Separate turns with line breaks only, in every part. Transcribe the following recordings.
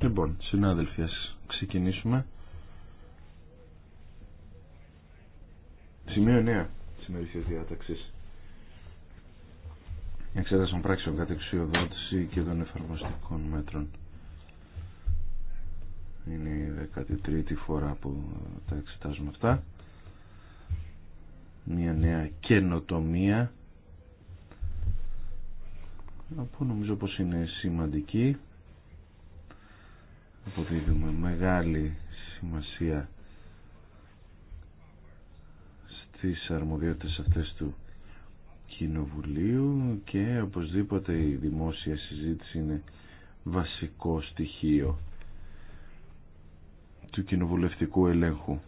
Λοιπόν, συνάδελφοι, ας ξεκινήσουμε. Σημείο 9 της ημερήσιας διάταξης. Εξέταση των πράξεων κατεξιοδότηση και των εφαρμοστικών μέτρων. Είναι η 13η φορά που τα εξετάζουμε αυτά. Μια νέα καινοτομία που νομίζω πως είναι σημαντική αποδίδουμε μεγάλη σημασία στις αρμοδιότητες αυτές του Κοινοβουλίου και οπωσδήποτε η δημόσια συζήτηση είναι βασικό στοιχείο του κοινοβουλευτικού ελέγχου.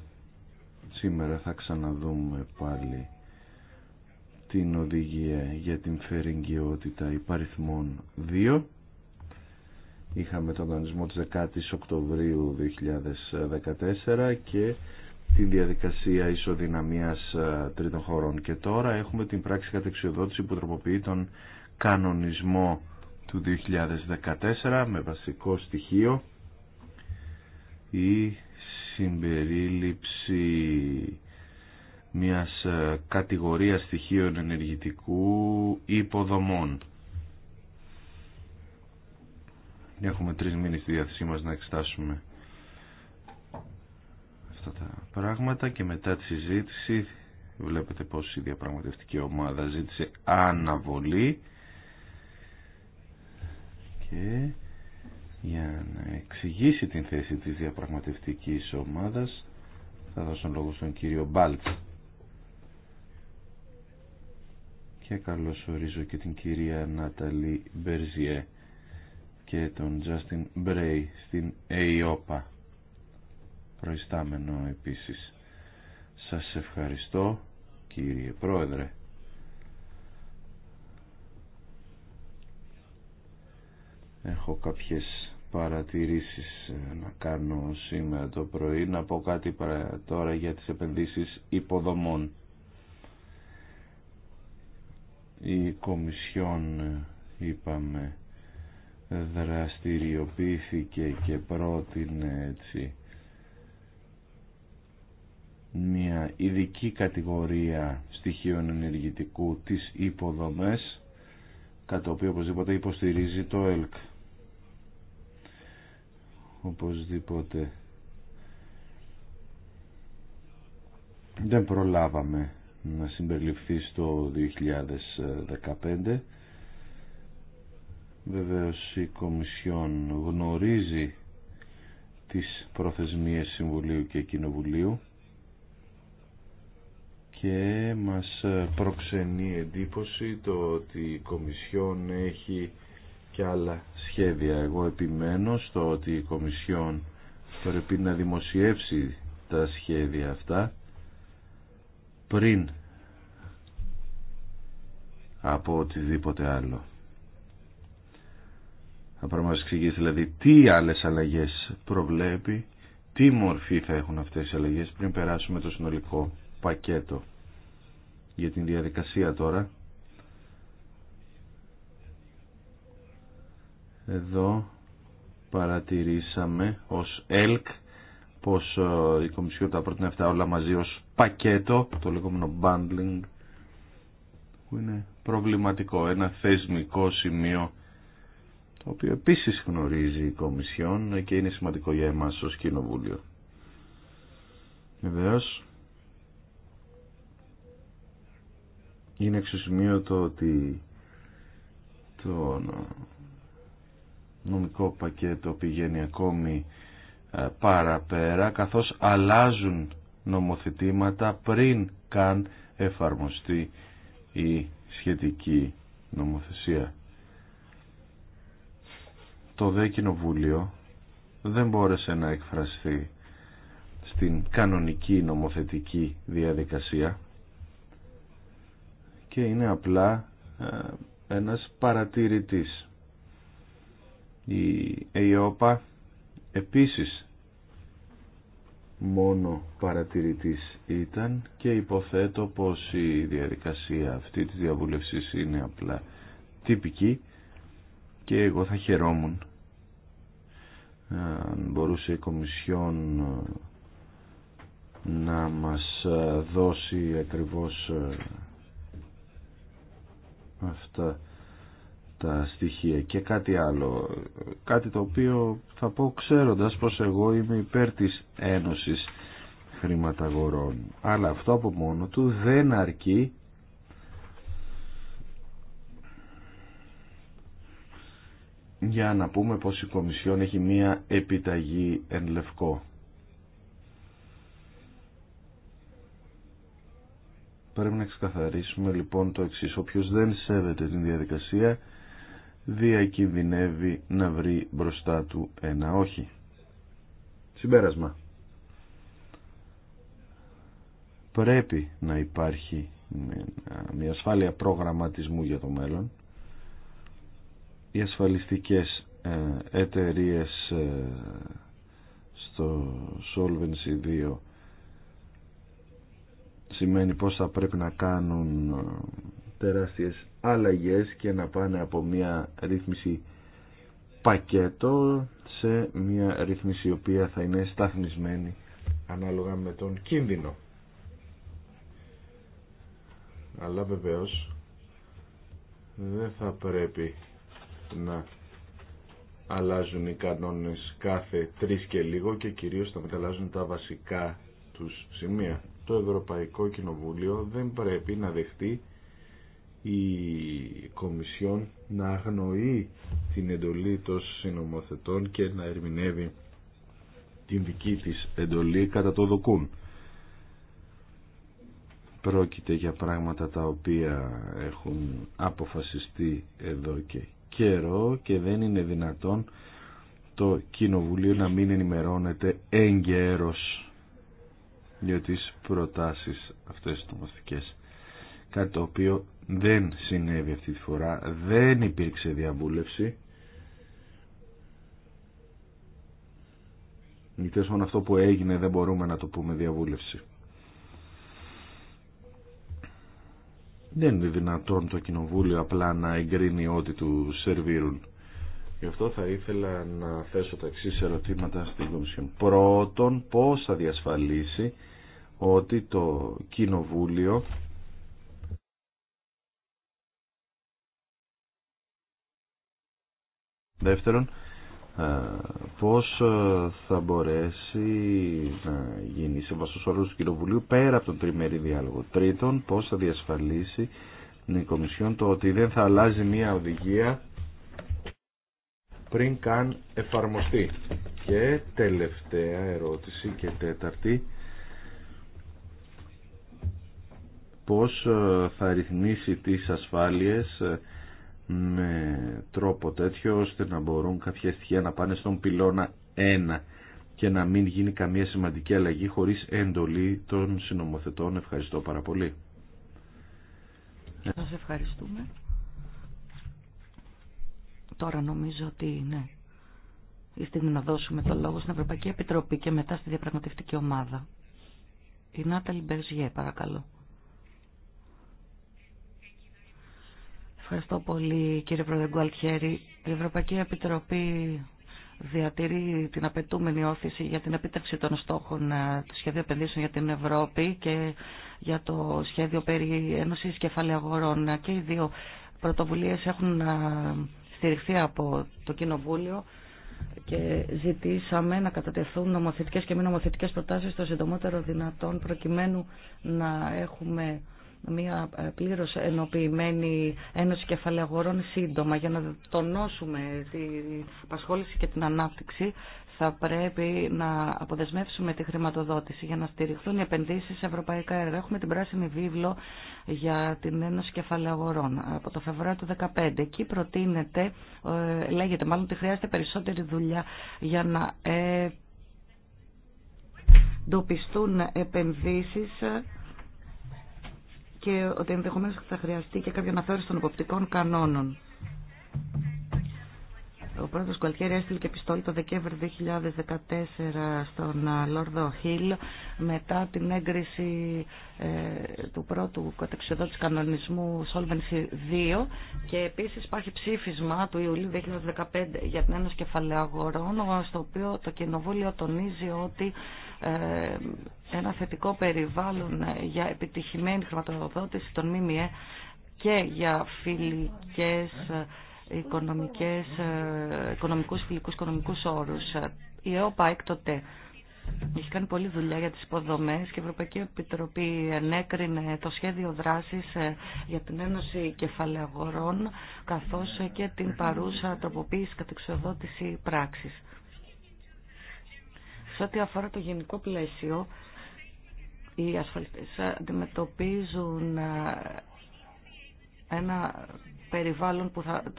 Σήμερα θα ξαναδούμε πάλι την οδηγία για την φερεγγιότητα υπαριθμών 2. Είχαμε τον οργανισμό της 10ης Οκτωβρίου 2014 και την διαδικασία ισοδυναμίας ε, τρίτων χωρών. Και τώρα έχουμε την πράξη κατεξιοδότηση που τροποποιεί τον κανονισμό του 2014 με βασικό στοιχείο η συμπερίληψη μιας ε, κατηγορίας στοιχείων ενεργητικού υποδομών. Έχουμε τρεις μήνες στη διάθεσή μας να εξετάσουμε αυτά τα πράγματα και μετά τη συζήτηση βλέπετε πως η διαπραγματευτική ομάδα ζήτησε αναβολή και για να εξηγήσει την θέση της διαπραγματευτικής ομάδας θα δώσω λόγο στον κύριο Μπάλτς. και ορίζω και την κυρία Νάταλη Μπερζιέ και τον Τζάστιν Μπρέι στην ΕΙΟΠΑ προϊστάμενο επίσης. Σας ευχαριστώ κύριε Πρόεδρε. Έχω κάποιες παρατηρήσεις να κάνω σήμερα το πρωί. Να πω κάτι τώρα για τις επενδύσεις υποδομών η Κομισιόν είπαμε δραστηριοποιήθηκε και πρότεινε έτσι μια ειδική κατηγορία στοιχείων ενεργητικού της υποδομές κατά το οποίο οπωσδήποτε υποστηρίζει το ΕΛΚ οπωσδήποτε δεν προλάβαμε να συμπεριληφθεί στο 2015. Βεβαίως η Κομισιόν γνωρίζει τις προθεσμίες Συμβουλίου και Κοινοβουλίου και μας προξενεί εντύπωση το ότι η Κομισιόν έχει και άλλα σχέδια. Εγώ επιμένω στο ότι η Κομισιόν πρέπει να δημοσιεύσει τα σχέδια αυτά πριν από οτιδήποτε άλλο. Θα πρέπει να μας εξηγήσει δηλαδή τι άλλες αλλαγές προβλέπει, τι μορφή θα έχουν αυτές οι αλλαγές πριν περάσουμε το συνολικό πακέτο για την διαδικασία τώρα. Εδώ παρατηρήσαμε ως ΕΛΚ πως ε, η Κομισιόν τα πρότεινε αυτά όλα μαζί ως πακέτο, το λεγόμενο bundling, που είναι προβληματικό, ένα θεσμικό σημείο το οποίο επίσης γνωρίζει η Κομισιόν και είναι σημαντικό για εμάς ως Κοινοβούλιο. Βεβαίω. είναι εξωσημείωτο ότι το νομικό πακέτο πηγαίνει ακόμη ε, παραπέρα καθώς αλλάζουν νομοθετήματα πριν καν εφαρμοστεί η σχετική νομοθεσία. Το ΔΕ Κοινοβούλιο δεν μπόρεσε να εκφραστεί στην κανονική νομοθετική διαδικασία και είναι απλά ε, ένας παρατηρητής. Η ΕΙΟΠΑ Επίσης, μόνο παρατηρητής ήταν και υποθέτω πως η διαδικασία αυτή της διαβούλευσης είναι απλά τυπική και εγώ θα χαιρόμουν ε, αν μπορούσε η Κομισιόν ε, να μας ε, δώσει ακριβώς αυτά τα στοιχεία και κάτι άλλο κάτι το οποίο θα πω ξέροντας πως εγώ είμαι υπέρ της Ένωσης Χρηματαγορών αλλά αυτό από μόνο του δεν αρκεί για να πούμε πως η Κομισιόν έχει μία επιταγή εν λευκό Πρέπει να ξεκαθαρίσουμε λοιπόν το εξής. Όποιος δεν σέβεται την διαδικασία διακινδυνεύει να βρει μπροστά του ένα όχι. Συμπέρασμα. Πρέπει να υπάρχει μια ασφάλεια προγραμματισμού για το μέλλον. Οι ασφαλιστικές ε, εταιρείες ε, στο Solvency 2 σημαίνει πως θα πρέπει να κάνουν ε, τεράστιες αλλαγές και να πάνε από μια ρύθμιση πακέτο σε μια ρύθμιση η οποία θα είναι σταθμισμένη ανάλογα με τον κίνδυνο. Αλλά βεβαίως δεν θα πρέπει να αλλάζουν οι κανόνες κάθε τρεις και λίγο και κυρίως θα μεταλλάζουν τα βασικά τους σημεία. Το Ευρωπαϊκό Κοινοβούλιο δεν πρέπει να δεχτεί η Κομισιόν να αγνοεί την εντολή των συνομοθετών και να ερμηνεύει την δική της εντολή κατά το δοκούν. Πρόκειται για πράγματα τα οποία έχουν αποφασιστεί εδώ και καιρό και δεν είναι δυνατόν το Κοινοβουλίο να μην ενημερώνεται εγκαίρως για τις προτάσεις αυτές νομοθετικές. Κάτι το οποίο δεν συνέβη αυτή τη φορά, δεν υπήρξε διαβούλευση. Γιατί μόνο αυτό που έγινε δεν μπορούμε να το πούμε διαβούλευση. Δεν είναι δυνατόν το κοινοβούλιο απλά να εγκρίνει ό,τι του σερβίρουν. Γι' αυτό θα ήθελα να θέσω τα εξή ερωτήματα στην Κομισιόν. Πρώτον, πώς θα διασφαλίσει ότι το Κοινοβούλιο Δεύτερον, ε, πώς ε, θα μπορέσει να γίνει σε βασούς του Κοινοβουλίου πέρα από τον τριμερή διάλογο. Τρίτον, πώς θα διασφαλίσει η Κομισιόν το ότι δεν θα αλλάζει μια οδηγία πριν καν εφαρμοστεί. Και τελευταία ερώτηση και τέταρτη. Πώς ε, θα ρυθμίσει τις ασφάλειες με τρόπο τέτοιο ώστε να μπορούν κάποια στοιχεία να πάνε στον πυλώνα 1 και να μην γίνει καμία σημαντική αλλαγή χωρίς έντολη των συνομοθετών. Ευχαριστώ πάρα πολύ.
Σας ευχαριστούμε. Τώρα νομίζω ότι ναι. η στιγμή να δώσουμε το λόγο στην Ευρωπαϊκή Επιτροπή και μετά στη διαπραγματευτική ομάδα. Η Νάταλη Μπερζιέ, παρακαλώ. Ευχαριστώ πολύ κύριε Πρόεδρε Γκουαλτιέρη. Η Ευρωπαϊκή Επιτροπή διατηρεί την απαιτούμενη όθηση για την επίτευξη των στόχων ε, του σχέδιου επενδύσεων για την Ευρώπη και για το σχέδιο περί Ένωσης Κεφαλαίου Αγορών. Και οι δύο πρωτοβουλίες έχουν ε, στηριχθεί από το Κοινοβούλιο και ζητήσαμε να κατατεθούν νομοθετικές και μη νομοθετικές προτάσεις το συντομότερο δυνατόν προκειμένου να έχουμε μια ε, πλήρως ενοποιημένη Ένωση Αγορών σύντομα για να τονώσουμε την απασχόληση και την ανάπτυξη θα πρέπει να αποδεσμεύσουμε τη χρηματοδότηση για να στηριχθούν οι επενδύσεις σε ευρωπαϊκά έργα. Έχουμε την πράσινη βίβλο για την Ένωση Αγορών από το Φεβρουάριο του 2015. Εκεί προτείνεται, ε, λέγεται μάλλον ότι χρειάζεται περισσότερη δουλειά για να εντοπιστούν επενδύσεις και ότι ενδεχομένως θα χρειαστεί και κάποια αναθεώρηση των υποπτικών κανόνων. Ο πρόεδρος Κουαλτιέρη έστειλε και επιστολή το Δεκέμβρη 2014 στον Λόρδο Χίλ μετά την έγκριση ε, του πρώτου κατεξιοδότης κανονισμού Solvency 2 και επίσης υπάρχει ψήφισμα του Ιουλίου 2015 για την Ένωση Κεφαλαίου Αγορών στο οποίο το Κοινοβούλιο τονίζει ότι ε, ένα θετικό περιβάλλον για επιτυχημένη χρηματοδότηση των ΜΜΕ και για φιλικές οικονομικές, ε, οικονομικούς φιλικούς οικονομικούς όρους. Η ΕΟΠΑ έκτοτε έχει κάνει πολλή δουλειά για τις υποδομές και η Ευρωπαϊκή Επιτροπή ενέκρινε το σχέδιο δράσης ε, για την Ένωση κεφαλαιαγορών καθώς και την παρούσα τροποποίηση κατεξοδότηση πράξης. Σε ό,τι αφορά το γενικό πλαίσιο, οι ασφαλιστές αντιμετωπίζουν ε, ένα περιβάλλον που θα, ε,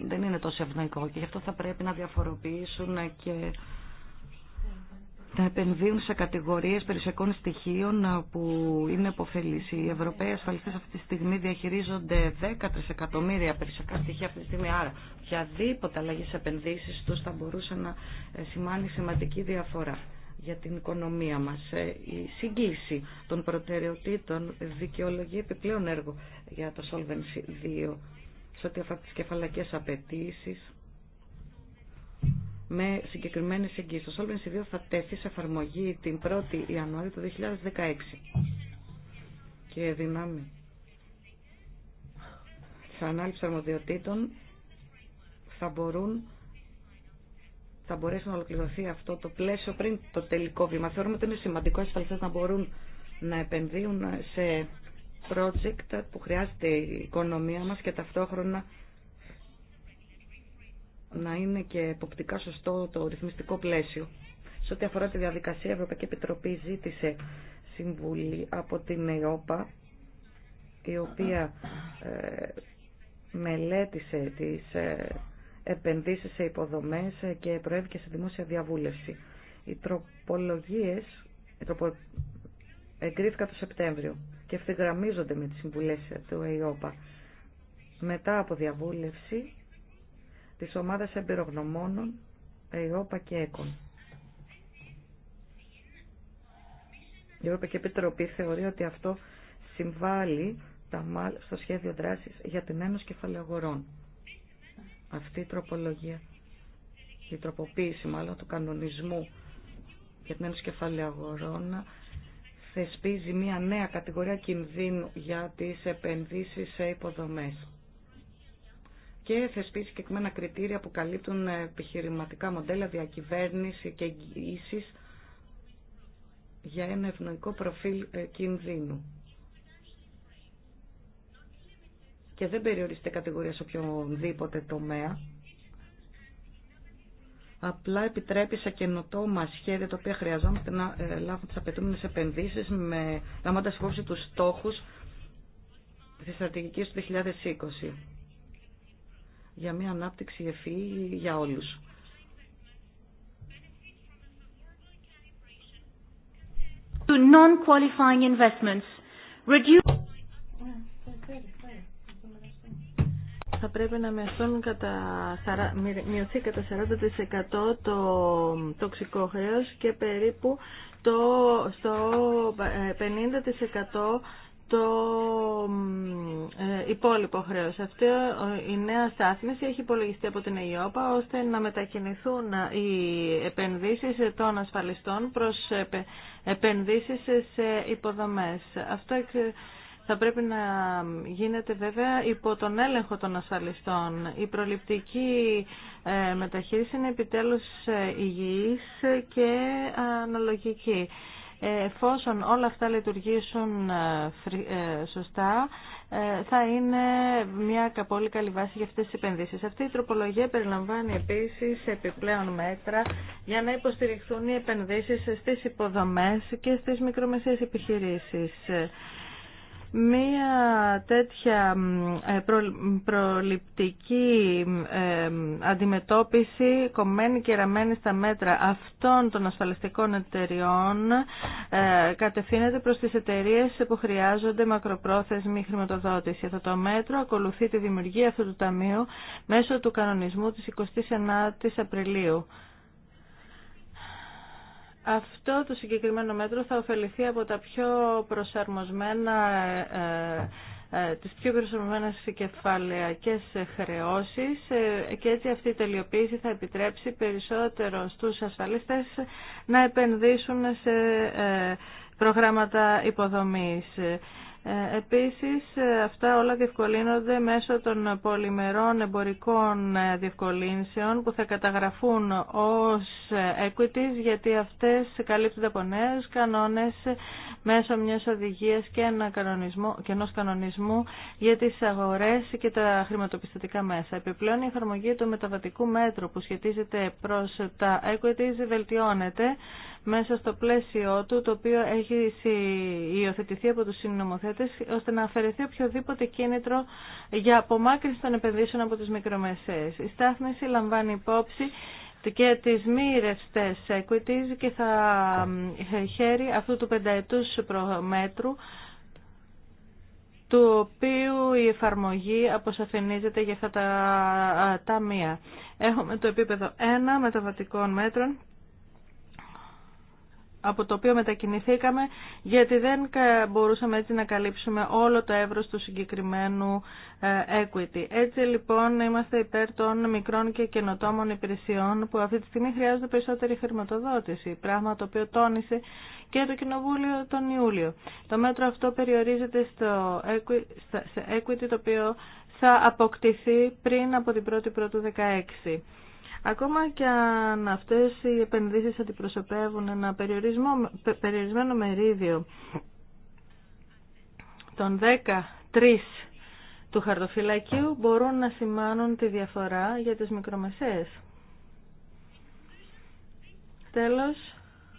δεν είναι τόσο ευνοϊκό και γι' αυτό θα πρέπει να διαφοροποιήσουν και να επενδύουν σε κατηγορίες περιουσιακών στοιχείων που είναι υποφελείς. Οι Ευρωπαίοι ασφαλιστές αυτή τη στιγμή διαχειρίζονται 10 εκατομμύρια περιουσιακά στοιχεία αυτή τη στιγμή. Άρα οποιαδήποτε αλλαγή σε επενδύσεις τους θα μπορούσε να ε, σημάνει σημαντική διαφορά για την οικονομία μας. Ε, η σύγκληση των προτεραιοτήτων δικαιολογεί επιπλέον έργο για το Solvency 2 σε ό,τι αφορά τις κεφαλακές απαιτήσεις με συγκεκριμένε εγγύσει. Το Solvency 2 θα τεθεί σε εφαρμογή την 1η Ιανουαρίου του 2016. Και δυνάμει Σε ανάληψη αρμοδιοτήτων θα μπορούν θα μπορέσει να ολοκληρωθεί αυτό το πλαίσιο πριν το τελικό βήμα. Θεωρούμε ότι είναι σημαντικό οι να μπορούν να επενδύουν σε project που χρειάζεται η οικονομία μας και ταυτόχρονα να είναι και εποπτικά σωστό το ρυθμιστικό πλαίσιο. Σε ό,τι αφορά τη διαδικασία, η Ευρωπαϊκή Επιτροπή ζήτησε συμβουλή από την ΕΟΠΑ, η οποία ε, μελέτησε τις ε, επενδύσεις σε υποδομές και προέβηκε σε δημόσια διαβούλευση. Οι τροπολογίες εγκρίθηκαν το Σεπτέμβριο και ευθυγραμμίζονται με τις συμβουλές του ΕΙΟΠΑ. Μετά από διαβούλευση της ομάδας εμπειρογνωμόνων ΕΟΠΑ και ΕΚΟΝ. Η Ευρωπαϊκή Επιτροπή θεωρεί ότι αυτό συμβάλλει τα στο σχέδιο δράσης για την Ένωση Κεφαλαιογορών. Αυτή η τροπολογία, η τροποποίηση μάλλον του κανονισμού για την Ένωση Κεφαλαιογορών θεσπίζει μια νέα κατηγορία κινδύνου για τις επενδύσεις σε υποδομές και θεσπίσει συγκεκριμένα κριτήρια που καλύπτουν ε, επιχειρηματικά μοντέλα διακυβέρνηση και εγγυήσει για ένα ευνοϊκό προφίλ ε, κινδύνου. Και δεν περιορίζεται κατηγορία σε οποιονδήποτε τομέα. Απλά επιτρέπει σε καινοτόμα σχέδια τα οποία χρειαζόμαστε να ε, λάβουν τι απαιτούμενε επενδύσει, με λαμβάνοντα υπόψη του στόχου τη στρατηγική του 2020 για μια ανάπτυξη ευφύ για όλους. To
non-qualifying investments. Reduce... θα πρέπει να μειωθούν κατά, μειωθεί κατά 40% το τοξικό χρέος και περίπου το, στο 50% ε, το ε, υπόλοιπο χρέο. Αυτή ε, η νέα στάθμιση έχει υπολογιστεί από την ΕΙΟΠΑ ώστε να μετακινηθούν ε, οι επενδύσεις των ασφαλιστών προς επενδύσεις σε υποδομές. Αυτό θα πρέπει να γίνεται βέβαια υπό τον έλεγχο των ασφαλιστών. Η προληπτική μεταχείριση είναι επιτέλους υγιής και αναλογική εφόσον όλα αυτά λειτουργήσουν ε, ε, σωστά, ε, θα είναι μια πολύ καλή βάση για αυτές τις επενδύσεις. Αυτή η τροπολογία περιλαμβάνει επίσης επιπλέον μέτρα για να υποστηριχθούν οι επενδύσεις στις υποδομές και στις μικρομεσαίες επιχειρήσεις. Μία τέτοια ε, προληπτική ε, αντιμετώπιση κομμένη και ραμμένη στα μέτρα αυτών των ασφαλιστικών εταιριών ε, κατευθύνεται προς τις εταιρείες που χρειάζονται μακροπρόθεσμη χρηματοδότηση. Αυτό το μέτρο ακολουθεί τη δημιουργία αυτού του ταμείου μέσω του κανονισμού της 29ης Απριλίου. Αυτό το συγκεκριμένο μέτρο θα ωφεληθεί από τα πιο προσαρμοσμένα ε, ε, ε, τις πιο προσαρμοσμένες κεφαλαιακές χρεώσεις και έτσι αυτή η τελειοποίηση θα επιτρέψει περισσότερο στους ασφαλίστες να επενδύσουν σε προγράμματα υποδομής. Ε, επίσης ε, αυτά όλα διευκολύνονται μέσω των πολυμερών εμπορικών ε, διευκολύνσεων που θα καταγραφούν ως equities γιατί αυτές καλύπτουν από νέους κανόνες μέσω μιας οδηγίας και, ένα κανονισμό, και ενός κανονισμού για τις αγορές και τα χρηματοπιστωτικά μέσα. Επιπλέον η εφαρμογή του μεταβατικού μέτρου που σχετίζεται προς τα equities βελτιώνεται μέσα στο πλαίσιο του, το οποίο έχει υιοθετηθεί από τους συνομοθέτες, ώστε να αφαιρεθεί οποιοδήποτε κίνητρο για απομάκρυνση των επενδύσεων από τις μικρομεσαίες. Η στάθμιση λαμβάνει υπόψη και τις μη ρευστές equities και θα χαίρει αυτού του πενταετούς προμέτρου του οποίου η εφαρμογή αποσαφηνίζεται για αυτά τα ταμεία. Έχουμε το επίπεδο 1 μεταβατικών μέτρων από το οποίο μετακινηθήκαμε γιατί δεν μπορούσαμε έτσι να καλύψουμε όλο το εύρος του συγκεκριμένου ε, equity. Έτσι λοιπόν είμαστε υπέρ των μικρών και καινοτόμων υπηρεσιών που αυτή τη στιγμή χρειάζονται περισσότερη χρηματοδότηση, πράγμα το οποίο τόνισε και το Κοινοβούλιο τον Ιούλιο. Το μέτρο αυτό περιορίζεται στο equity, το οποίο θα αποκτηθεί πριν από την 1η του 16. Ακόμα και αν αυτές οι επενδύσεις αντιπροσωπεύουν ένα περιορισμό, περιορισμένο μερίδιο των 13 του χαρτοφυλακίου μπορούν να σημάνουν τη διαφορά για τις μικρομεσαίες. Τέλος,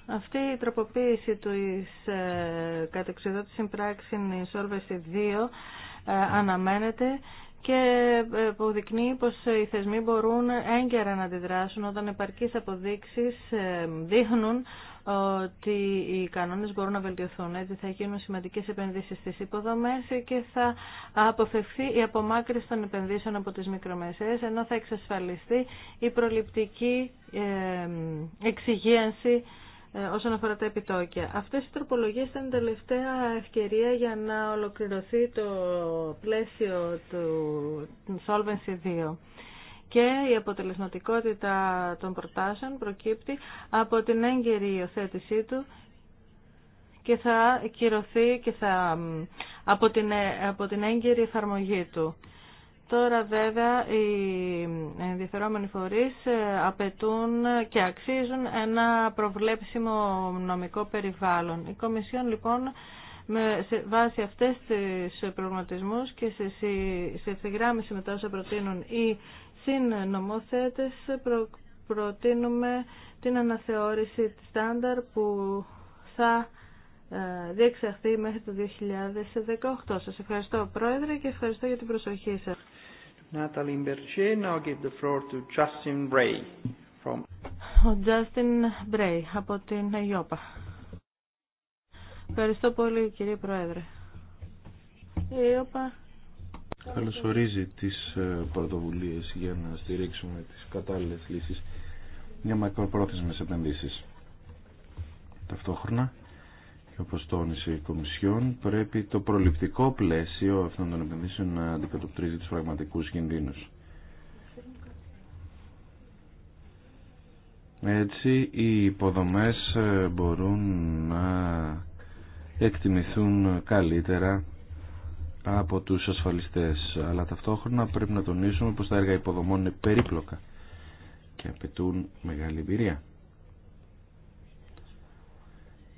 αυτή η τροποποίηση του εις ε, κατεξιδότηση πράξης Solvency 2 ε, αναμένεται και ε, που δεικνύει πως οι θεσμοί μπορούν έγκαιρα να αντιδράσουν όταν επαρκείς αποδείξεις ε, δείχνουν ότι οι κανόνες μπορούν να βελτιωθούν. Έτσι θα γίνουν σημαντικές επενδύσεις στις υποδομές και θα αποφευθεί η απομάκρυση των επενδύσεων από τις μικρομεσαίες, ενώ θα εξασφαλιστεί η προληπτική ε, εξυγίανση ε, όσον αφορά τα επιτόκια. Αυτές οι τροπολογίες ήταν τελευταία ευκαιρία για να ολοκληρωθεί το πλαίσιο του Solvency 2 και η αποτελεσματικότητα των προτάσεων προκύπτει από την έγκαιρη υιοθέτησή του και θα κυρωθεί και θα, από, την, ε, από την έγκαιρη εφαρμογή του. Τώρα βέβαια οι ενδιαφερόμενοι φορείς ε, απαιτούν και αξίζουν ένα προβλέψιμο νομικό περιβάλλον. Η Κομισιόν λοιπόν με, σε βάση αυτές τις προγραμματισμούς και σε, σε ευθυγράμμιση μετά όσα προτείνουν οι συνομοθέτες προ, προτείνουμε την αναθεώρηση στάνταρ που θα ε, διεξαχθεί μέχρι το 2018. Σας ευχαριστώ Πρόεδρε και ευχαριστώ για την προσοχή σας. Natalie Berger, now give the floor to Justin Bray. From... Ο Justin Bray από την ΙΟΠΑ. Ευχαριστώ πολύ κύριε Πρόεδρε. Η ΙΟΠΑ
καλωσορίζει τις ε, πρωτοβουλίες για να στηρίξουμε τις κατάλληλες λύσεις για μακροπρόθεσμες επενδύσεις. Ταυτόχρονα και όπως τόνισε η Κομισιόν πρέπει το προληπτικό πλαίσιο αυτών των επενδύσεων να αντικατοπτρίζει τους πραγματικούς κινδύνους. Έτσι οι υποδομές ε, μπορούν να εκτιμηθούν καλύτερα από τους ασφαλιστές αλλά ταυτόχρονα πρέπει να τονίσουμε πως τα έργα υποδομών είναι περίπλοκα και απαιτούν μεγάλη εμπειρία.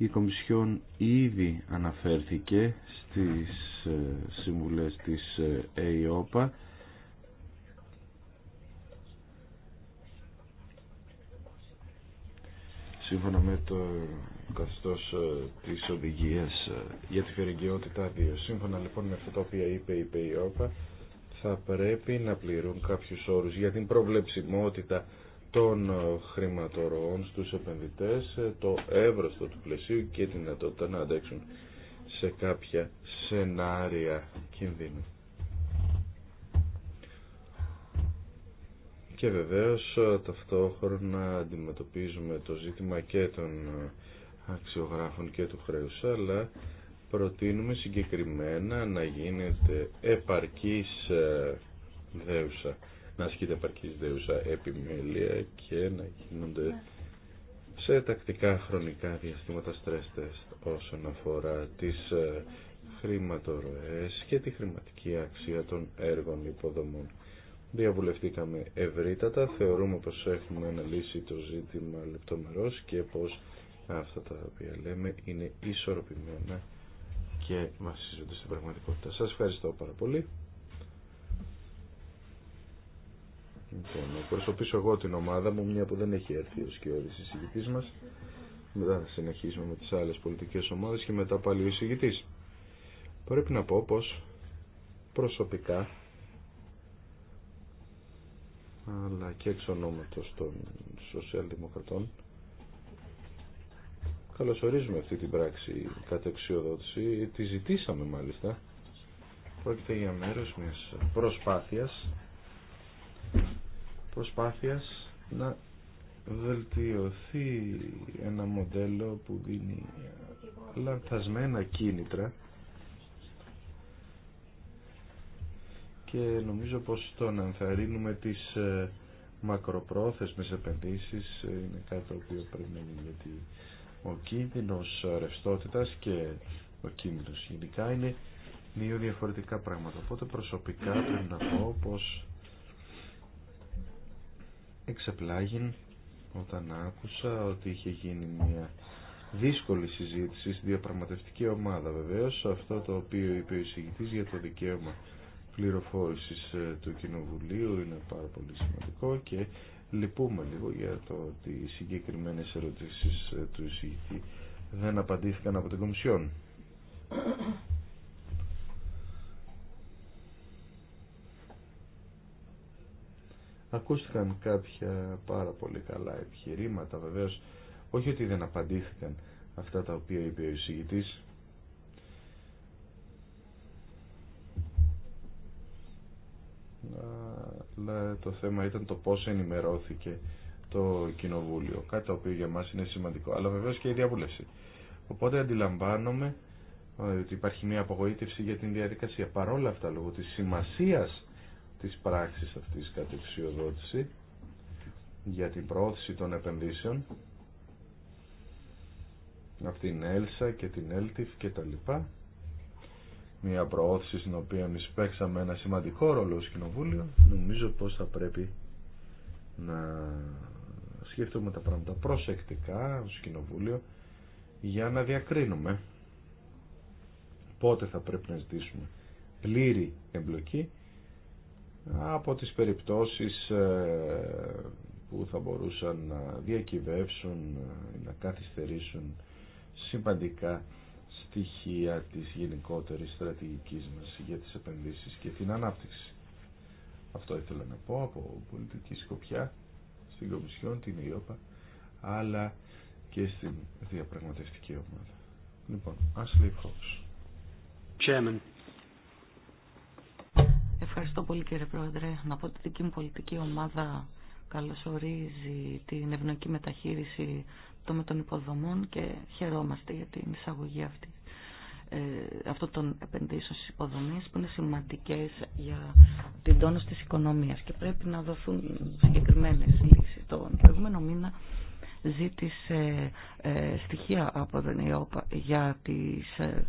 Η Κομισιόν ήδη αναφέρθηκε στις ε, συμβουλές της ε, ΕΙΟΠΑ σύμφωνα με το καθεστώς ε, της οδηγίας για τη φερικαιότητα Σύμφωνα λοιπόν με αυτά τα οποία είπε η ΕΙΟΠΑ, θα πρέπει να πληρούν κάποιους όρους για την προβλεψιμότητα των ε, χρηματορροών στους επενδυτές, ε, το εύρωστο του πλαισίου και την δυνατότητα να αντέξουν σε κάποια σενάρια κινδύνου. Και βεβαίως ε, ταυτόχρονα αντιμετωπίζουμε το ζήτημα και των αξιογράφων και του χρέους, αλλά προτείνουμε συγκεκριμένα να γίνεται επαρκής δέουσα να ασκείται επαρκής δέουσα επιμέλεια και να γίνονται ναι. σε τακτικά χρονικά διαστήματα stress test όσον αφορά τις ε, χρηματορροές και τη χρηματική αξία των έργων υποδομών. Διαβουλευτήκαμε ευρύτατα, θεωρούμε πως έχουμε αναλύσει το ζήτημα λεπτομερώς και πως αυτά τα οποία λέμε είναι ισορροπημένα και βασίζονται στην πραγματικότητα. Σας ευχαριστώ πάρα πολύ. Λοιπόν, να προσωπήσω εγώ την ομάδα μου, μια που δεν έχει έρθει ο σκιώδης εισηγητής μας. Μετά θα συνεχίσουμε με τις άλλες πολιτικές ομάδες και μετά πάλι ο εισηγητής. Πρέπει να πω πως προσωπικά αλλά και εξ ονόματος των σοσιαλδημοκρατών καλωσορίζουμε αυτή την πράξη κατεξιοδότηση τη ζητήσαμε μάλιστα πρόκειται για μέρος μιας προσπάθειας προσπάθειας να βελτιωθεί ένα μοντέλο που δίνει λανθασμένα κίνητρα και νομίζω πως το να ενθαρρύνουμε τις ε, μακροπρόθεσμες επενδύσεις ε, είναι κάτι το οποίο πρέπει να γίνει γιατί ο κίνδυνος ρευστότητας και ο κίνδυνος γενικά είναι δύο διαφορετικά πράγματα οπότε προσωπικά πρέπει να πω πως εξεπλάγει όταν άκουσα ότι είχε γίνει μια δύσκολη συζήτηση στη διαπραγματευτική ομάδα βεβαίως αυτό το οποίο είπε ο εισηγητής για το δικαίωμα πληροφόρησης ε, του Κοινοβουλίου είναι πάρα πολύ σημαντικό και λυπούμε λίγο για το ότι οι συγκεκριμένες ερωτήσεις ε, του εισηγητή δεν απαντήθηκαν από την Κομισιόν. Ακούστηκαν κάποια πάρα πολύ καλά επιχειρήματα βεβαίως, όχι ότι δεν απαντήθηκαν αυτά τα οποία είπε ο εισηγητής. Αλλά το θέμα ήταν το πώς ενημερώθηκε το κοινοβούλιο, κάτι το οποίο για μας είναι σημαντικό, αλλά βεβαίως και η διαβούλευση. Οπότε αντιλαμβάνομαι ότι υπάρχει μια απογοήτευση για την διαδικασία. Παρόλα αυτά, λόγω της σημασίας της πράξης αυτής εξιοδότηση για την προώθηση των επενδύσεων αυτήν την ΕΛΣΑ και την ΕΛΤΙΦ και τα λοιπά μια προώθηση στην οποία εμείς παίξαμε ένα σημαντικό ρόλο ως κοινοβούλιο νομίζω πως θα πρέπει να σκεφτούμε τα πράγματα προσεκτικά ως κοινοβούλιο για να διακρίνουμε πότε θα πρέπει να ζητήσουμε πλήρη εμπλοκή από τις περιπτώσεις ε, που θα μπορούσαν να διακυβεύσουν ε, ή να καθυστερήσουν σημαντικά στοιχεία της γενικότερης στρατηγικής μας για τις επενδύσεις και την ανάπτυξη. Αυτό ήθελα να πω από πολιτική σκοπιά στην Κομισιόν, την ΙΟΠΑ, αλλά και στην διαπραγματευτική ομάδα. Λοιπόν, ας Chairman.
Ευχαριστώ πολύ κύριε Πρόεδρε. Να πω ότι η δική μου πολιτική ομάδα καλωσορίζει την ευνοϊκή μεταχείριση των, των υποδομών και χαιρόμαστε για την εισαγωγή αυτή ε, αυτών των επενδύσεων στις υποδομές που είναι σημαντικές για την τόνωση της οικονομίας και πρέπει να δοθούν συγκεκριμένες λύσεις. Τον προηγούμενο μήνα ζήτησε ε, ε, στοιχεία από την ΕΟΠΑ για τις ε,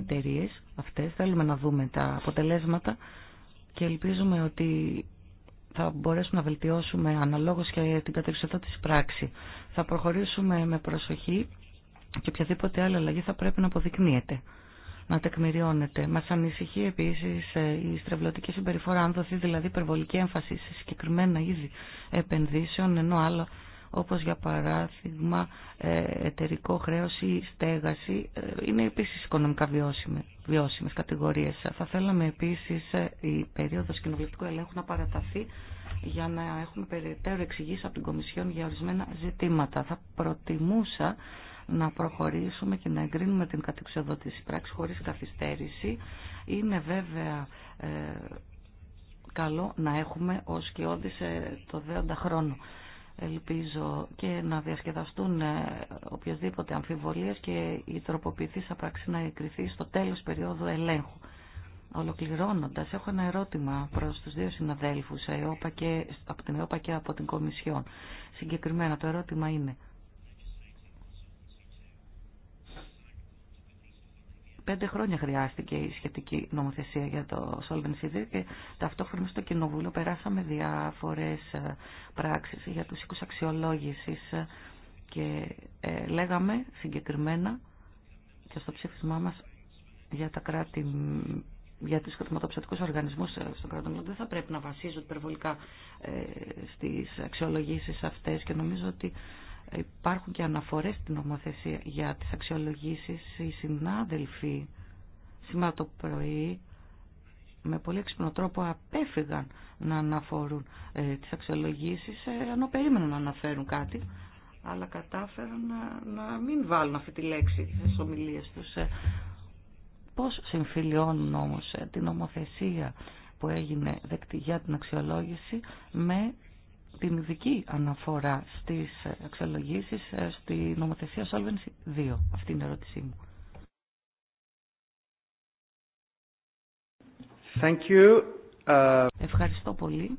εταιρείε αυτές. Θέλουμε να δούμε τα αποτελέσματα και ελπίζουμε ότι θα μπορέσουμε να βελτιώσουμε αναλόγως και την κατεξοδότηση πράξη. Θα προχωρήσουμε με προσοχή και οποιαδήποτε άλλη αλλαγή θα πρέπει να αποδεικνύεται, να τεκμηριώνεται. Μας ανησυχεί επίσης ε, η στρεβλωτική συμπεριφορά, αν δοθεί δηλαδή υπερβολική έμφαση σε συγκεκριμένα είδη επενδύσεων, ενώ άλλο όπως για παράδειγμα ε, εταιρικό χρέος ή στέγαση, ε, είναι επίσης οικονομικά βιώσιμε, βιώσιμες κατηγορίες. Θα θέλαμε επίσης ε, η περίοδος κοινοβουλευτικού ελέγχου να παραταθεί για να έχουμε περαιτέρω εξηγήσει από την Κομισιόν για ορισμένα ζητήματα. Θα προτιμούσα να προχωρήσουμε και να εγκρίνουμε την κατεξοδότηση πράξη χωρίς καθυστέρηση. Είναι βέβαια καλό να έχουμε ως σε το δέοντα χρόνο Ελπίζω και να διασκεδαστούν ε, οποιασδήποτε αμφιβολίες και η τροποποιηθήσα πράξη να εκριθεί στο τέλος περίοδου ελέγχου. Ολοκληρώνοντας, έχω ένα ερώτημα προς τους δύο συναδέλφους ΕΟΠΑ και, από την ΕΟΠΑ και από την Κομισιόν. Συγκεκριμένα το ερώτημα είναι, Πέντε χρόνια χρειάστηκε η σχετική νομοθεσία για το Solvency 2 και ταυτόχρονα στο Κοινοβούλιο περάσαμε διάφορες ε, πράξεις για τους οίκους αξιολόγησης ε, και ε, λέγαμε συγκεκριμένα και στο ψήφισμά μας για τα κράτη για τους χρηματοπιστωτικούς οργανισμούς στον κράτο δεν θα πρέπει να βασίζονται υπερβολικά στις αξιολογήσεις αυτές και νομίζω ότι Υπάρχουν και αναφορές στην νομοθεσία για τις αξιολογήσεις. Οι συνάδελφοι σήμερα το πρωί με πολύ έξυπνο τρόπο απέφυγαν να αναφορούν ε, τις αξιολογήσεις ε, ενώ περίμεναν να αναφέρουν κάτι αλλά κατάφεραν να, μην βάλουν αυτή τη λέξη στις ομιλίες τους. Ε, πώς συμφιλιώνουν όμως ε, την νομοθεσία που έγινε δεκτή για την αξιολόγηση με την ειδική αναφορά στις αξιολογήσεις ε, στη νομοθεσία Solvency 2. Αυτή είναι η ερώτησή μου. Uh, Ευχαριστώ πολύ.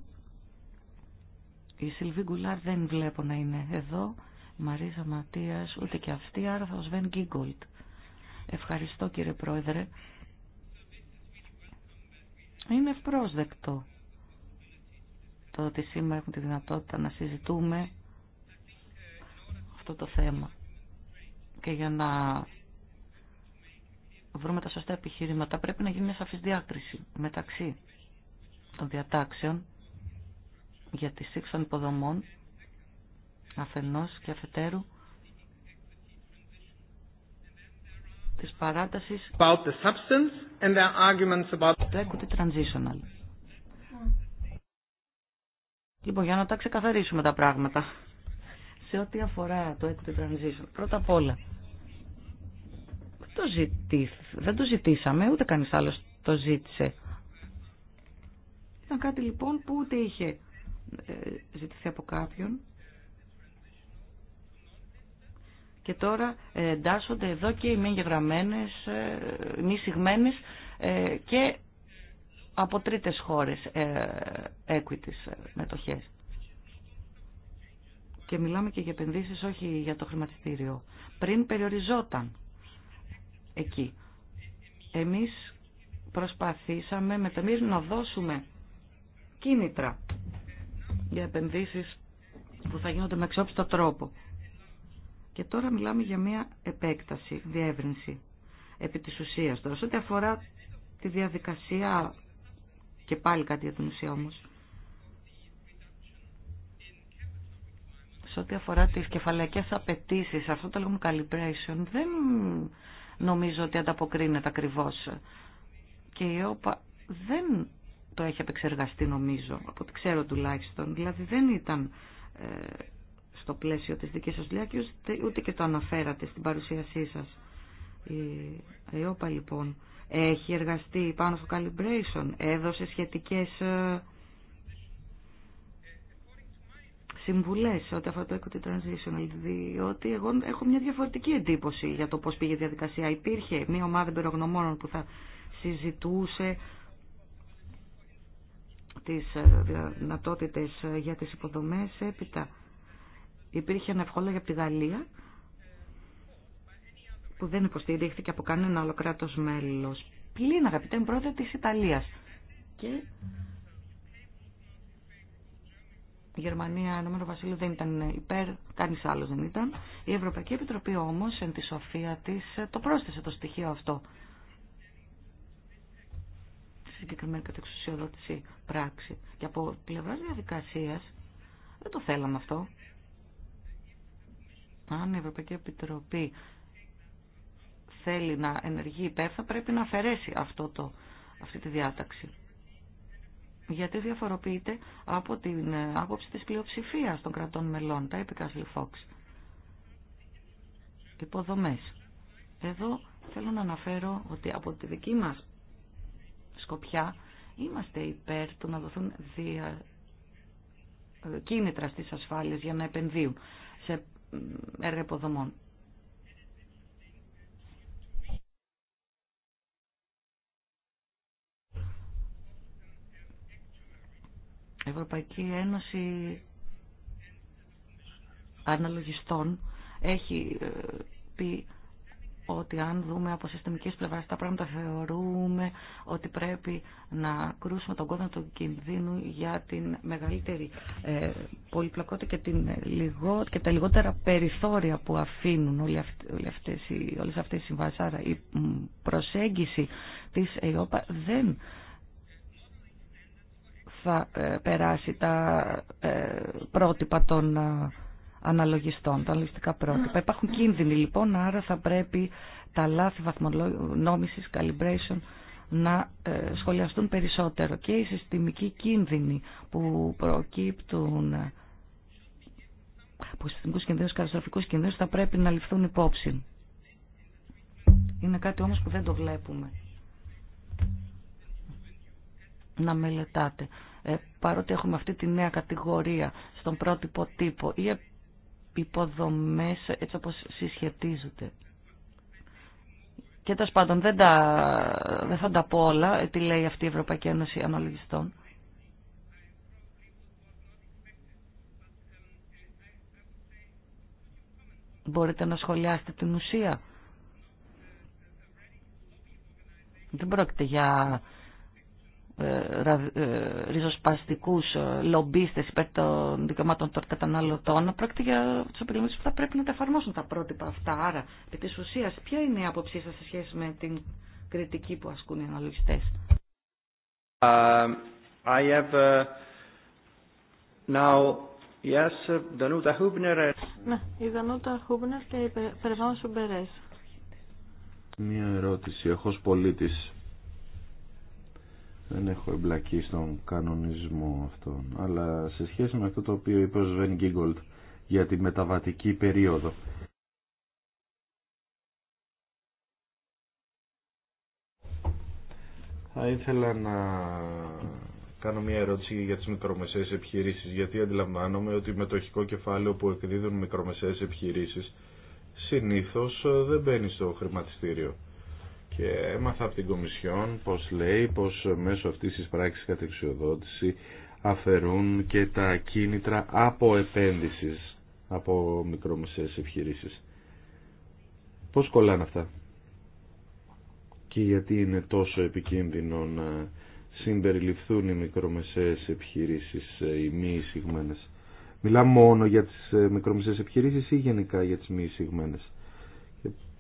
Η Σιλβί Γκουλάρ δεν βλέπω να είναι εδώ. Μαρίζα Ματίας ούτε και αυτή, άρα θα Σβέν Γκίγκολτ. Ευχαριστώ κύριε Πρόεδρε. Είναι ευπρόσδεκτο το ότι σήμερα έχουμε τη δυνατότητα να συζητούμε αυτό το θέμα. Και για να βρούμε τα σωστά επιχείρηματα πρέπει να γίνει μια σαφής διάκριση μεταξύ των διατάξεων για τη στήριξη των υποδομών αφενός και αφετέρου της παράτασης about the substance and their arguments about the transitional. Λοιπόν, για να τα ξεκαθαρίσουμε τα πράγματα. Σε ό,τι αφορά το equity transition, πρώτα απ' όλα, το δεν το ζητήσαμε, ούτε κανείς άλλος το ζήτησε. Ήταν κάτι λοιπόν που ούτε είχε ε, ζητηθεί από κάποιον. Και τώρα ε, εντάσσονται εδώ και οι μη εγγεγραμμένες, ε, μη συγμένες και από τρίτες χώρες ε, equities ε, μετοχές. Και μιλάμε και για επενδύσεις, όχι για το χρηματιστήριο. Πριν περιοριζόταν εκεί. Εμείς προσπαθήσαμε με να δώσουμε κίνητρα για επενδύσεις που θα γίνονται με αξιόπιστο τρόπο. Και τώρα μιλάμε για μια επέκταση, διεύρυνση επί της ουσίας τώρα. ό,τι αφορά τη διαδικασία και πάλι κάτι για την ουσία όμως. Σε ό,τι αφορά τις κεφαλαϊκέ απαιτήσει, αυτό το λέγουμε calibration, δεν νομίζω ότι ανταποκρίνεται ακριβώ. Και η ΕΟΠΑ δεν το έχει απεξεργαστεί νομίζω, από ό,τι ξέρω τουλάχιστον. Δηλαδή δεν ήταν ε, στο πλαίσιο της δική σας δουλειά και ούτε, και το αναφέρατε στην παρουσίασή σα Η ΕΟΠΑ λοιπόν έχει εργαστεί πάνω στο calibration, έδωσε σχετικές ε, συμβουλές ό,τι αφορά το equity transitional, διότι εγώ έχω μια διαφορετική εντύπωση για το πώς πήγε η διαδικασία. Υπήρχε μια ομάδα εμπειρογνωμόνων που θα συζητούσε τις ε, δυνατότητε ε, για τις υποδομές έπειτα. Υπήρχε ένα ευχόλογο από τη Γαλλία που δεν υποστηρίχθηκε από κανένα άλλο κράτο μέλος. Πλήν αγαπητέ μου πρόεδρε της Ιταλίας. Και η Γερμανία, Ηνωμένο Βασίλειο δεν ήταν υπέρ, κανείς άλλος δεν ήταν. Η Ευρωπαϊκή Επιτροπή όμως, εν τη σοφία της, το πρόσθεσε το στοιχείο αυτό. συγκεκριμένη κατεξουσιοδότηση πράξη. Και από πλευρά διαδικασία δεν το θέλαμε αυτό. Αν η Ευρωπαϊκή Επιτροπή θέλει να ενεργεί υπέρ θα πρέπει να αφαιρέσει αυτό το, αυτή τη διάταξη. Γιατί διαφοροποιείται από την ε, άποψη της πλειοψηφίας των κρατών μελών, τα είπε Κάσλι Φόξ. Υποδομές. Εδώ θέλω να αναφέρω ότι από τη δική μας σκοπιά είμαστε υπέρ του να δοθούν κίνητρα στις ασφάλειες για να επενδύουν σε έργα υποδομών. Ευρωπαϊκή Ένωση Αναλογιστών έχει ε, πει ότι αν δούμε από συστημική πλευρά τα πράγματα θεωρούμε ότι πρέπει να κρούσουμε τον κόδωνα του κινδύνου για την μεγαλύτερη ε, πολυπλοκότητα και, την, λιγό, τα λιγότερα περιθώρια που αφήνουν όλες αυτές, όλες αυτές οι συμβάσεις. Άρα η προσέγγιση της ΕΟΠΑ δεν θα ε, περάσει τα ε, πρότυπα των ε, αναλογιστών, τα αναλογιστικά πρότυπα. Υπάρχουν κίνδυνοι λοιπόν, άρα θα πρέπει τα λάθη βαθμονόμησης, calibration, να σχολιαστούν περισσότερο και οι συστημικοί κίνδυνοι που προκύπτουν από συστημικού κινδύνου, καταστροφικούς κίνδυνους, θα πρέπει να ληφθούν υπόψη. Είναι κάτι όμως που δεν το βλέπουμε. Να μελετάτε ε, παρότι έχουμε αυτή τη νέα κατηγορία στον πρότυπο τύπο ή υποδομές έτσι όπως συσχετίζονται. Και τέλο πάντων δεν, τα, δεν θα τα πω όλα, ε, τι λέει αυτή η Ευρωπαϊκή Ένωση Αναλογιστών. Μπορείτε να σχολιάσετε την ουσία. Δεν πρόκειται για ε, ε, ριζοσπαστικούς ε, λομπίστες υπέρ των δικαιωμάτων των καταναλωτών πρόκειται για τους που θα πρέπει να τα εφαρμόσουν τα πρότυπα αυτά. Άρα, επί της ουσίας, ποια είναι η άποψή σας σε σχέση με την κριτική που ασκούν οι αναλογιστέ.
Uh, um,
I have, uh, now, yes, uh, Danuta Hubner.
Ναι, η Danuta Hubner και η Περβάνο Σουμπερές.
Μία ερώτηση. Έχω πολίτης δεν έχω εμπλακεί στον κανονισμό αυτόν. Αλλά σε σχέση με αυτό το οποίο είπε ο Σβέν Γκίγκολτ για τη μεταβατική περίοδο. Θα ήθελα να κάνω μια ερώτηση για τις μικρομεσαίες επιχειρήσεις, γιατί αντιλαμβάνομαι ότι με το χικό κεφάλαιο που εκδίδουν μικρομεσαίες επιχειρήσεις συνήθως ε, δεν μπαίνει στο χρηματιστήριο και έμαθα από την Κομισιόν πως λέει πως μέσω αυτής της πράξης κατεξιοδότηση αφαιρούν και τα κίνητρα από επένδυσης από μικρομεσαίες επιχειρήσεις. Πώς κολλάνε αυτά και γιατί είναι τόσο επικίνδυνο να συμπεριληφθούν οι μικρομεσαίες επιχειρήσεις, οι μη εισηγμένες. Μιλάμε μόνο για τις ε, μικρομεσαίες επιχειρήσεις ή γενικά για τις μη εισηγμένες.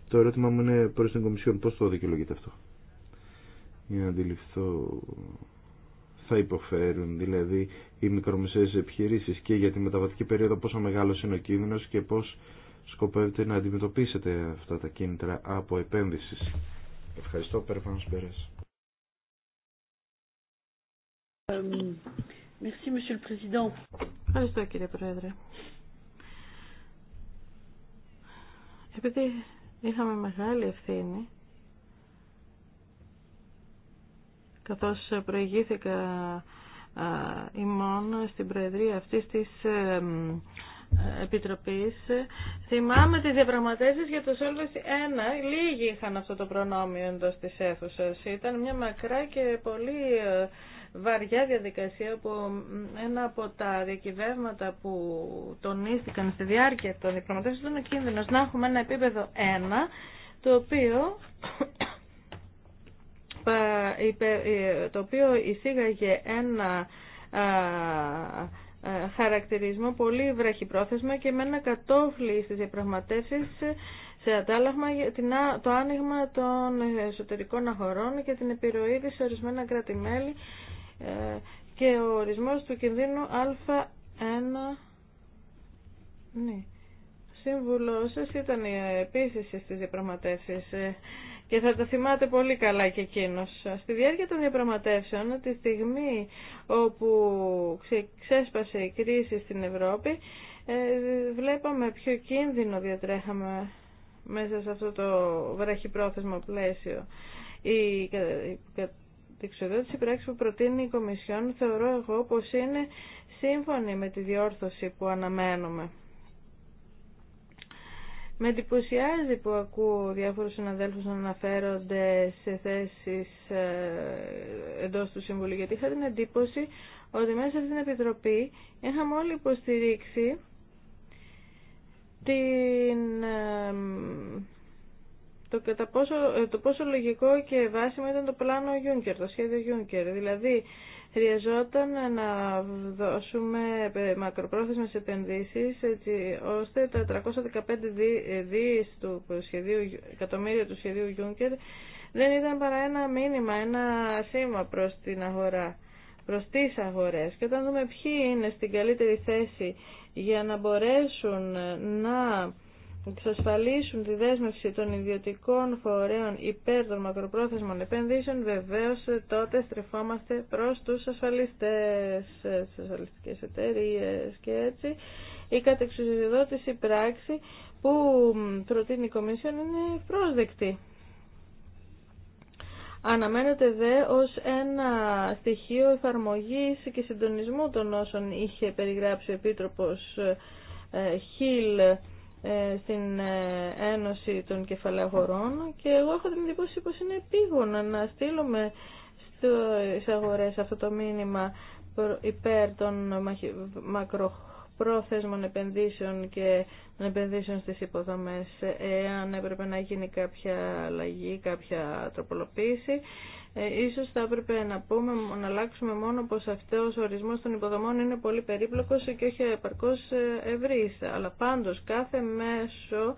Το ερώτημα μου είναι προς την Κομισιόν πώς το δικαιολογείτε αυτό. Για να αντιληφθώ θα υποφέρουν, δηλαδή οι μικρομεσαίες επιχειρήσεις και για τη μεταβατική περίοδο πόσο μεγάλο είναι ο κίνδυνος και πώς σκοπεύετε να αντιμετωπίσετε αυτά τα κίνητρα από επένδυσης. Ευχαριστώ, Περές.
Ευχαριστώ κύριε Πρόεδρε.
Επειδή είχαμε μεγάλη ευθύνη καθώς προηγήθηκα ημών στην Προεδρία αυτής της Επιτροπής. Θυμάμαι τις διαπραγματεύσεις για το Solvency 1. Λίγοι είχαν αυτό το προνόμιο εντός της αίθουσας. Ήταν μια μακρά και πολύ ε, βαριά διαδικασία από ένα από τα διακυβεύματα που τονίστηκαν στη διάρκεια των διαπραγματεύσεων ήταν ο κίνδυνο να έχουμε ένα επίπεδο 1 το οποίο ε, το οποίο εισήγαγε ένα χαρακτηρισμό πολύ βραχυπρόθεσμα και με ένα κατόφλι στις διαπραγματεύσεις σε αντάλλαγμα το άνοιγμα των εσωτερικών αγορών και την επιρροή της σε ορισμένα κράτη-μέλη ε, και ο ορισμός του κινδύνου α1 ναι. Σύμβουλό σα ήταν η επίση στι διαπραγματεύσει ε, και θα τα θυμάται πολύ καλά και εκείνο. Στη διάρκεια των διαπραγματεύσεων, τη στιγμή όπου ξέσπασε η κρίση στην Ευρώπη, ε, βλέπαμε ποιο κίνδυνο διατρέχαμε μέσα σε αυτό το βραχυπρόθεσμο πλαίσιο. Η εξοδότηση πράξη που προτείνει η Κομισιόν θεωρώ εγώ πως είναι σύμφωνη με τη διόρθωση που αναμένουμε. Με εντυπωσιάζει που ακούω διάφορους συναδέλφους να αναφέρονται σε θέσεις ε, εντός του Συμβουλίου, γιατί είχα την εντύπωση ότι μέσα στην την Επιτροπή είχαμε όλοι υποστηρίξει την ε, το, πόσο, ε, το πόσο λογικό και βάσιμο ήταν το πλάνο Juncker, το σχέδιο Juncker. Δηλαδή, χρειαζόταν να δώσουμε ε, μακροπρόθεσμες επενδύσεις έτσι ώστε τα 315 ε, δις του σχεδίου, εκατομμύρια του σχεδίου Juncker δεν ήταν παρά ένα μήνυμα, ένα σήμα προς την αγορά, προς τις αγορές. Και όταν δούμε ποιοι είναι στην καλύτερη θέση για να μπορέσουν να εξασφαλίσουν τη δέσμευση των ιδιωτικών φορέων υπέρ των μακροπρόθεσμων επενδύσεων, βεβαίω τότε στρεφόμαστε προς τους ασφαλιστέ τι ασφαλιστικέ εταιρείες και έτσι. Η κατεξουσιοδότηση πράξη που προτείνει η Κομισιόν είναι πρόσδεκτη. Αναμένεται δε ως ένα στοιχείο εφαρμογής και συντονισμού των όσων είχε περιγράψει ο Επίτροπος ε, Χίλ ε, στην ε, Ένωση των Κεφαλαγορών και εγώ έχω την εντύπωση πως είναι επίγοντα να στείλουμε στις αγορές αυτό το μήνυμα υπέρ των μακροπρόθεσμων επενδύσεων και των επενδύσεων στις υποδομές εάν έπρεπε να γίνει κάποια αλλαγή, κάποια τροπολοποίηση ε, ίσως θα έπρεπε να πούμε, να αλλάξουμε μόνο πως αυτός ο ορισμός των υποδομών είναι πολύ περίπλοκος και όχι επαρκώς ε, ευρύς. Αλλά πάντως κάθε μέσο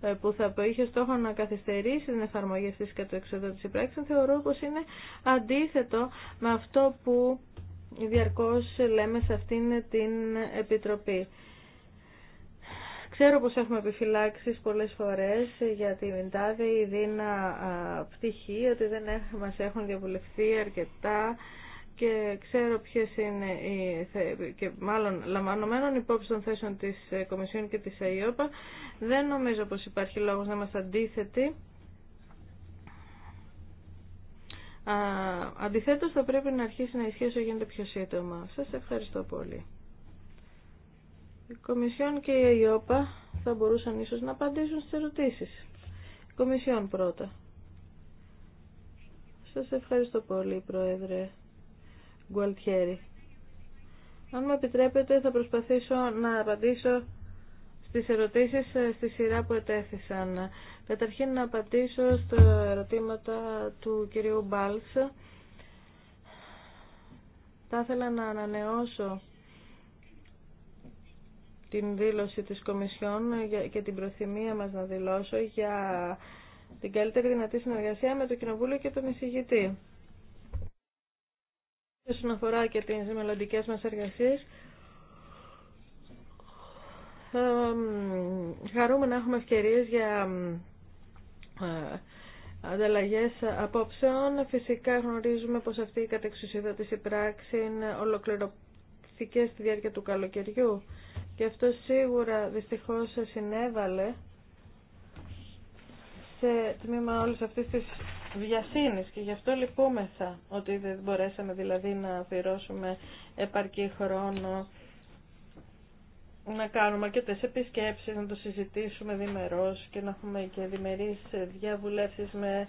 ε, που θα είχε στόχο να καθυστερήσει την εφαρμογή αυτής κατ' εξοδότηση πράξη, θεωρώ πως είναι αντίθετο με αυτό που διαρκώς λέμε σε αυτήν την Επιτροπή. Ξέρω πως έχουμε επιφυλάξει πολλές φορές για τη τάδε ή δίνα πτυχή, ότι δεν μας έχουν διαβουλευτεί αρκετά και ξέρω ποιες είναι οι, και μάλλον λαμβανωμένων υπόψη των θέσεων της Κομισιόν και της ΑΕΟΠΑ δεν νομίζω πως υπάρχει λόγος να είμαστε αντίθετοι. Αντιθέτως θα πρέπει να αρχίσει να ισχύει όσο γίνεται πιο σύντομα. Σας ευχαριστώ πολύ. Η Κομισιόν και η ΕΙΟΠΑ θα μπορούσαν ίσως να απαντήσουν στις ερωτήσεις. Η Κομισιόν πρώτα. Σας ευχαριστώ πολύ, Πρόεδρε Γκουαλτιέρη. Αν μου επιτρέπετε θα προσπαθήσω να απαντήσω στις ερωτήσεις ε, στη σειρά που ετέθησαν. Καταρχήν να απαντήσω στα ερωτήματα του κυρίου Μπάλς. Θα ήθελα να ανανεώσω την δήλωση της Κομισιόν και την προθυμία μας να δηλώσω για την καλύτερη δυνατή συνεργασία με το Κοινοβούλιο και τον εισηγητή. Όσον αφορά και τι μελλοντικέ μας εργασίες, χαρούμε να έχουμε ευκαιρίες για ε, ανταλλαγέ απόψεων. Φυσικά γνωρίζουμε πως αυτή η κατεξουσίδα της είναι ολοκληρωτική στη διάρκεια του καλοκαιριού. Και αυτό σίγουρα δυστυχώς συνέβαλε σε τμήμα όλης αυτής της βιασύνης και γι' αυτό λυπούμεθα ότι δεν μπορέσαμε δηλαδή να αφιερώσουμε επαρκή χρόνο να κάνουμε αρκετέ επισκέψεις, να το συζητήσουμε διμερώς και να έχουμε και διμερείς διαβουλεύσεις με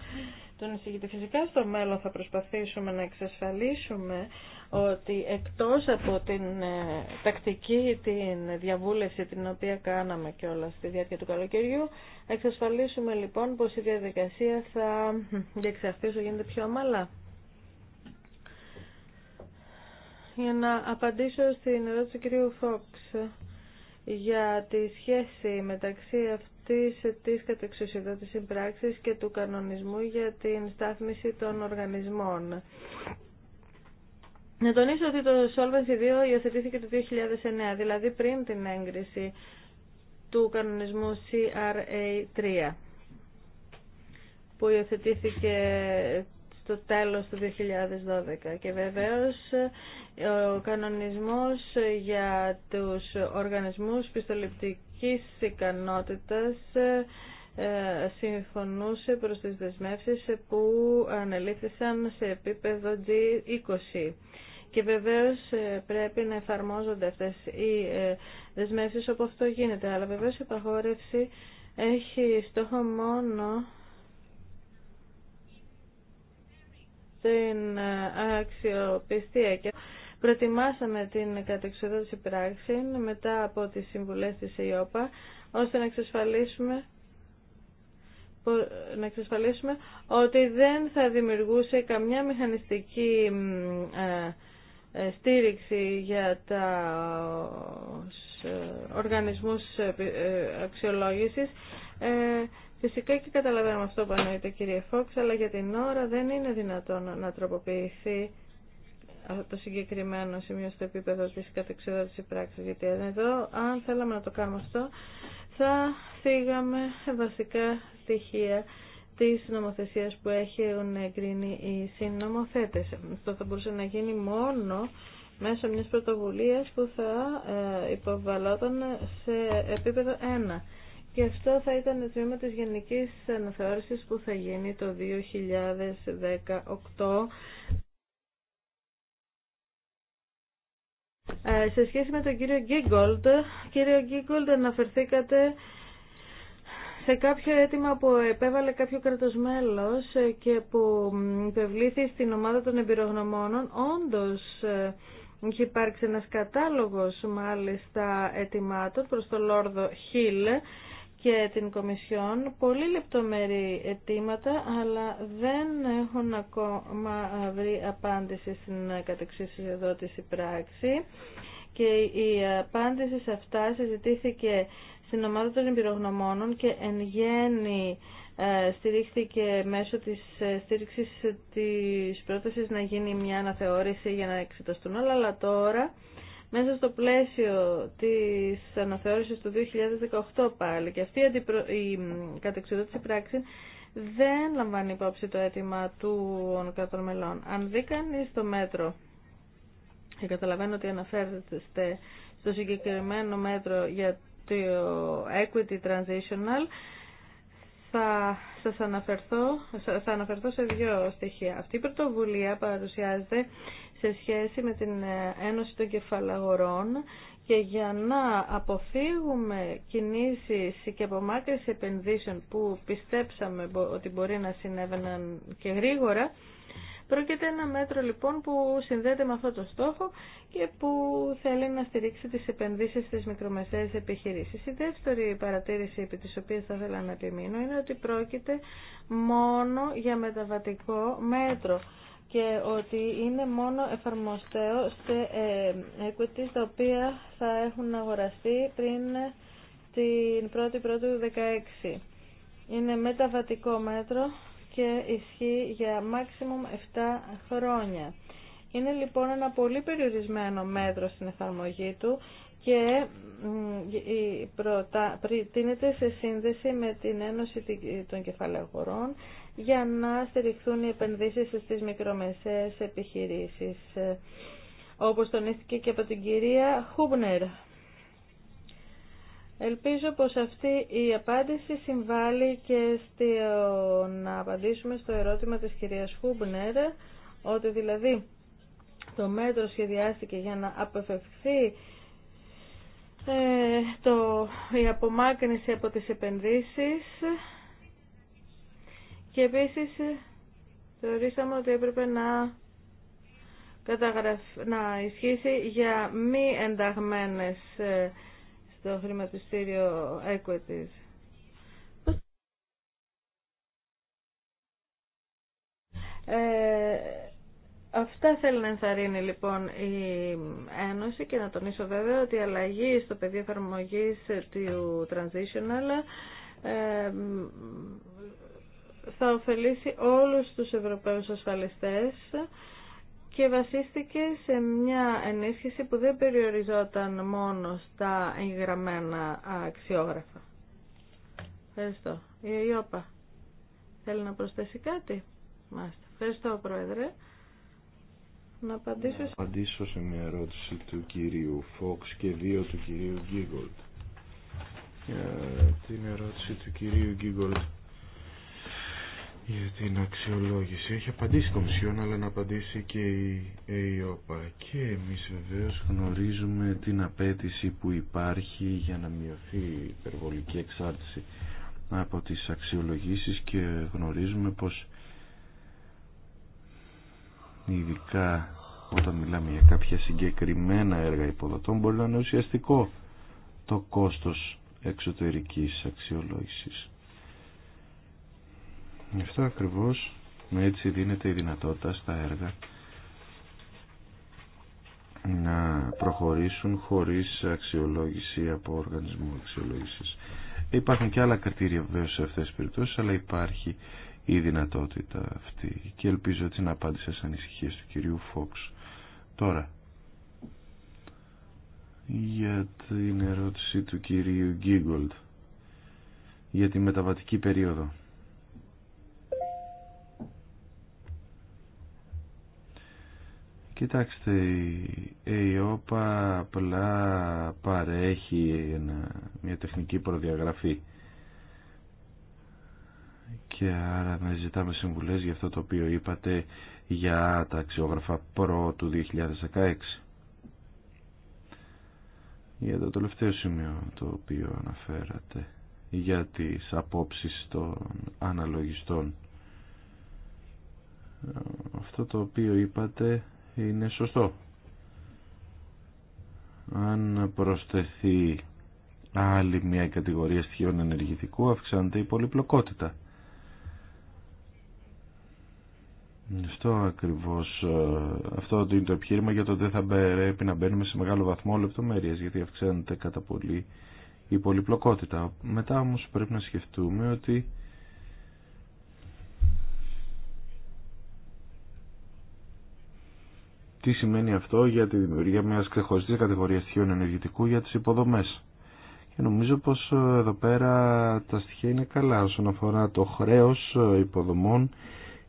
τον Φυσικά στο μέλλον θα προσπαθήσουμε να εξασφαλίσουμε ότι εκτός από την ε, τακτική, την διαβούλευση την οποία κάναμε και όλα στη διάρκεια του καλοκαιριού, εξασφαλίσουμε λοιπόν πως η διαδικασία θα διεξαχθεί όσο γίνεται πιο αμαλά. Για να απαντήσω στην ερώτηση του κυρίου Φόξ για τη σχέση μεταξύ αυτών, της, της κατεξουσιοδότησης συμπράξης και του κανονισμού για την στάθμιση των οργανισμών. Να τονίσω ότι το Solvency 2 υιοθετήθηκε το 2009, δηλαδή πριν την έγκριση του κανονισμού CRA3 που υιοθετήθηκε στο τέλος του 2012 και βεβαίως ο κανονισμός για τους οργανισμούς πιστοληπτικού πολιτικής ικανότητας ε, ε, συμφωνούσε προς τις δεσμεύσεις που ανελήφθησαν σε επίπεδο G20. Και βεβαίως ε, πρέπει να εφαρμόζονται αυτές οι δεσμεύσεις όπου αυτό γίνεται. Αλλά βεβαίως η παγόρευση έχει στόχο μόνο την αξιοπιστία. Προετοιμάσαμε την κατεξοδότηση πράξη μετά από τις συμβουλές της ΕΙΟΠΑ ώστε να εξασφαλίσουμε ότι δεν θα δημιουργούσε καμιά μηχανιστική ε, στήριξη για τα οργανισμούς ε, ε, αξιολόγησης. Φυσικά και καταλαβαίνουμε αυτό που εννοείται κύριε Φόξ, αλλά για την ώρα δεν είναι δυνατόν να τροποποιηθεί το συγκεκριμένο σημείο στο επίπεδο της κατεξοδότησης πράξης. Γιατί εδώ, αν θέλαμε να το κάνουμε αυτό, θα φύγαμε βασικά στοιχεία της νομοθεσίας που έχουν εγκρίνει οι συνομοθέτες. Αυτό θα μπορούσε να γίνει μόνο μέσω μιας πρωτοβουλίας που θα ε, υποβαλόταν σε επίπεδο 1. Και αυτό θα ήταν το τμήμα της γενικής αναθεώρησης που θα γίνει το 2018 Ε, σε σχέση με τον κύριο Γκίγκολτ, κύριο Γκίγκολτ αναφερθήκατε σε κάποιο αίτημα που επέβαλε κάποιο μέλος και που υπευλήθη στην ομάδα των εμπειρογνωμόνων, όντως ε, είχε υπάρξει ένας κατάλογος μάλιστα αιτημάτων προς τον Λόρδο Χίλ και την Κομισιόν πολύ λεπτομερή αιτήματα, αλλά δεν έχουν ακόμα βρει απάντηση στην κατεξίσου της πράξη και η απάντηση σε αυτά συζητήθηκε στην ομάδα των εμπειρογνωμόνων και εν γέννη ε, στηρίχθηκε μέσω της ε, στήριξης της πρότασης να γίνει μια αναθεώρηση για να εξεταστούν όλα, αλλά τώρα μέσα στο πλαίσιο της αναθεώρησης του 2018 πάλι και αυτή η κατεξοδότηση πράξη δεν λαμβάνει υπόψη το αίτημα του κρατών μελών. Αν δει κανεί το μέτρο, και καταλαβαίνω ότι αναφέρεστε στο συγκεκριμένο μέτρο για το Equity Transitional, θα σας αναφερθώ, θα αναφερθώ σε δύο στοιχεία. Αυτή η πρωτοβουλία παρουσιάζεται σε σχέση με την ε, Ένωση των Κεφαλαγορών και για να αποφύγουμε κινήσεις και απομάκρυνση επενδύσεων που πιστέψαμε ότι μπορεί να συνέβαιναν και γρήγορα, Πρόκειται ένα μέτρο λοιπόν που συνδέεται με αυτό το στόχο και που θέλει να στηρίξει τις επενδύσεις στις μικρομεσαίες επιχειρήσεις. Η δεύτερη παρατήρηση επί της οποίας θα ήθελα να επιμείνω είναι ότι πρόκειται μόνο για μεταβατικό μέτρο και ότι είναι μόνο εφαρμοστέο σε ε, equity τα οποία θα έχουν αγοραστεί πριν την 1η 1 του 16. Είναι μεταβατικό μέτρο και ισχύει για maximum 7 χρόνια. Είναι λοιπόν ένα πολύ περιορισμένο μέτρο στην εφαρμογή του και προτείνεται σε σύνδεση με την Ένωση των Κεφαλαίων για να στηριχθούν οι επενδύσεις στις μικρομεσαίες επιχειρήσεις, ε, όπως τονίστηκε και από την κυρία Χούμπνερ. Ελπίζω πως αυτή η απάντηση συμβάλλει και στο να απαντήσουμε στο ερώτημα της κυρίας Χούμπνερ, ότι δηλαδή το μέτρο σχεδιάστηκε για να αποφευχθεί ε, το, η απομάκρυνση από τις επενδύσεις και επίσης θεωρήσαμε ότι έπρεπε να, καταγραφ, να ισχύσει για μη ενταγμένες ε, το χρηματιστήριο Equities. Ε, αυτά θέλει να ενθαρρύνει λοιπόν η Ένωση και να τονίσω βέβαια ότι η αλλαγή στο πεδίο εφαρμογή του Transitional ε, θα ωφελήσει όλους τους Ευρωπαίους ασφαλιστές και βασίστηκε σε μια ενίσχυση που δεν περιοριζόταν μόνο στα εγγραμμένα αξιόγραφα. Ευχαριστώ. Η Ιώπα θέλει να προσθέσει κάτι. Μάλιστα. Ευχαριστώ, Πρόεδρε. Να απαντήσω...
να σε μια ερώτηση του κυρίου Φόξ και δύο του κυρίου Γκίγκολτ. Ε, την ερώτηση του κυρίου Γκίγκολτ για την αξιολόγηση. Έχει απαντήσει η Κομισιόν, αλλά να απαντήσει και η ΕΙΟΠΑ. Και εμείς βεβαίως γνωρίζουμε την απέτηση που υπάρχει για να μειωθεί η υπερβολική εξάρτηση από τις αξιολογήσεις και γνωρίζουμε πως ειδικά όταν μιλάμε για κάποια συγκεκριμένα έργα υποδοτών μπορεί να είναι ουσιαστικό το κόστος εξωτερικής αξιολόγησης. Γι' αυτό με έτσι δίνεται η δυνατότητα στα έργα να προχωρήσουν χωρίς αξιολόγηση από οργανισμού αξιολόγησης. Υπάρχουν και άλλα κριτήρια βέβαια σε αυτές τις περιπτώσεις, αλλά υπάρχει η δυνατότητα αυτή και ελπίζω ότι να απάντησα σε ανησυχίες του κυρίου Φόξ. Τώρα, για την ερώτηση του κυρίου Γκίγκολτ για τη μεταβατική περίοδο. Κοιτάξτε, η ΕΟΠΑ απλά παρέχει μια τεχνική προδιαγραφή και άρα να ζητάμε συμβουλές για αυτό το οποίο είπατε για τα αξιόγραφα προ του 2016. Για το τελευταίο σημείο το οποίο αναφέρατε για τις απόψεις των αναλογιστών. Αυτό το οποίο είπατε είναι σωστό. Αν προσθεθεί άλλη μια κατηγορία στοιχείων ενεργητικού αυξάνεται η πολυπλοκότητα. Αυτό ακριβώς, ε, αυτό είναι το επιχείρημα για το ότι δεν θα πρέπει να μπαίνουμε σε μεγάλο βαθμό λεπτομέρειες γιατί αυξάνεται κατά πολύ η πολυπλοκότητα. Μετά όμως πρέπει να σκεφτούμε ότι Τι σημαίνει αυτό για τη δημιουργία μιας ξεχωριστής κατηγορίας στοιχείων ενεργητικού για τις υποδομές. Και νομίζω πως ε, εδώ πέρα τα στοιχεία είναι καλά όσον αφορά το χρέος ε, υποδομών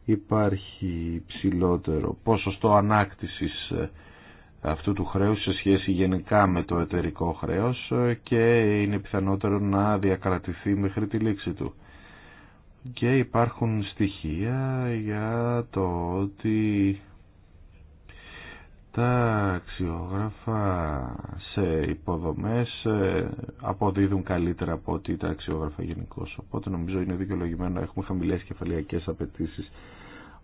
υπάρχει ψηλότερο ποσοστό ανάκτησης ε, αυτού του χρέους σε σχέση γενικά με το εταιρικό χρέος και είναι πιθανότερο να διακρατηθεί μέχρι τη λήξη του. Και υπάρχουν στοιχεία για το ότι τα αξιόγραφα σε υποδομές ε, αποδίδουν καλύτερα από ότι τα αξιόγραφα γενικώ. Οπότε νομίζω είναι δικαιολογημένο να έχουμε χαμηλές κεφαλιακές απαιτήσεις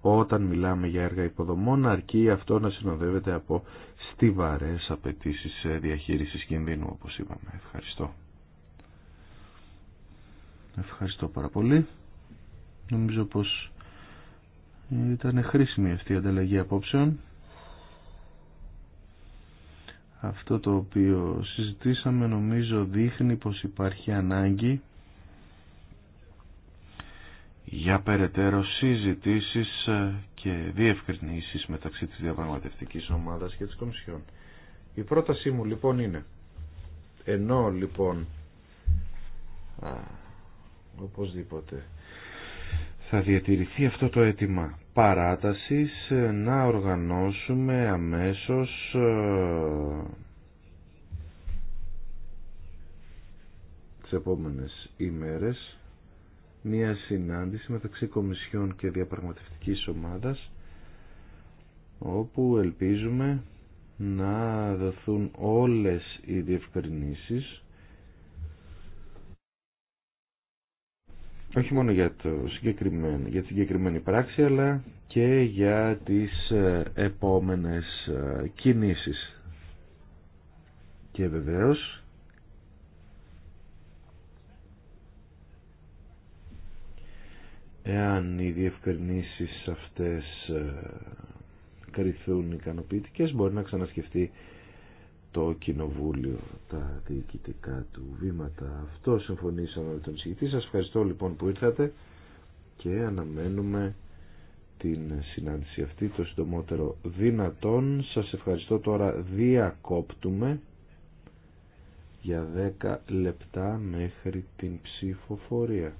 όταν μιλάμε για έργα υποδομών αρκεί αυτό να συνοδεύεται από στιβαρές απαιτήσει διαχείρισης κινδύνου όπως είπαμε. Ευχαριστώ. Ευχαριστώ πάρα πολύ. Νομίζω πως ήταν χρήσιμη αυτή η ανταλλαγή απόψεων αυτό το οποίο συζητήσαμε νομίζω δείχνει πως υπάρχει ανάγκη για περαιτέρω συζητήσεις ε, και διευκρινήσεις μεταξύ της διαπραγματευτικής ομάδας και της Κομισιόν. Η πρότασή μου λοιπόν είναι, ενώ λοιπόν α, οπωσδήποτε θα διατηρηθεί αυτό το αίτημα παράτασης ε, να οργανώσουμε αμέσως ε, τις επόμενες ημέρες μία συνάντηση μεταξύ Κομισιόν και Διαπραγματευτικής Ομάδας όπου ελπίζουμε να δοθούν όλες οι διευκρινήσεις όχι μόνο για, το συγκεκριμένο, για τη συγκεκριμένη πράξη αλλά και για τις ε, επόμενες ε, κινήσεις. Και βεβαίως εάν οι διευκρινήσεις αυτές ε, κρυθούν ικανοποιητικές μπορεί να ξανασκεφτεί το κοινοβούλιο τα διοικητικά του βήματα. Αυτό συμφωνήσαμε με τον Σας ευχαριστώ λοιπόν που ήρθατε και αναμένουμε την συνάντηση αυτή το συντομότερο δυνατόν. Σας ευχαριστώ τώρα διακόπτουμε για 10 λεπτά μέχρι την ψηφοφορία.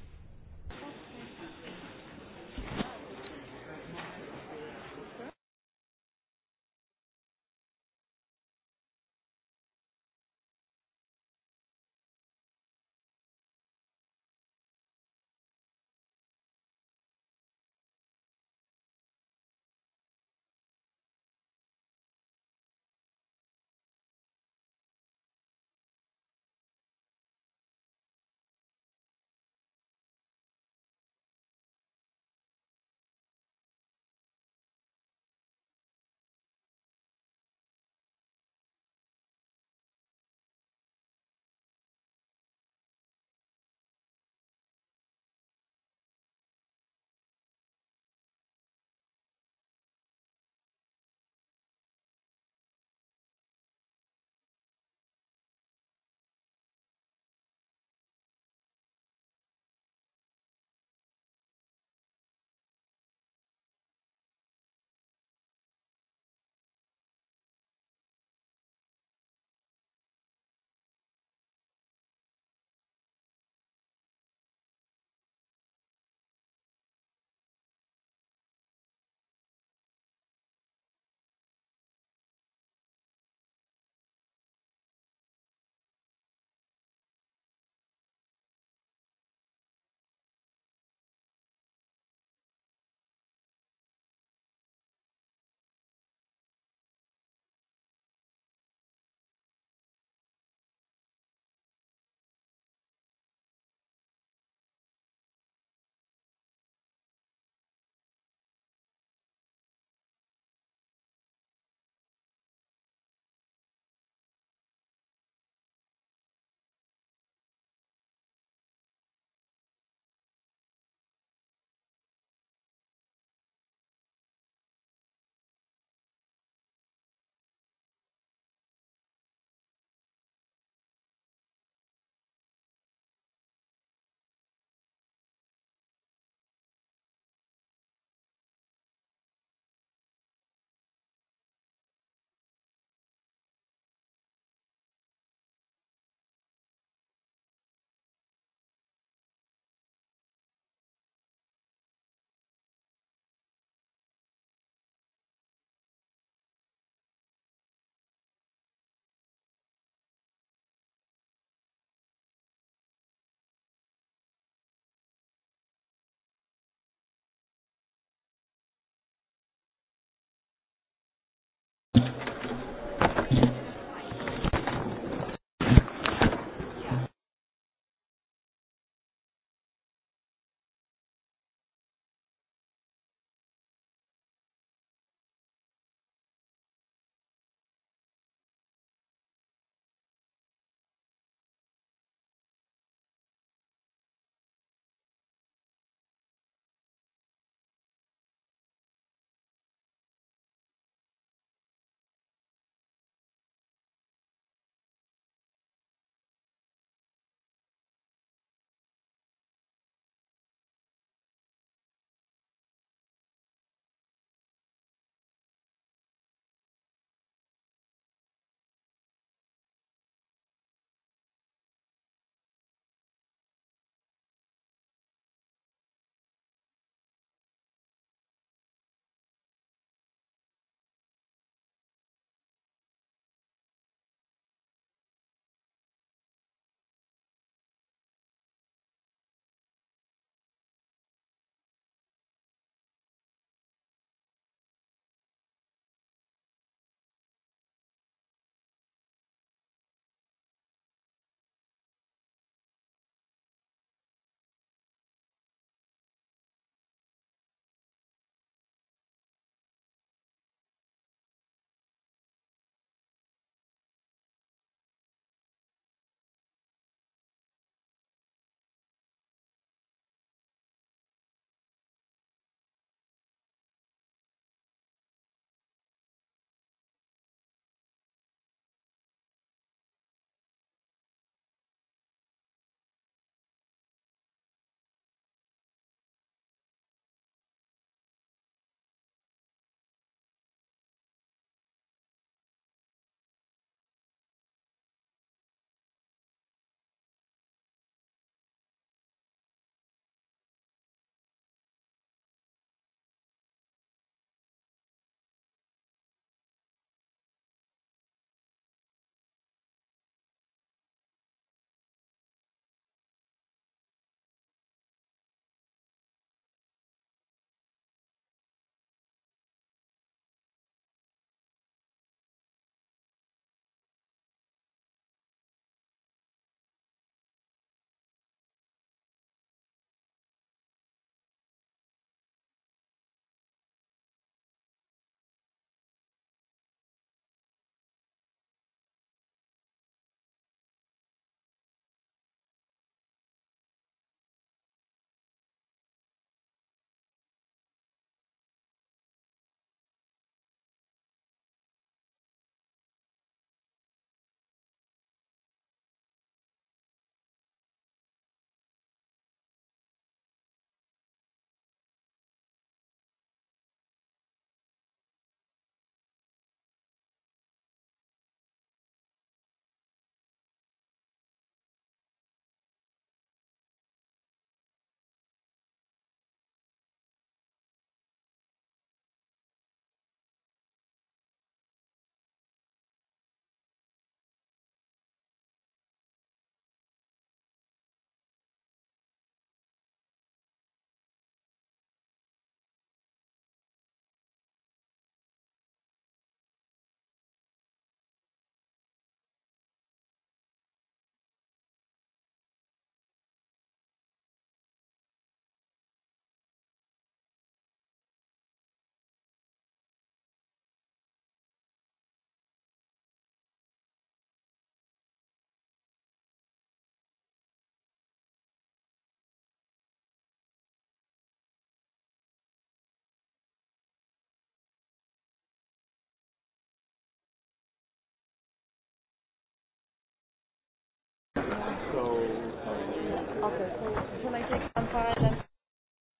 So. Okay. So can I take some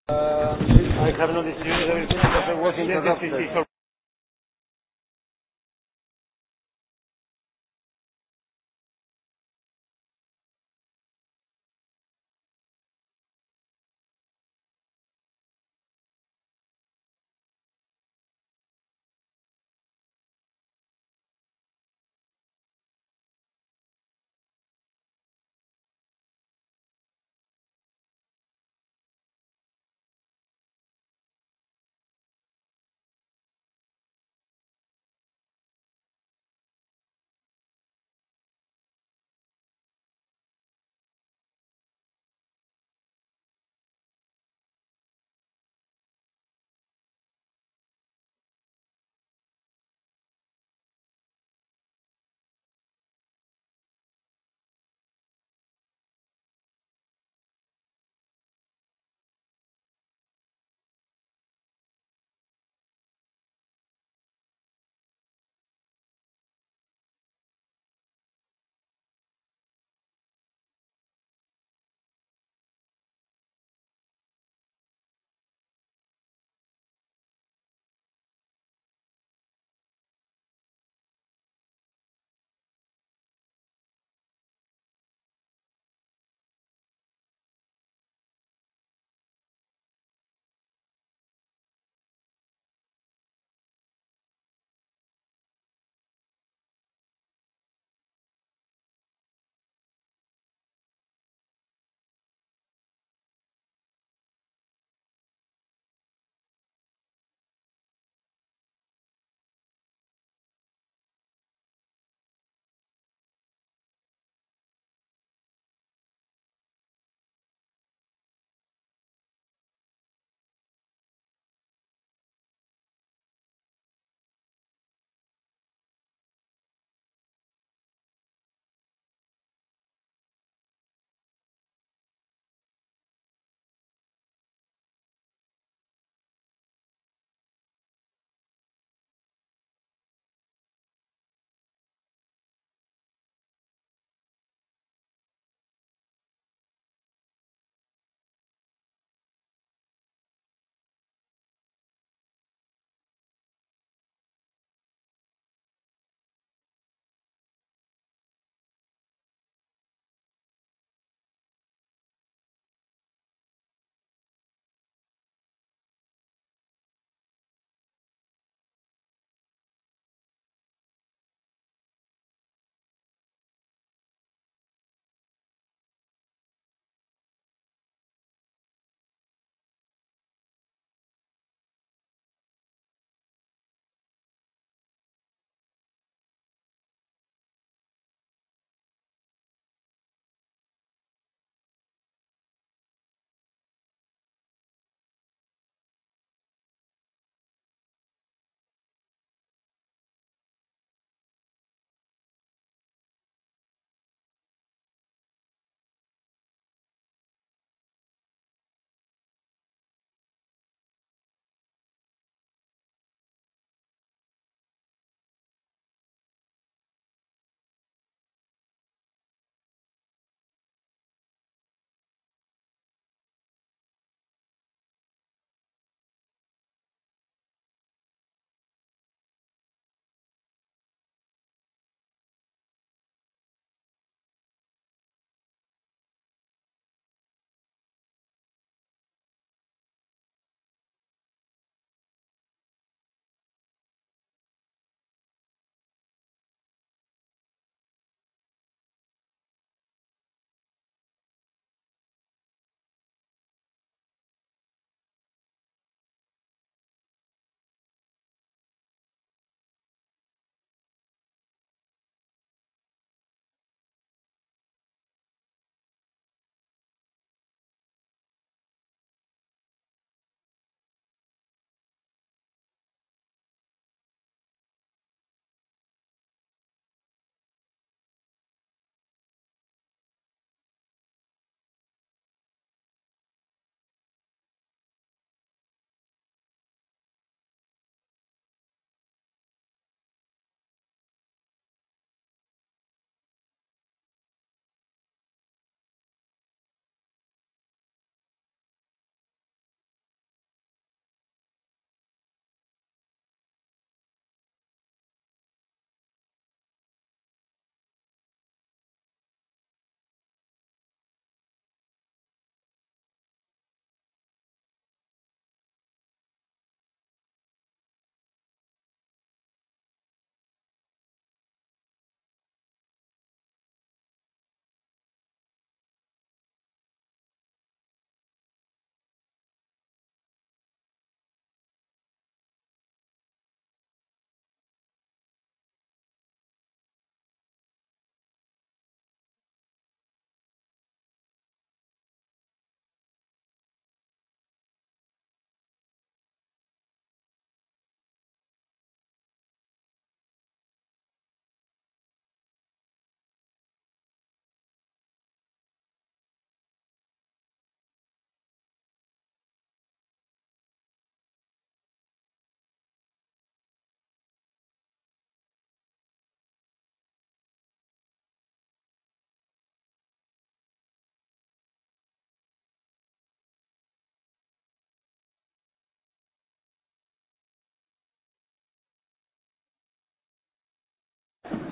I have no decision. everything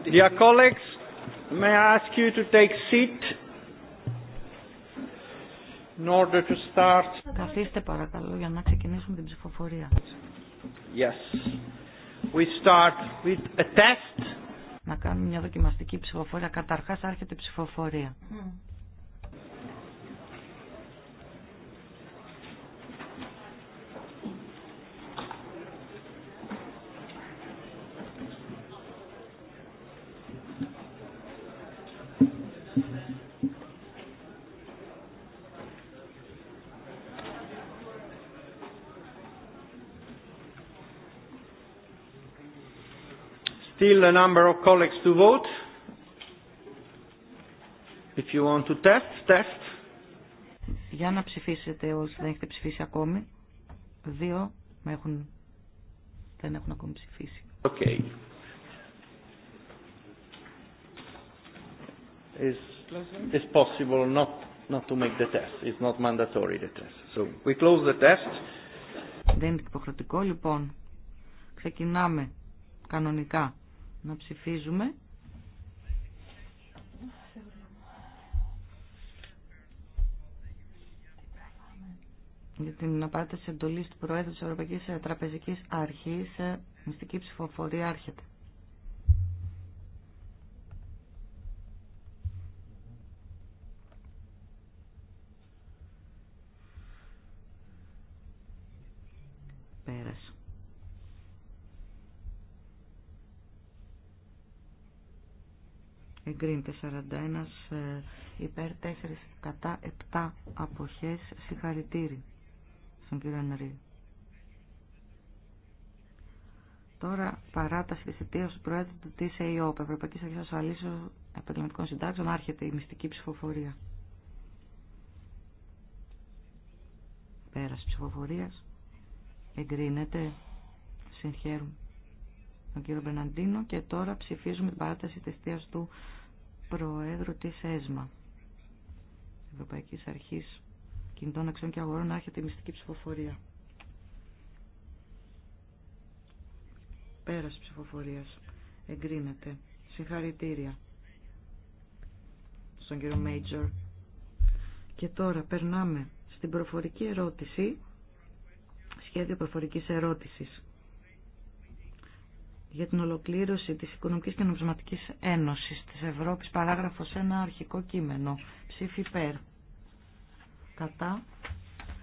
Dear colleagues, may I ask you to take seat in order to start. Καθίστε
παρακαλώ για να ξεκινήσουμε την ψηφοφορία.
Yes. We start with a test.
Να κάνουμε μια δοκιμαστική ψηφοφορία. Καταρχάς άρχεται η ψηφοφορία.
Mm.
still a number of colleagues to vote. If you want to test, test.
Για να ψηφίσετε όσοι δεν έχετε ψηφίσει ακόμη. Δύο με έχουν, δεν έχουν ακόμη ψηφίσει.
Okay. Is, is possible not, not to make the test. It's not mandatory the test. So we close the test.
Δεν είναι υποχρεωτικό, λοιπόν. Ξεκινάμε κανονικά να ψηφίζουμε. για την απάντηση εντολή του Προέδρου της Ευρωπαϊκής Τραπεζικής Αρχής, μυστική ψηφοφορία άρχεται. εγκρίνεται 41 ε, υπέρ 4 κατά 7 αποχές συγχαρητήρι στον κύριο Ενρή. Τώρα παράταση της αιτίας του Προέδρου της ΑΕΟΠ, Ευρωπαϊκής Αρχής Ασφαλίσεως Επαγγελματικών Συντάξεων, άρχεται η μυστική ψηφοφορία. Πέρας ψηφοφορίας εγκρίνεται, συγχαίρουμε τον κύριο Μπερναντίνο και τώρα ψηφίζουμε την παράταση της θείας του Προέδρου της ΕΣΜΑ, Ευρωπαϊκής Αρχής Κινητών Αξιών και Αγορών, έρχεται η μυστική ψηφοφορία. Πέρας ψηφοφορίας. Εγκρίνεται. Συγχαρητήρια στον κύριο Μέιτζορ. Και τώρα περνάμε στην προφορική ερώτηση, σχέδιο προφορικής ερώτησης για την ολοκλήρωση της Οικονομικής και Νομισματικής Ένωσης της Ευρώπης, παράγραφος 1, αρχικό κείμενο, ψήφι υπέρ. Κατά,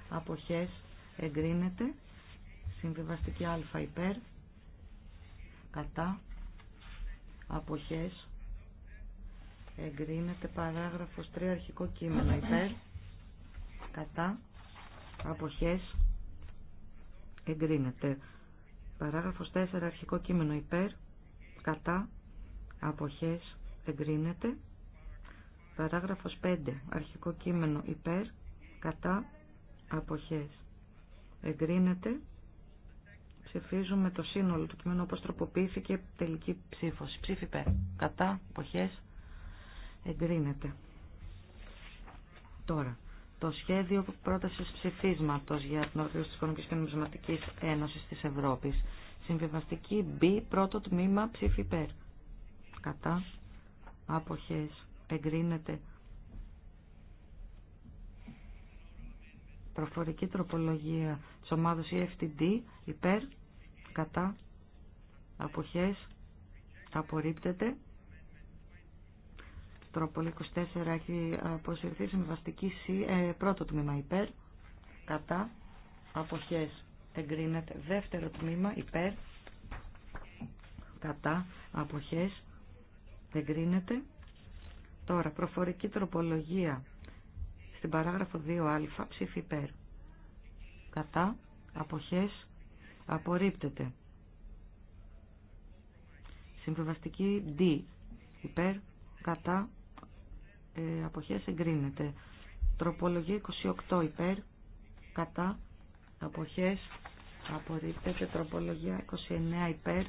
αποχές, εγκρίνεται, συμβιβαστική α υπέρ, κατά, αποχές, εγκρίνεται, παράγραφος 3, αρχικό κείμενο υπέρ, κατά, αποχές, εγκρίνεται. Παράγραφος 4 αρχικό κείμενο υπέρ, κατά, αποχές, εγκρίνεται. Παράγραφος 5 αρχικό κείμενο υπέρ, κατά, αποχές, εγκρίνεται. Ψηφίζουμε το σύνολο του κειμένου όπως τροποποιήθηκε τελική ψήφωση. Ψήφι υπέρ, κατά, αποχές, εγκρίνεται. Τώρα, το σχέδιο πρότασης ψηφίσματος για την Ορθίωση της Οικονομικής και Νομισματικής Ένωσης της Ευρώπης. Συμβιβαστική B, πρώτο τμήμα, ψήφι υπέρ. Κατά, άποχες, εγκρίνεται. Προφορική τροπολογία της ομάδας EFTD, υπέρ, κατά, αποχές, απορρίπτεται. Τροπολή 24 έχει αποσυρθεί βαστική C, ε, πρώτο τμήμα υπέρ, κατά, αποχές εγκρίνεται, δεύτερο τμήμα υπέρ, κατά, αποχές εγκρίνεται. Τώρα, προφορική τροπολογία στην παράγραφο 2α, ψήφι υπέρ, κατά, αποχές απορρίπτεται. Συμβιβαστική D, υπέρ, κατά, ε, αποχές εγκρίνεται. Τροπολογία 28 υπέρ, κατά, αποχές απορρίπτεται. Τροπολογία 29 υπέρ,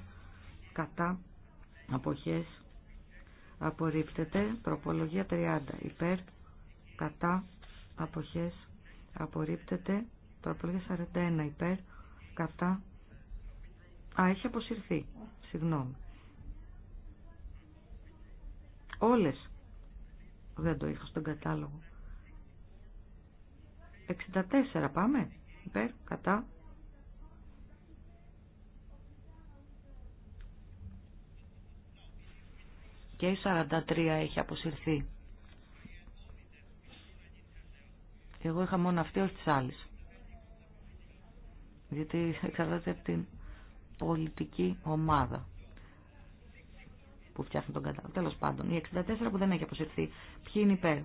κατά, αποχές απορρίπτεται. Τροπολογία 30 υπέρ, κατά, αποχές απορρίπτεται. Τροπολογία 41 υπέρ, κατά, α, έχει αποσυρθεί, συγγνώμη. Όλες δεν το είχα στον κατάλογο. 64 πάμε. Υπέρ, κατά. Και η 43 έχει αποσυρθεί. Εγώ είχα μόνο αυτή ως τις άλλες. Γιατί εξαρτάται από την πολιτική ομάδα που φτιάχνει τον κατά. Τέλος πάντων, η 64 που δεν έχει αποσυρθεί. Ποιοι είναι υπέρ.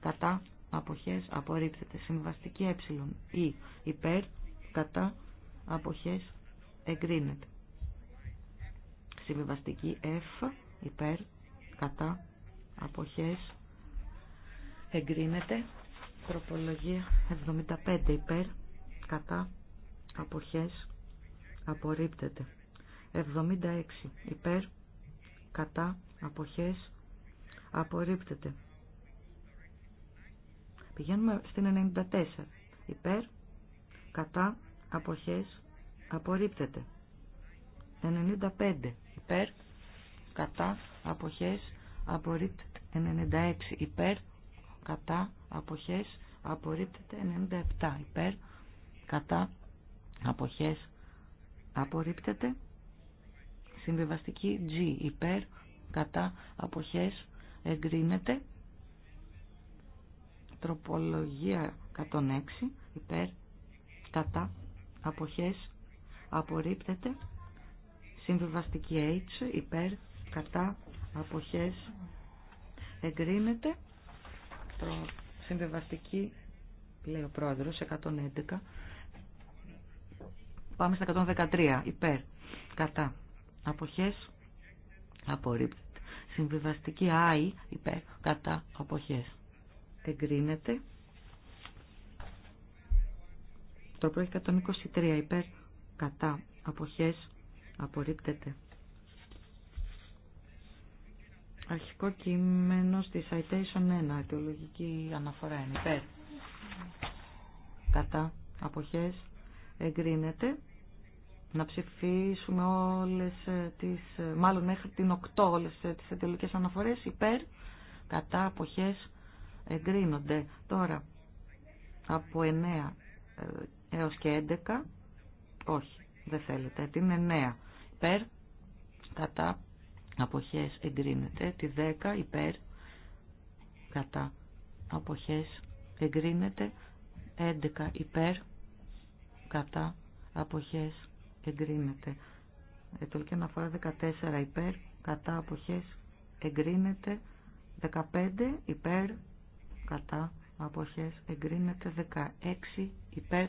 Κατά αποχές απορρίπτεται. Συμβαστική ε. Ή υπέρ κατά αποχές εγκρίνεται. Συμβιβαστική F υπέρ κατά αποχές εγκρίνεται. Τροπολογία 75 υπέρ κατά αποχές απορρίπτεται. 76 υπέρ κατά αποχές απορρίπτεται. Πηγαίνουμε στην 94. Υπέρ, κατά, αποχές, απορρίπτεται. 95. Υπέρ, κατά, αποχές, απορρίπτεται. 96. Υπέρ, κατά, αποχές, απορρίπτεται. 97. Υπέρ, κατά, αποχές, απορρίπτεται. Συμβιβαστική G υπέρ κατά αποχές εγκρίνεται. Τροπολογία 106 υπέρ κατά αποχές απορρίπτεται. Συμβιβαστική H υπέρ κατά αποχές εγκρίνεται. Συμβιβαστική λέει ο πρόεδρος 111 Πάμε στα 113. Υπέρ. Κατά αποχές απορρίπτεται. Συμβιβαστική ΆΗ υπέρ κατά αποχές εγκρίνεται. Το πρόχει 123 υπέρ κατά αποχές απορρίπτεται. Αρχικό κείμενο στη citation 1, αιτιολογική αναφορά είναι υπέρ. Κατά αποχές εγκρίνεται να ψηφίσουμε όλες ε, τις, ε, μάλλον μέχρι την 8 όλες ε, τις εντελικές αναφορές υπέρ, κατά, αποχές εγκρίνονται. Τώρα από 9 έως και 11, όχι δεν θέλετε, την 9 υπέρ, κατά, αποχές εγκρίνεται, τη 10 υπέρ, κατά, αποχές εγκρίνεται, 11 υπέρ, κατά, αποχές εγκρίνεται. Ετολική αναφορά 14 υπέρ, κατά αποχές εγκρίνεται. 15 υπέρ, κατά αποχές εγκρίνεται. 16 υπέρ,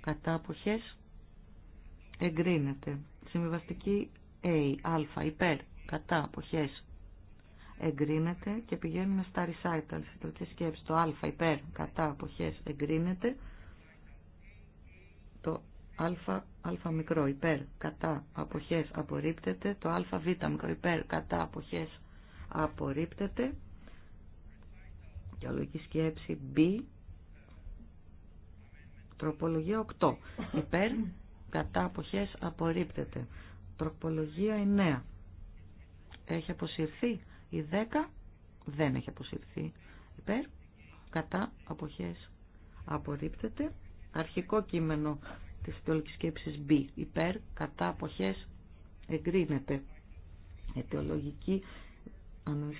κατά αποχές εγκρίνεται. Συμβιβαστική A, α, υπέρ, κατά αποχές εγκρίνεται και πηγαίνουμε στα recitals, συντολικές σκέψεις, το α υπέρ κατά αποχές εγκρίνεται, α, α μικρό υπέρ κατά αποχές απορρίπτεται, το α β μικρό υπέρ κατά αποχές απορρίπτεται και σκέψη B τροπολογία 8 υπέρ κατά αποχές απορρίπτεται τροπολογία 9 έχει αποσυρθεί η 10 δεν έχει αποσυρθεί υπέρ κατά αποχές απορρίπτεται αρχικό κείμενο της αιτιολογικής σκέψης B. Υπέρ, κατά, αποχές, εγκρίνεται. Αιτιολογική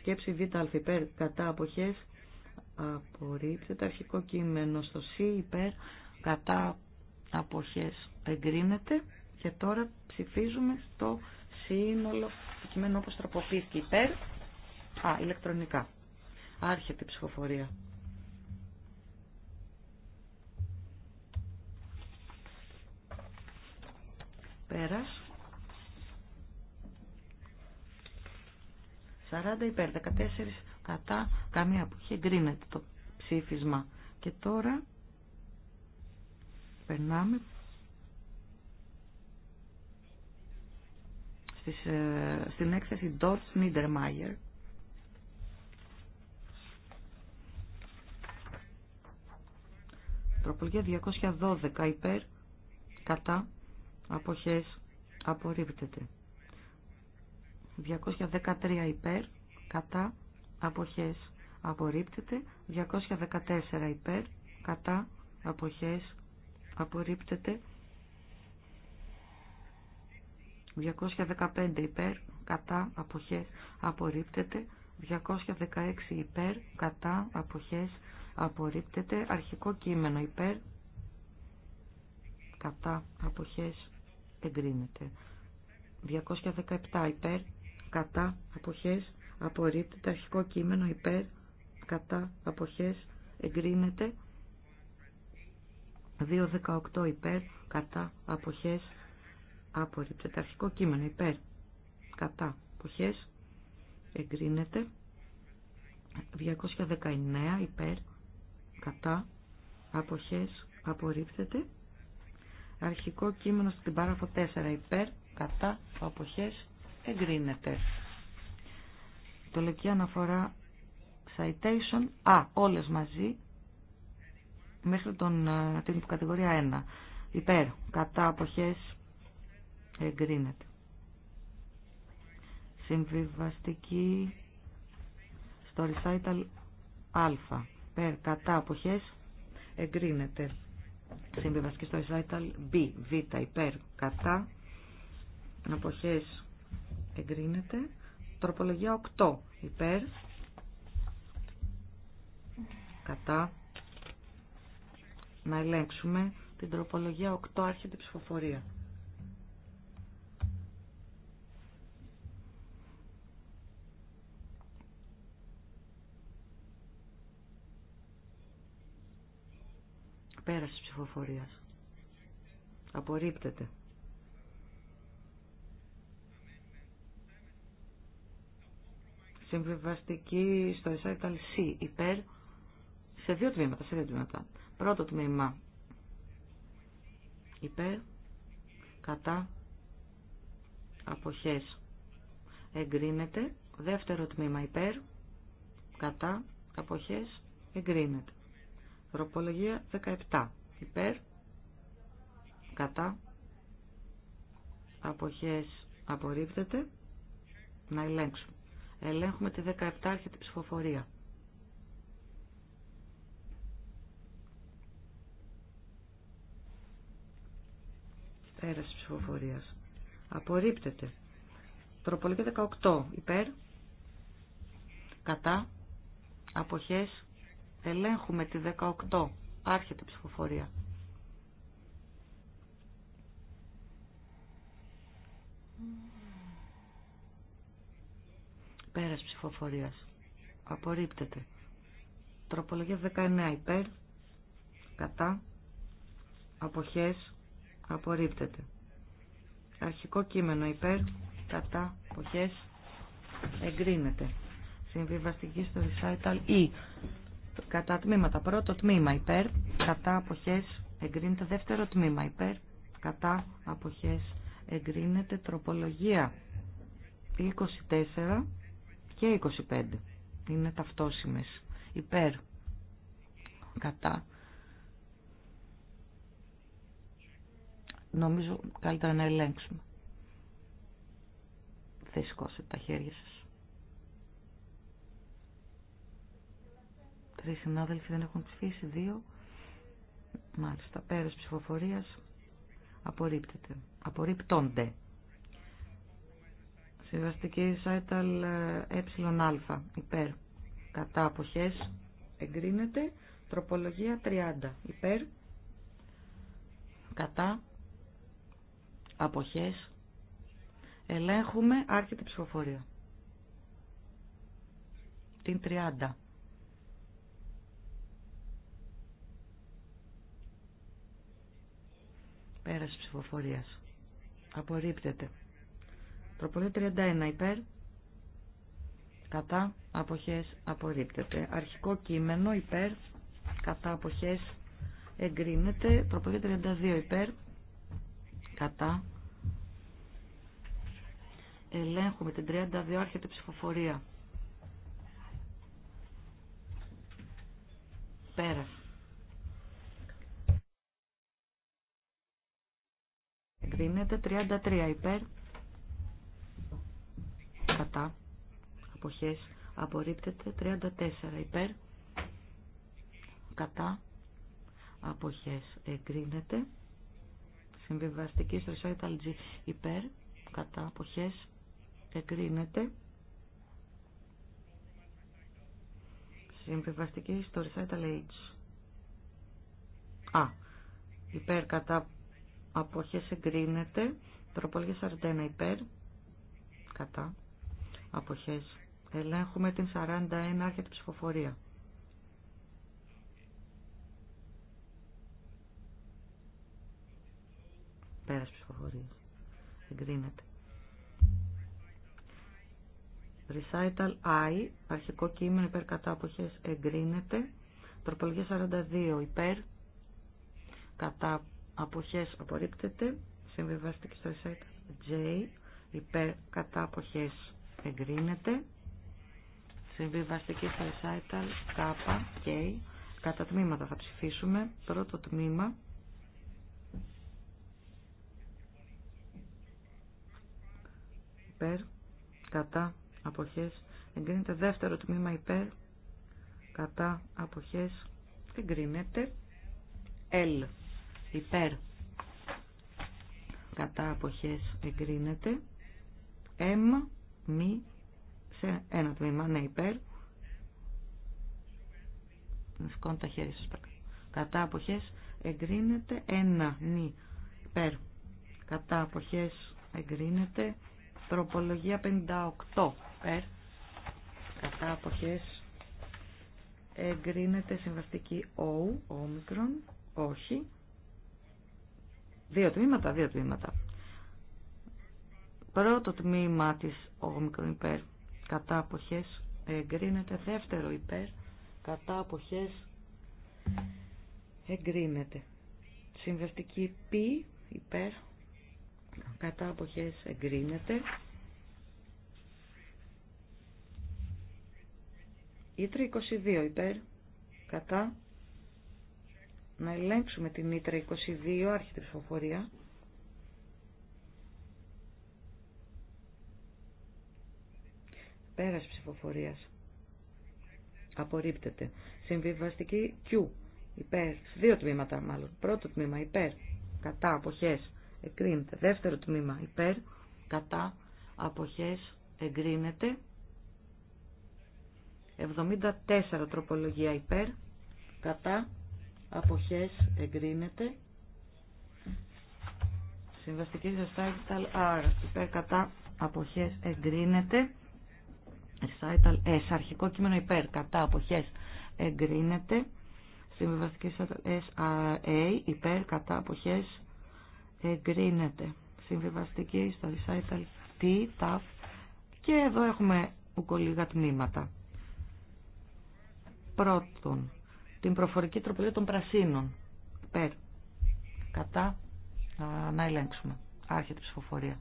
σκέψη Β, α, υπέρ, κατά, αποχές, απορρίπτεται. Αρχικό κείμενο στο C, υπέρ, κατά, αποχές, εγκρίνεται. Και τώρα ψηφίζουμε το σύνολο του κειμένου όπω τροποποιήθηκε υπέρ, α, ηλεκτρονικά. Άρχεται η ψηφοφορία. Πέρας. 40 υπέρ, 14 κατά, καμία που είχε εγκρίνεται το ψήφισμα. Και τώρα περνάμε ε, στην έκθεση Dodge Niedermayer. Τροπολογία 212 υπέρ, κατά, αποχές απορρίπτεται 213 υπέρ κατά αποχές απορρίπτεται 214 υπέρ κατά αποχές απορρίπτεται 215 υπέρ κατά αποχές απορρίπτεται 216 υπέρ κατά αποχές απορρίπτεται αρχικό κείμενο υπέρ κατά αποχές εγκρίνεται. 217 υπέρ, κατά, αποχές, απορρίπτεται. Αρχικό κείμενο υπέρ, κατά, αποχές, εγκρίνεται. 218 υπέρ, κατά, αποχές, απορρίπτεται. Αρχικό κείμενο υπέρ, κατά, αποχές, εγκρίνεται. 219 υπέρ, κατά, αποχές, απορρίπτεται. Αρχικό κείμενο στην πάραφο 4 υπέρ, κατά, αποχές, εγκρίνεται. λεκεί αναφορά citation, α, όλες μαζί, μέχρι τον, ε, την κατηγορία 1. Υπέρ, κατά, αποχές, εγκρίνεται. Συμβιβαστική στο recital α, υπέρ, κατά, αποχές, εγκρίνεται. Συμβιβαστική στο recital B, Β, υπέρ, κατά, αποχές εγκρίνεται. Τροπολογία 8, υπέρ, κατά, να ελέγξουμε την τροπολογία 8, άρχεται ψηφοφορία. Πέραση ψηφοφορίας. Απορρίπτεται. Συμβιβαστική στο Recital C υπέρ σε δύο τμήματα, σε δύο τμήματα. Πρώτο τμήμα υπέρ κατά αποχές εγκρίνεται. Δεύτερο τμήμα υπέρ κατά αποχές εγκρίνεται. Προπολογία 17. Υπέρ. Κατά. Αποχές απορρίπτεται. Να ελέγξουμε. Ελέγχουμε τη 17 η ψηφοφορία. Πέραση ψηφοφορίας. Απορρίπτεται. Προπολογία 18. Υπέρ. Κατά. Αποχές Ελέγχουμε τη 18. Άρχεται η ψηφοφορία. Πέρας ψηφοφορίας. Απορρίπτεται. Τροπολογία 19 υπέρ. Κατά. Αποχές. Απορρίπτεται. Αρχικό κείμενο υπέρ. Κατά. Αποχές. Εγκρίνεται. Συμβιβαστική στο recital E κατά τμήματα. Πρώτο τμήμα υπέρ, κατά αποχές εγκρίνεται. Δεύτερο τμήμα υπέρ, κατά αποχές εγκρίνεται. Τροπολογία 24 και 25 είναι ταυτόσιμες. Υπέρ, κατά. Νομίζω καλύτερα να ελέγξουμε. Θα τα χέρια σας. Τρεις συνάδελφοι δεν έχουν ψηφίσει, δύο. Μάλιστα, πέρας ψηφοφορίας απορρίπτεται. Απορρίπτονται. Συμβαστική Σάιταλ ΕΑ, ε, υπέρ. Κατά αποχές εγκρίνεται. Τροπολογία 30, υπέρ. Κατά αποχές ελέγχουμε άρχεται ψηφοφορία. Την 30. Πέραση ψηφοφορίας. Απορρίπτεται. Τροπολογία 31 υπέρ. Κατά απόχέ απορρίπτεται. Αρχικό κείμενο υπέρ. Κατά απόχέ. εγκρίνεται. Τροπολογία 32 υπέρ. Κατά. Ελέγχουμε την 32 άρχεται ψηφοφορία. Πέρασε. Εγκρίνεται 33 υπέρ. Κατά. Αποχές. Απορρίπτεται 34 υπέρ. Κατά. Αποχές. Εγκρίνεται. Συμβιβαστική στροσότητα ταλτζή υπέρ. Κατά. Αποχές. Εγκρίνεται. Συμβιβαστική στο Α. Υπέρ κατά αποχές εγκρίνεται. Τροπολογία 41 υπέρ. Κατά. Αποχές. Ελέγχουμε την 41 άρχεται ψηφοφορία. Πέρας ψηφοφορία. Εγκρίνεται. Recital I, αρχικό κείμενο υπέρ κατά αποχές εγκρίνεται. Τροπολογία 42 υπέρ κατά αποχές απορρίπτεται. Συμβιβαστική στο site J, υπέρ κατά αποχές εγκρίνεται. Συμβιβαστική στο site K, K, κατά τμήματα θα ψηφίσουμε. Πρώτο τμήμα. Υπέρ, κατά, αποχές, εγκρίνεται. Δεύτερο τμήμα υπέρ, κατά, αποχές, εγκρίνεται. L υπέρ κατά αποχές εγκρίνεται M μη σε ένα τμήμα ναι υπέρ να σηκώνω τα χέρια κατά αποχές εγκρίνεται ένα νη υπέρ κατά αποχές εγκρίνεται τροπολογία 58 υπέρ κατά αποχές εγκρίνεται συμβαστική Ο όμικρον, όχι. Δύο τμήματα, δύο τμήματα. Πρώτο τμήμα της ομικρον υπέρ κατά αποχές εγκρίνεται. Δεύτερο υπέρ κατά αποχές εγκρίνεται. συμβεστική π υπέρ κατά αποχές εγκρίνεται. Ήτρα 22 υπέρ κατά να ελέγξουμε την Ήτρα 22, άρχιτη ψηφοφορία. Πέρας ψηφοφορίας. Απορρίπτεται. Συμβιβαστική Q. Υπέρ. δύο τμήματα μάλλον. Πρώτο τμήμα υπέρ. Κατά. Αποχές. Εγκρίνεται. Δεύτερο τμήμα υπέρ. Κατά. Αποχές. Εγκρίνεται. 74 τροπολογία υπέρ. Κατά αποχές εγκρίνεται. Συμβαστική recital R, υπέρ κατά αποχές εγκρίνεται. Recital S, αρχικό κείμενο υπέρ κατά αποχές εγκρίνεται. Συμβαστική recital SRA, υπέρ κατά αποχές εγκρίνεται. Συμβιβαστική στο recital T, TAF και εδώ έχουμε ουκολίγα τμήματα. Πρώτον, την προφορική τροπολογία των πρασίνων. Περ. Κατά. Να ελέγξουμε. Άρχεται η ψηφοφορία.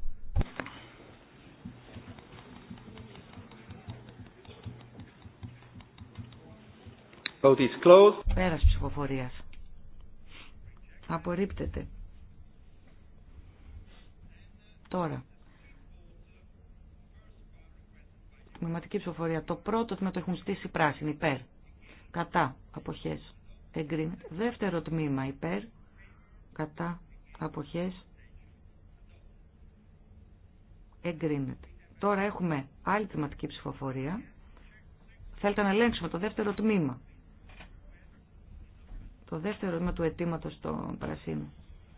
Vote is closed.
Πέρας ψηφοφορίας. Απορρίπτεται. Τώρα. Μηματική ψηφοφορία. Το πρώτο τμήμα το έχουν στήσει πράσινη. Πέρα κατά αποχές εγκρίνεται. Δεύτερο τμήμα υπέρ κατά αποχές εγκρίνεται. Τώρα έχουμε άλλη τμηματική ψηφοφορία. Θέλετε να ελέγξουμε το δεύτερο τμήμα. Το δεύτερο τμήμα του αιτήματο των Πρασίνων.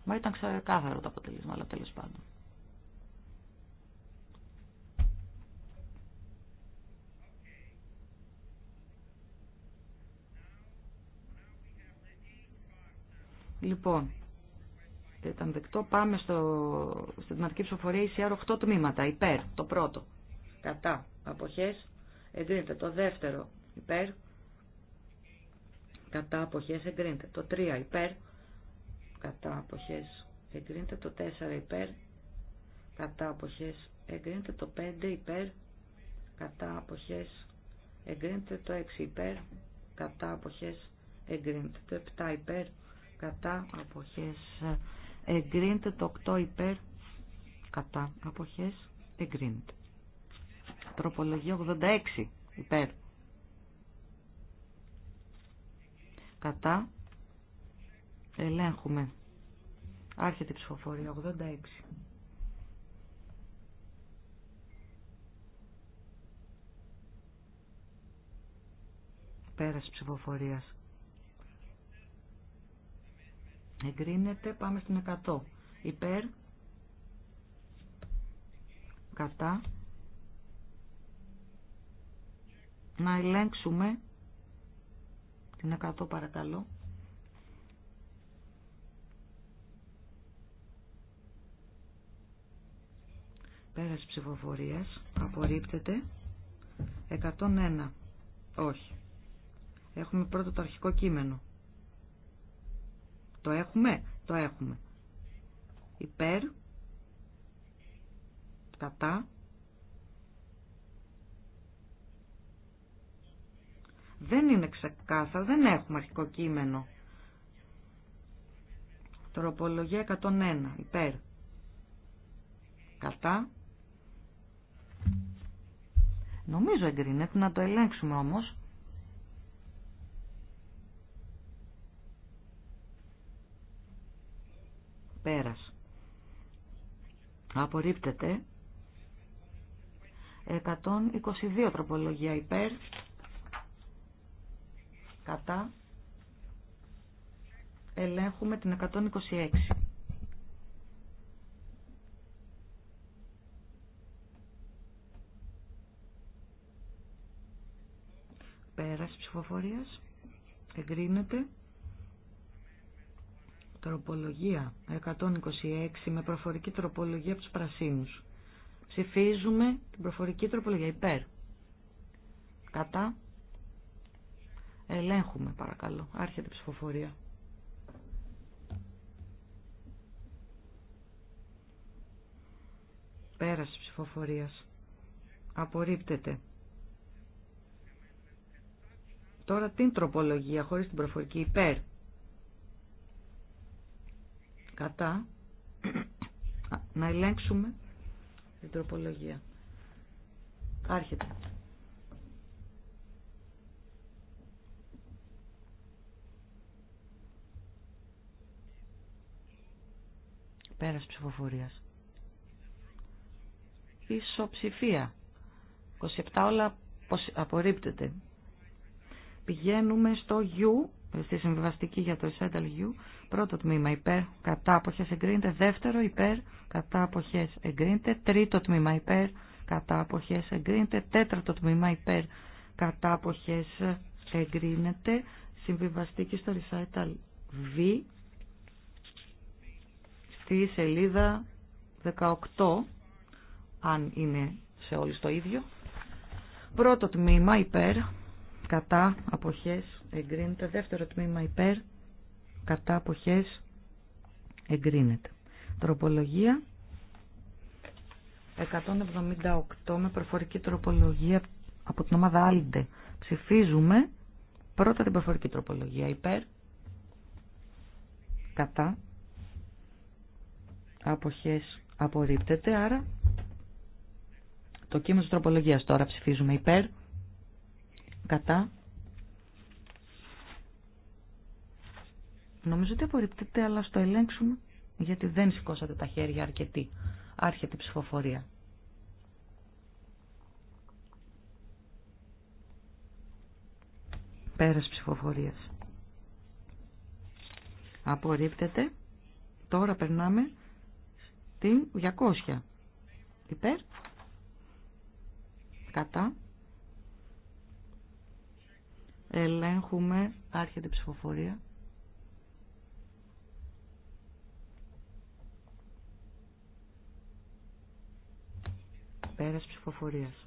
Μα ήταν ξεκάθαρο το αποτελέσμα, αλλά τέλος πάντων. Λοιπόν, ήταν δεκτό. Πάμε στο, στην τμηματική ψηφοφορία ECR 8 τμήματα. Υπέρ, το πρώτο. Κατά. Αποχές. Εγκρίνεται. Το δεύτερο. Υπέρ. Κατά. Αποχές. Εγκρίνεται. Το 3. Υπέρ. Κατά. Αποχές. Εγκρίνεται. Το 4. Υπέρ. Κατά. Αποχές. Εγκρίνεται. Το 5. Υπέρ. Κατά. Αποχές. Εγκρίνεται. Το 6. Υπέρ. Κατά. Αποχές. Εγκρίνεται. Το 7. Υπέρ κατά αποχές ε, εγκρίνεται το 8 υπέρ κατά αποχές εγκρίνεται τροπολογία 86 υπέρ κατά ελέγχουμε άρχεται η ψηφοφορία 86 πέρας ψηφοφορίας Εγκρίνεται. Πάμε στην 100. Υπέρ. Κατά. Να ελέγξουμε την 100 παρακαλώ. Πέρας ψηφοφορίας. Απορρίπτεται. 101. Όχι. Έχουμε πρώτο το αρχικό κείμενο. Το έχουμε, το έχουμε. Υπέρ, κατά, δεν είναι ξεκάθαρο, δεν έχουμε αρχικό κείμενο. Τροπολογία 101, υπέρ. Κατά. Νομίζω εγκρίνεται, να το ελέγξουμε όμως. Πέρας. Απορρίπτεται. 122 τροπολογία υπέρ. Κατά. Ελέγχουμε την 126. Πέρας ψηφοφορίας εγκρίνεται Τροπολογία 126 με προφορική τροπολογία από τους πρασίνους. Ψηφίζουμε την προφορική τροπολογία υπέρ. Κατά. Ελέγχουμε παρακαλώ. Άρχεται η ψηφοφορία. Πέραση ψηφοφορίας. Απορρίπτεται. Τώρα την τροπολογία χωρίς την προφορική υπέρ. Κατά. Να ελέγξουμε την τροπολογία. Άρχεται. Πέρας ψηφοφορίας. Ισοψηφία. 27 όλα απορρίπτεται. Πηγαίνουμε στο U, στη συμβιβαστική για το Essential U, Πρώτο τμήμα υπέρ κατά αποχές εγκρίνεται. Δεύτερο υπέρ κατά αποχές εγκρίνεται. Τρίτο τμήμα υπέρ κατά αποχές εγκρίνεται. Τέταρτο τμήμα υπέρ κατά αποχές εγκρίνεται. Συμβιβαστική στο recital V στη σελίδα 18 αν είναι σε όλου το ίδιο. Πρώτο τμήμα υπέρ κατά αποχές εγκρίνεται. Δεύτερο τμήμα υπέρ κατά αποχές εγκρίνεται. Τροπολογία 178 με προφορική τροπολογία από την ομάδα Άλντε. Ψηφίζουμε πρώτα την προφορική τροπολογία υπέρ, κατά, αποχές απορρίπτεται, άρα το κείμενο της τροπολογίας τώρα ψηφίζουμε υπέρ, κατά, Νομίζω ότι απορρίπτείτε αλλά στο ελέγξουμε, γιατί δεν σηκώσατε τα χέρια αρκετή. Άρχεται ψηφοφορία. Πέρας ψηφοφορίας. Απορρίπτεται. Τώρα περνάμε στην 200. Υπέρ. Κατά. Ελέγχουμε. Άρχεται ψηφοφορία. Πέρας ψηφοφορίας.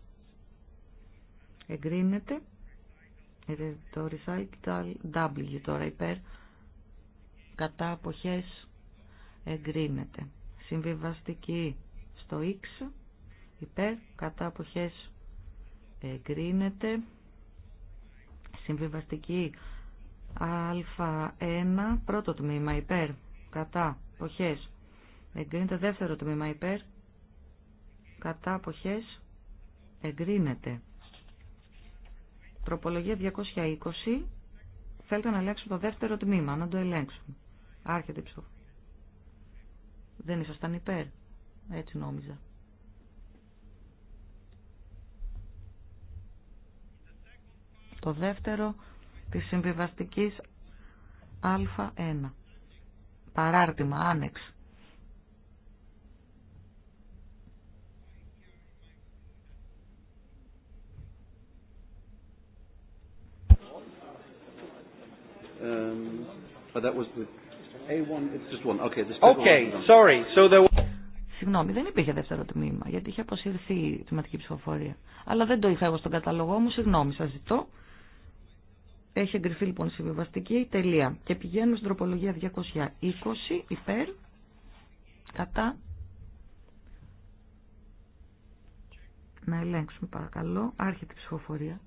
Εγκρίνεται το recital W τώρα υπέρ κατά αποχές εγκρίνεται. Συμβιβαστική στο X υπέρ κατά αποχές εγκρίνεται. Συμβιβαστική Α1 πρώτο τμήμα υπέρ κατά αποχές εγκρίνεται. Δεύτερο τμήμα υπέρ κατά αποχές εγκρίνεται. Τροπολογία 220. Θέλετε να ελέγξουμε το δεύτερο τμήμα, να το ελέγξουμε. Άρχεται ψηφο. Δεν ήσασταν υπέρ. Έτσι νόμιζα. Το δεύτερο της συμβιβαστικής α1. Παράρτημα, άνεξ. Um, Συγγνώμη, δεν υπήρχε δεύτερο τμήμα, γιατί είχε αποσυρθεί η τμηματική ψηφοφορία. Αλλά δεν το είχα εγώ στον καταλογό μου, συγγνώμη, σα ζητώ. Έχει εγκριθεί λοιπόν η συμβιβαστική τελεία. Και πηγαίνουμε στην τροπολογία 220 υπέρ, κατά. Να ελέγξουμε παρακαλώ, άρχεται η ψηφοφορία.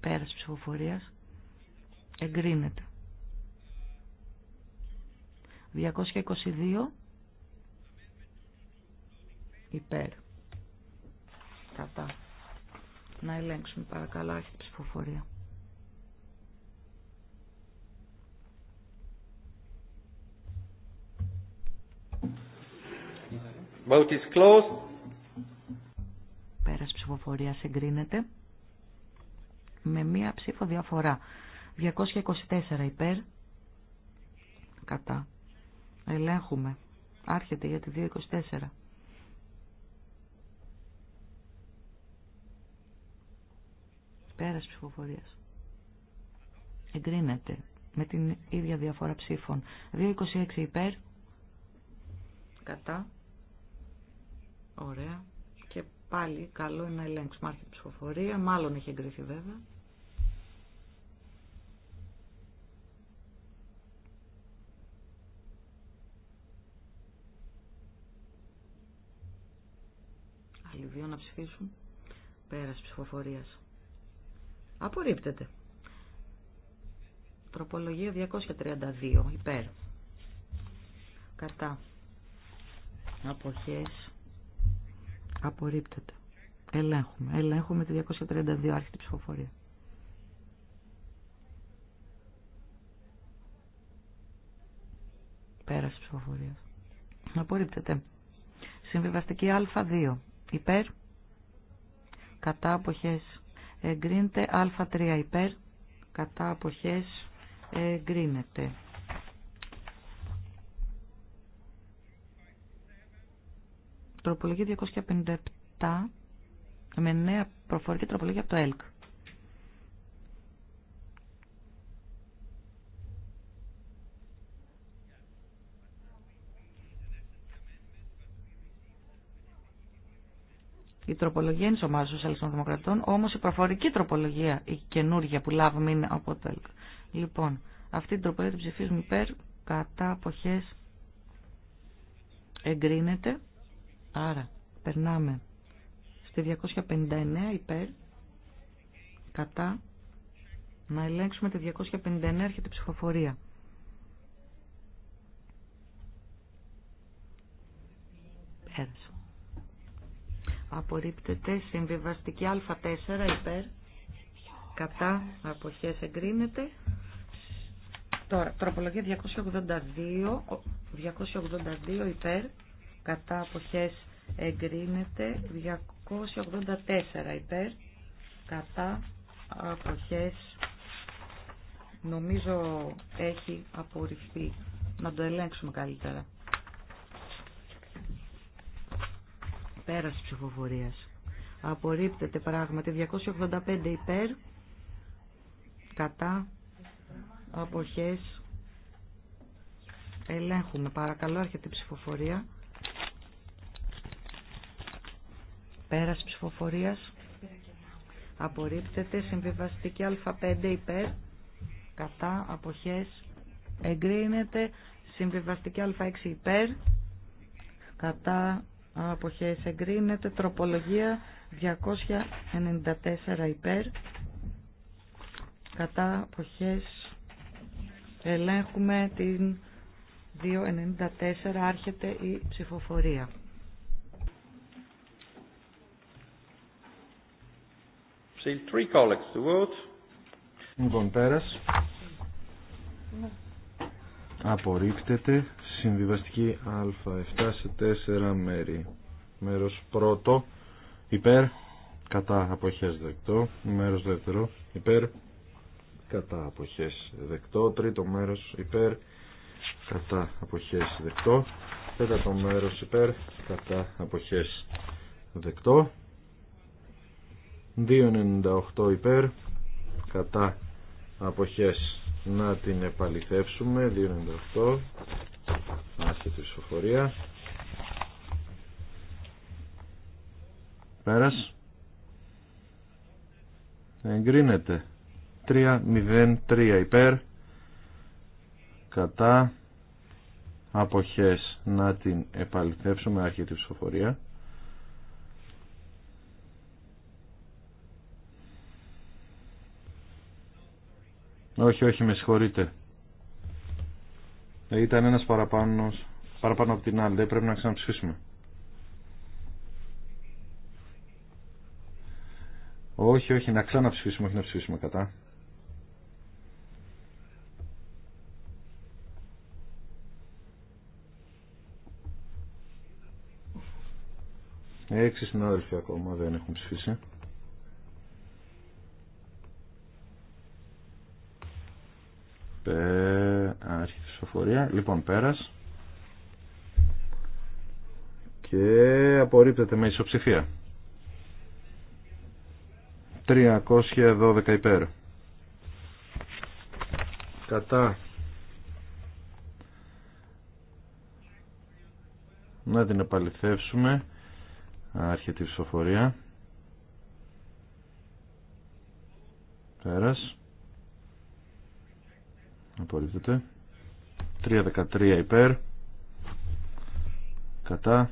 Πέρας ψηφοφορίας. Εγκρίνεται. 222 υπέρ. Κατά. Να ελέγξουμε παρακαλώ, έχει ψηφοφορία.
Vote is
Πέρας ψηφοφορίας εγκρίνεται με μία ψήφο διαφορά. 224 υπέρ, κατά. Ελέγχουμε. Άρχεται για τη 224. Πέρας ψηφοφορίας. Εγκρίνεται με την ίδια διαφορά ψήφων. 226 υπέρ, κατά. Ωραία. Πάλι καλό είναι να ελέγξουμε άρχη ψηφοφορία. Μάλλον έχει εγκριθεί βέβαια. Άλλοι δύο να ψηφίσουν. Πέρας ψηφοφορίας. Απορρίπτεται. Τροπολογία 232. Υπέρ. Κατά. Αποχές. Απορρίπτεται. Ελέγχουμε. Ελέγχουμε τη 232 άρχιτη ψηφοφορία. Πέραση ψηφοφορία. Απορρίπτεται. Συμβιβαστική Α2. Υπέρ. Κατά αποχές εγκρίνεται. Α3 υπέρ. Κατά αποχές εγκρίνεται. Τροπολογία 257 με νέα προφορική τροπολογία από το ΕΛΚ. Η τροπολογία είναι σωμάδα των Δημοκρατών, όμως η προφορική τροπολογία, η καινούργια που λάβουμε είναι από το ΕΛΚ. Λοιπόν, αυτή την τροπολογία την ψηφίζουμε υπέρ, κατά, αποχές εγκρίνεται. Άρα, περνάμε στη 259 υπέρ, κατά, να ελέγξουμε τη 259 έρχεται ψηφοφορία. Πέρασε. Απορρίπτεται συμβιβαστική α4 υπέρ, κατά, αποχές εγκρίνεται. Τώρα, τροπολογία 282, 282 υπέρ, κατά αποχές εγκρίνεται 284 υπέρ κατά αποχές νομίζω έχει απορριφθεί να το ελέγξουμε καλύτερα πέρας ψηφοφορίας απορρίπτεται πράγματι 285 υπέρ κατά αποχές ελέγχουμε παρακαλώ έρχεται η ψηφοφορία Πέρας ψηφοφορίας. Απορρίπτεται. Συμβιβαστική α5 υπέρ. Κατά. Αποχές. Εγκρίνεται. Συμβιβαστική α6 υπέρ. Κατά. Αποχές. Εγκρίνεται. Τροπολογία 294 υπέρ. Κατά. Αποχές. Ελέγχουμε την 294. Άρχεται η ψηφοφορία.
three colleagues λοιπον περα πέρας. Απορρίπτεται συμβιβαστική α7 σε τέσσερα μέρη. Μέρο πρώτο υπέρ κατά αποχέ δεκτό. Μέρος δεύτερο υπέρ κατά αποχέ δεκτό. Τρίτο μέρος υπέρ κατά αποχέ δεκτό. Τέταρτο μέρο. υπέρ κατά αποχέ δεκτό. 2.98 υπέρ κατά αποχές να την επαληθεύσουμε 2.98 άρχεται τη ψηφοφορία πέρας εγκρίνεται 3.03 υπέρ κατά αποχές να την επαληθεύσουμε άρχιε τη ψηφοφορία Όχι, όχι, με συγχωρείτε. Ε, ήταν ένας παραπάνω, παραπάνω από την άλλη. Δεν πρέπει να ξαναψηφίσουμε. Όχι, όχι, να ξαναψηφίσουμε, όχι να ψηφίσουμε κατά. Έξι συνάδελφοι ακόμα δεν έχουν ψηφίσει. Άρχισε η ψηφοφορία λοιπόν πέρας και απορρίπτεται με ισοψηφία 312 υπέρ κατά να την επαληθεύσουμε άρχεται η ψηφοφορία πέρας απορρίπτεται 3.13 υπέρ κατά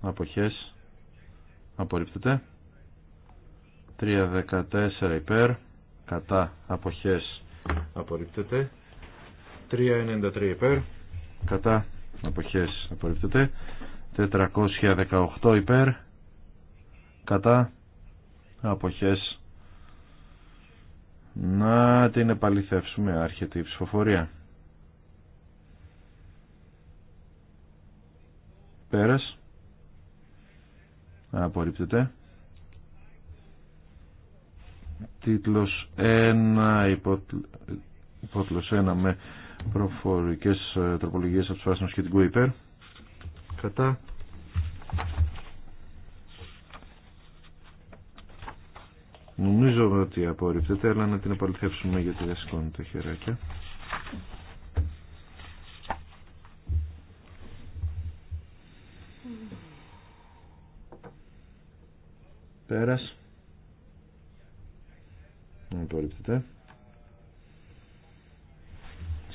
αποχές απορρίπτεται 3.14 υπέρ κατά αποχές απορρίπτεται 3.93 υπέρ κατά αποχές απορρίπτεται 418 υπέρ κατά αποχές να την επαληθεύσουμε, άρχεται η ψηφοφορία. Πέρας. Απορρίπτεται. Τίτλος 1, υπότλος 1 με προφορικές ε, τροπολογίες από τους φάσινους και υπέρ. Κατά. Νομίζω ότι απορρίπτεται, αλλά να την επαληθεύσουμε γιατί δεν σηκώνει το χεράκι. Πέρας. Απορρίπτεται.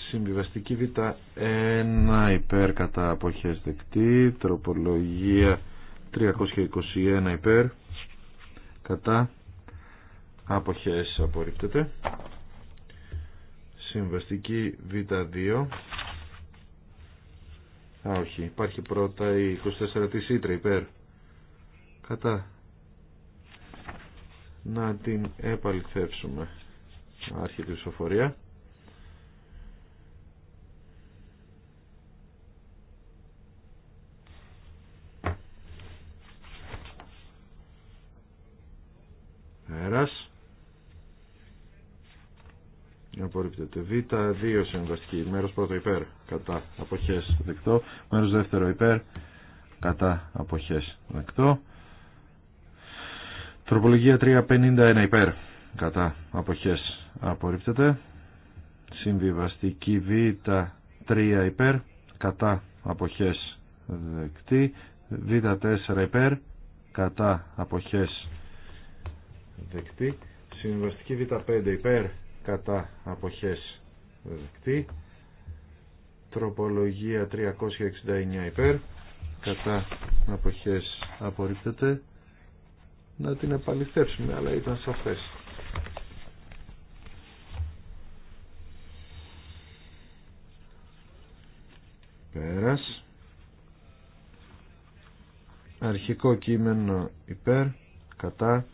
Συμβιβαστική Β, 1 υπέρ κατά αποχές δεκτή, τροπολογία 321 υπέρ, κατά αποχές απορρίπτεται συμβαστική β2 α όχι υπάρχει πρώτα η 24 της ήτρα υπέρ κατά να την επαληθεύσουμε άρχεται η ψηφοφορία σκεφτεται β Β2 συμβαστική. μέρο πρώτο υπέρ. Κατά αποχές δεκτό. Μέρος δεύτερο υπέρ. Κατά αποχές δεκτό. Τροπολογία 351 υπέρ. Κατά αποχές απορρίπτεται. Συμβιβαστική Β3 υπέρ. Κατά αποχές δεκτή. Β4 υπέρ. Κατά αποχές δεκτή. Συμβαστική Β5 υπέρ κατά αποχές δεκτή τροπολογία 369 υπέρ κατά αποχές απορρίπτεται να την επαληθεύσουμε αλλά ήταν σαφές πέρας αρχικό κείμενο υπέρ κατά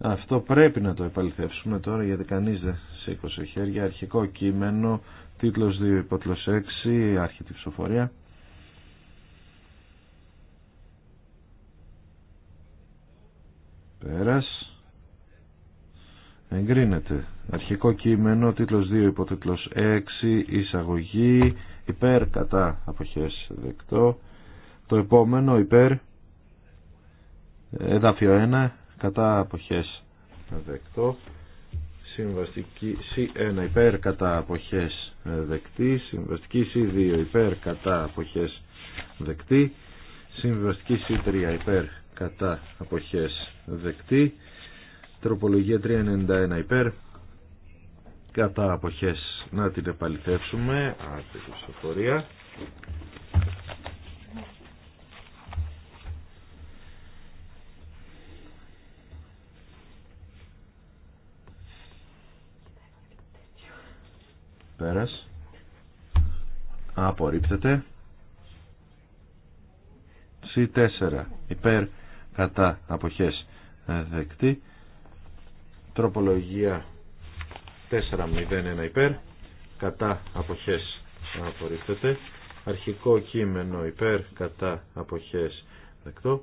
Αυτό πρέπει να το επαληθεύσουμε τώρα γιατί κανείς δεν σήκωσε χέρια. Αρχικό κείμενο, τίτλος 2 υπότλο 6, άρχιτη ψηφοφορία. Πέρας. Εγκρίνεται. Αρχικό κείμενο, τίτλος 2 υπότλο 6, εισαγωγή, υπέρ κατά αποχές δεκτό. Το επόμενο υπέρ, εδάφιο 1, κατά αποχές δεκτό συμβαστική C1 υπέρ κατά αποχές δεκτή συμβαστική C2 υπέρ κατά αποχές δεκτή συμβαστική C3 υπέρ κατά αποχές δεκτή τροπολογία 391 υπέρ κατά αποχές να την επαληθεύσουμε άρχεται απορία Πέρας. Απορρίπτεται. C4. Υπέρ κατά αποχές ε, δεκτή. Τροπολογία 401 υπέρ. Κατά αποχές απορρίπτεται. Αρχικό κείμενο υπέρ κατά αποχές δεκτό.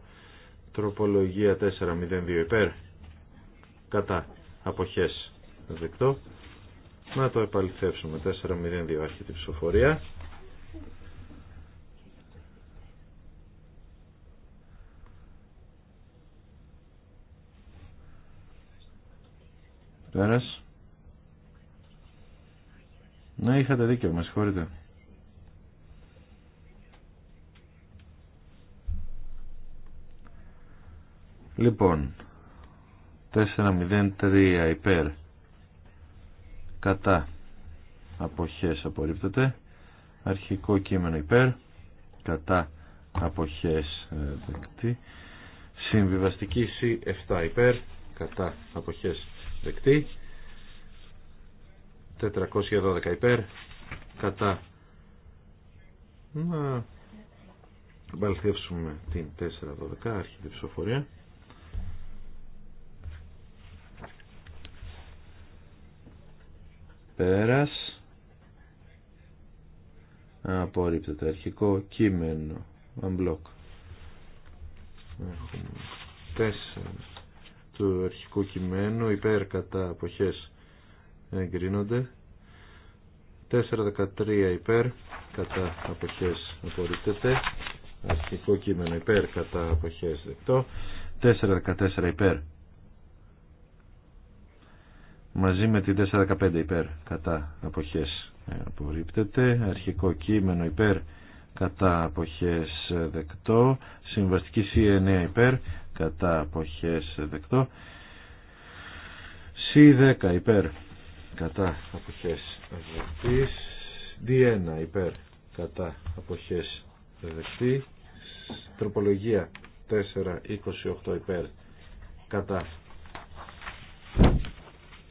Τροπολογία 402 υπέρ κατά αποχές δεκτό. Να το επαληθεύσουμε. 4-0-2 άρχεται η ψηφοφορία. Πέρας. Ναι, είχατε δίκιο, με συγχωρείτε. Λοιπόν, 4-0-3 υπέρ κατά αποχές απορρίπτεται αρχικό κείμενο υπέρ κατά αποχές ε, δεκτή συμβιβαστική C7 υπέρ κατά αποχές δεκτή 412 υπέρ κατά να βαλθεύσουμε την 412 αρχή ψηφοφορία Πέρας. το Αρχικό κείμενο. Unblock. Έχουμε τέσσερα του αρχικού κειμένου. Υπέρ κατά αποχές εγκρίνονται. 4-13 υπέρ κατά αποχές απορρίπτεται αρχικό κείμενο υπέρ κατά αποχές δεκτό 4-14 υπέρ μαζί με την 415 υπέρ κατά αποχές ε, απορρίπτεται αρχικό κείμενο υπέρ κατά αποχές ε, δεκτό συμβαστική C9 υπέρ κατά αποχές ε, δεκτό C10 υπέρ κατά αποχές δεκτής D1 υπέρ κατά αποχές δεκτή τροπολογία 428 υπέρ κατά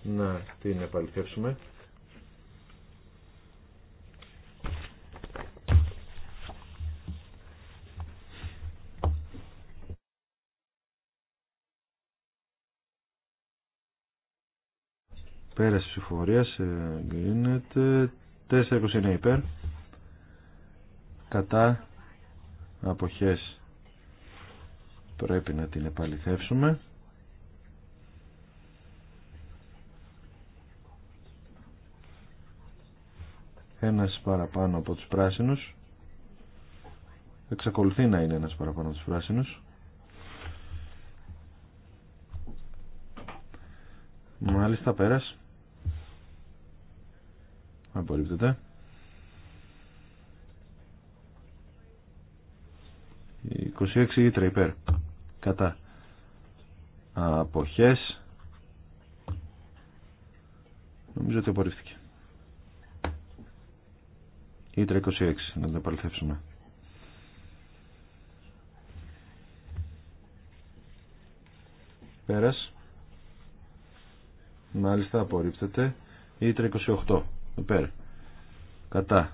να την επαληθεύσουμε. Πέραση συμφωρία γκρίνεται 4,29 υπέρ κατά αποχές πρέπει να την επαληθεύσουμε. ένας παραπάνω από τους πράσινους εξακολουθεί να είναι ένας παραπάνω από τους πράσινους μάλιστα πέρας απορρίπτεται 26 ήτρα υπέρ κατά αποχές νομίζω ότι απορρίφθηκε ή 26, να την επαληθεύσουμε. Πέρας. Μάλιστα απορρίπτεται. Ή 28, υπέρ. Κατά.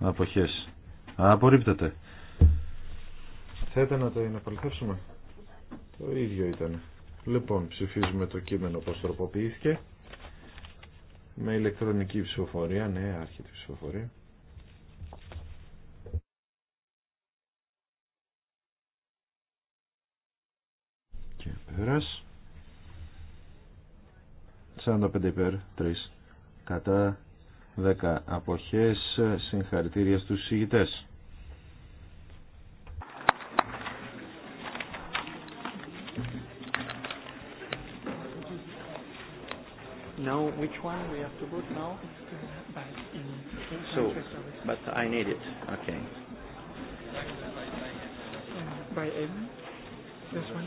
Αποχές. Απορρίπτεται. Θέτε να το επαληθεύσουμε. Το ίδιο ήταν. Λοιπόν, ψηφίζουμε το κείμενο πώς τροποποιήθηκε. Με ηλεκτρονική ψηφοφορία, ναι, άρχεται η ψηφοφορία. και πέρας 45 υπέρ 3 κατά 10 αποχές συγχαρητήρια στους συγητές
Now, which one we have to vote now? So, but I need it. Okay. By M. This one.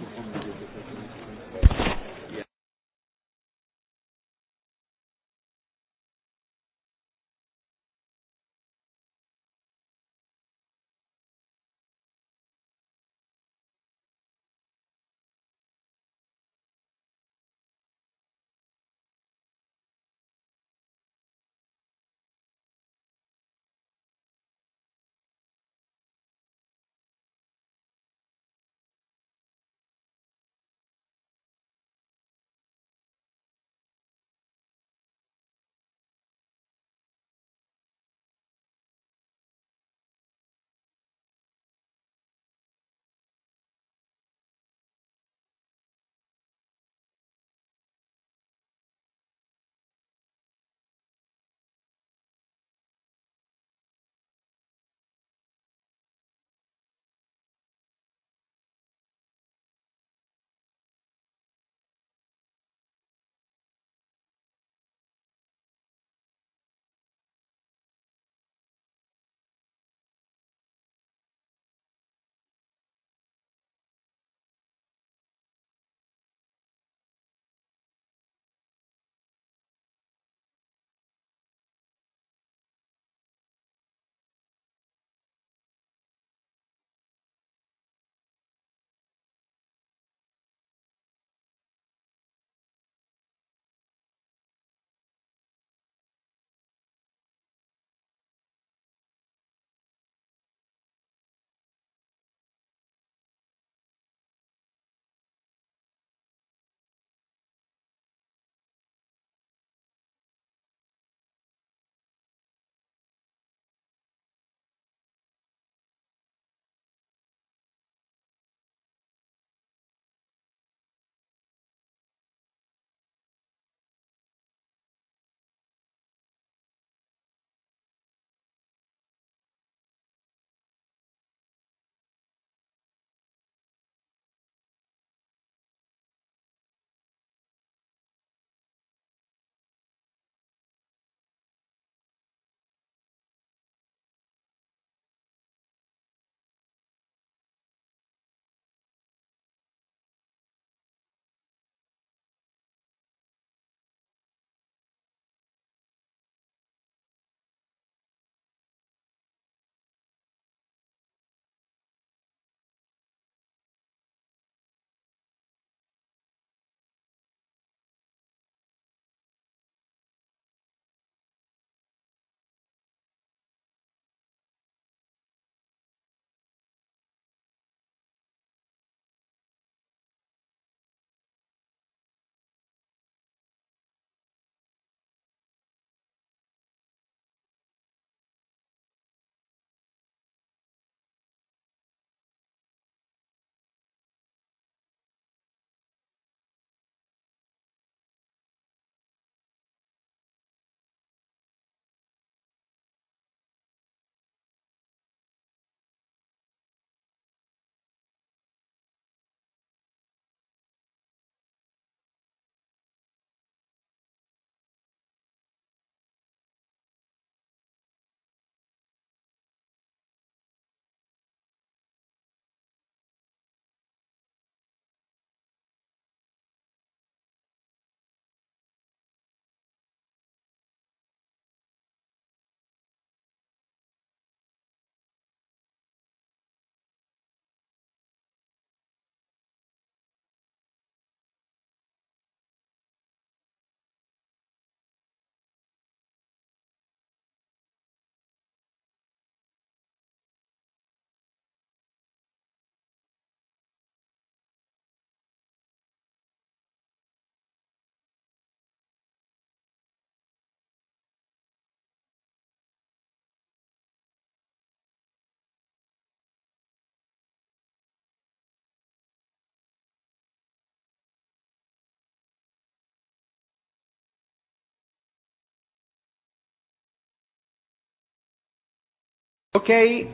Okay,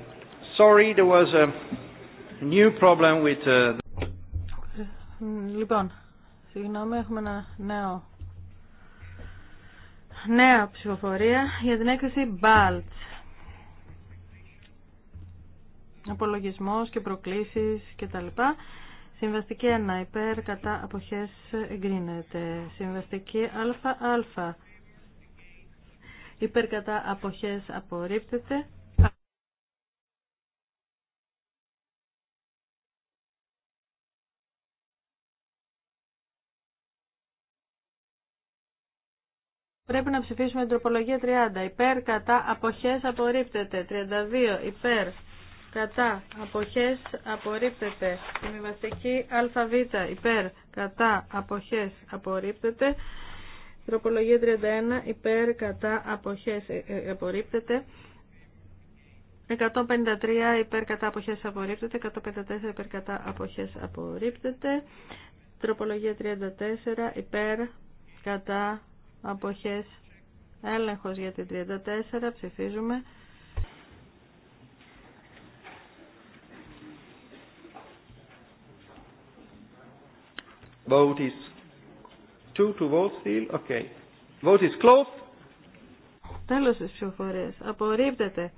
sorry, there was a new problem with. Uh,
λοιπόν, συγγνώμη, έχουμε ένα νέο. Νέα ψηφοφορία για την έκθεση BALT. Απολογισμός και προκλήσεις κτλ. Συμβαστική 1 υπέρ κατά αποχές εγκρίνεται. Συμβαστική αλφα. υπέρ κατά αποχές απορρίπτεται. Πρέπει να ψηφίσουμε την τροπολογία 30. Υπέρ, κατά, αποχές, απορρίπτεται. 32. Υπέρ, κατά, αποχές, απορρίπτεται. Συμβιβαστική ΑΒ. Υπέρ, κατά, αποχές, απορρίπτεται. Τροπολογία 31. Ε, ε, υπέρ, κατά, αποχές, απορρίπτεται. 153 υπέρ κατά αποχές απορρίπτεται, 154 υπέρ κατά αποχές απορρίπτεται, τροπολογία 34 υπέρ κατά αποχές έλεγχος για την 34 ψηφίζουμε Vote is
two to vote still. Okay. Vote is closed.
Τέλος της ψηφοφορίας. Απορρίπτεται.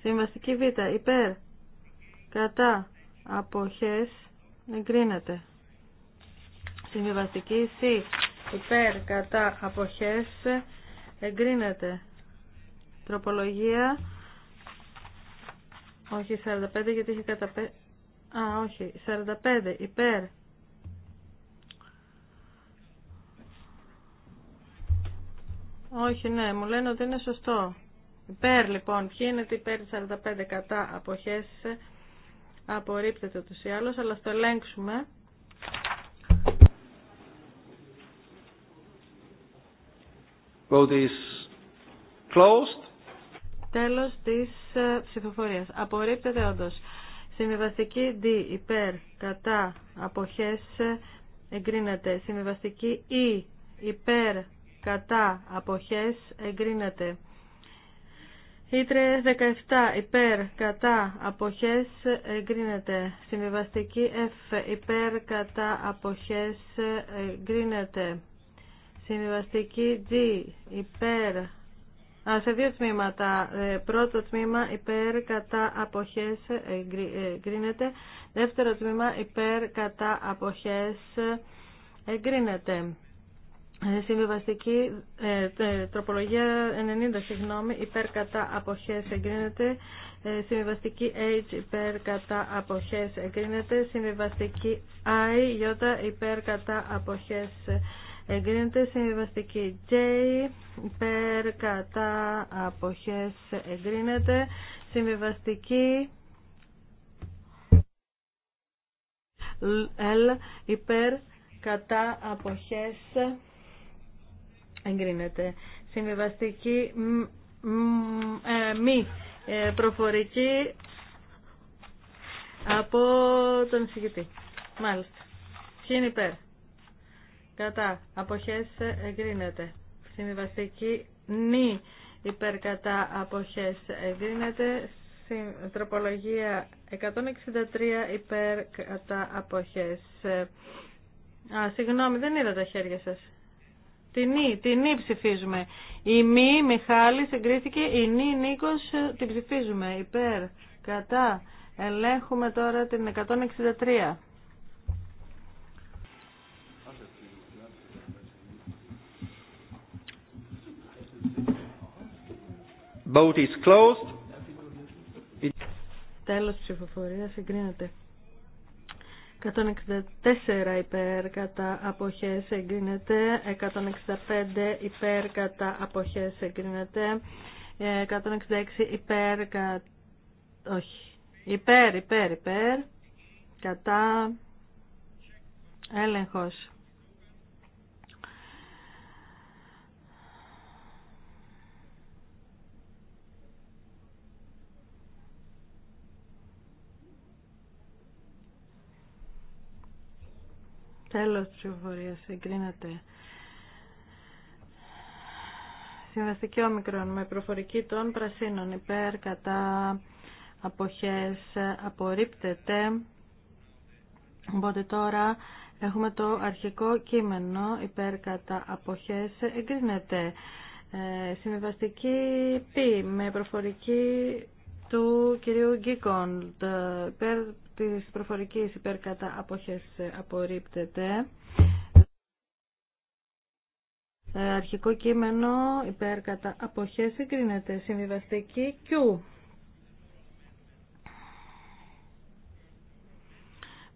Συμβαστική Β. Υπέρ. Κατά. Αποχές. Εγκρίνεται. Συμβαστική Σ υπέρ κατά αποχές εγκρίνεται. Τροπολογία, όχι 45 γιατί είχε καταπέσει. Α, όχι, 45 υπέρ. Όχι, ναι, μου λένε ότι είναι σωστό. Υπέρ, λοιπόν, ποιοι είναι ότι υπέρ 45 κατά αποχές απορρίπτεται ούτως ή άλλως, αλλά στο ελέγξουμε.
Vote is closed.
Τέλος της ε, ψηφοφορίας. Απορρίπτεται όντως. Συμβιβαστική D υπέρ κατά αποχές ε, εγκρίνεται. Συμβιβαστική E υπέρ κατά αποχές εγκρίνεται. Ήτρε 17 υπέρ κατά αποχές εγκρίνεται. Συμβιβαστική F υπέρ κατά αποχές εγκρίνεται. Συμβιβαστική G υπέρ. Α, σε δύο τμήματα. Ε, πρώτο τμήμα υπέρ κατά αποχές εγκρίνεται. Δεύτερο τμήμα υπέρ κατά αποχές εγκρίνεται. Ε, συμβιβαστική ε, τροπολογία 90, συγγνώμη, υπέρ κατά αποχές εγκρίνεται. Ε, συμβιβαστική H υπέρ κατά αποχές εγκρίνεται. Συμβιβαστική I, υπέρ κατά αποχές εγκρίνεται εγκρίνεται συμβιβαστική J υπέρ κατά αποχές εγκρίνεται συμβιβαστική L υπέρ κατά αποχές εγκρίνεται συμβιβαστική μη ε, ε, προφορική από τον εισηγητή μάλιστα ποιοι είναι υπέρ κατά αποχές ε, εγκρίνεται. Συμβιβαστική νη υπέρ κατά αποχές εγκρίνεται. Τροπολογία 163 υπέρ κατά αποχές. Ε, α, συγγνώμη, δεν είδα τα χέρια σας. Την νη, την νη ψηφίζουμε. Η μη Μιχάλης συγκρίθηκε. η νη Νίκος ε, την ψηφίζουμε. Υπέρ, κατά. Ελέγχουμε τώρα την 163.
Vote
is closed.
Τέλος ψηφοφορίας εγκρίνεται. 164 υπέρ κατά αποχές εγκρίνεται, 165 υπέρ κατά αποχές εγκρίνεται, 166 υπέρ κατά. όχι, υπέρ, υπέρ, υπέρ, κατά έλεγχος. Τέλος της ψηφοφορίας. Εγκρίνεται. Συμβαστική όμικρον με προφορική των πρασίνων υπέρ κατά αποχές απορρίπτεται. Οπότε τώρα έχουμε το αρχικό κείμενο υπέρ κατά αποχές εγκρίνεται. Ε, συμβαστική π με προφορική του κυρίου Γκίκοντ υπέρ της προφορικής υπέρκατα αποχές ε, απορρίπτεται. Ε, αρχικό κείμενο υπέρκατα αποχές εγκρίνεται. Συμβιβαστική Q.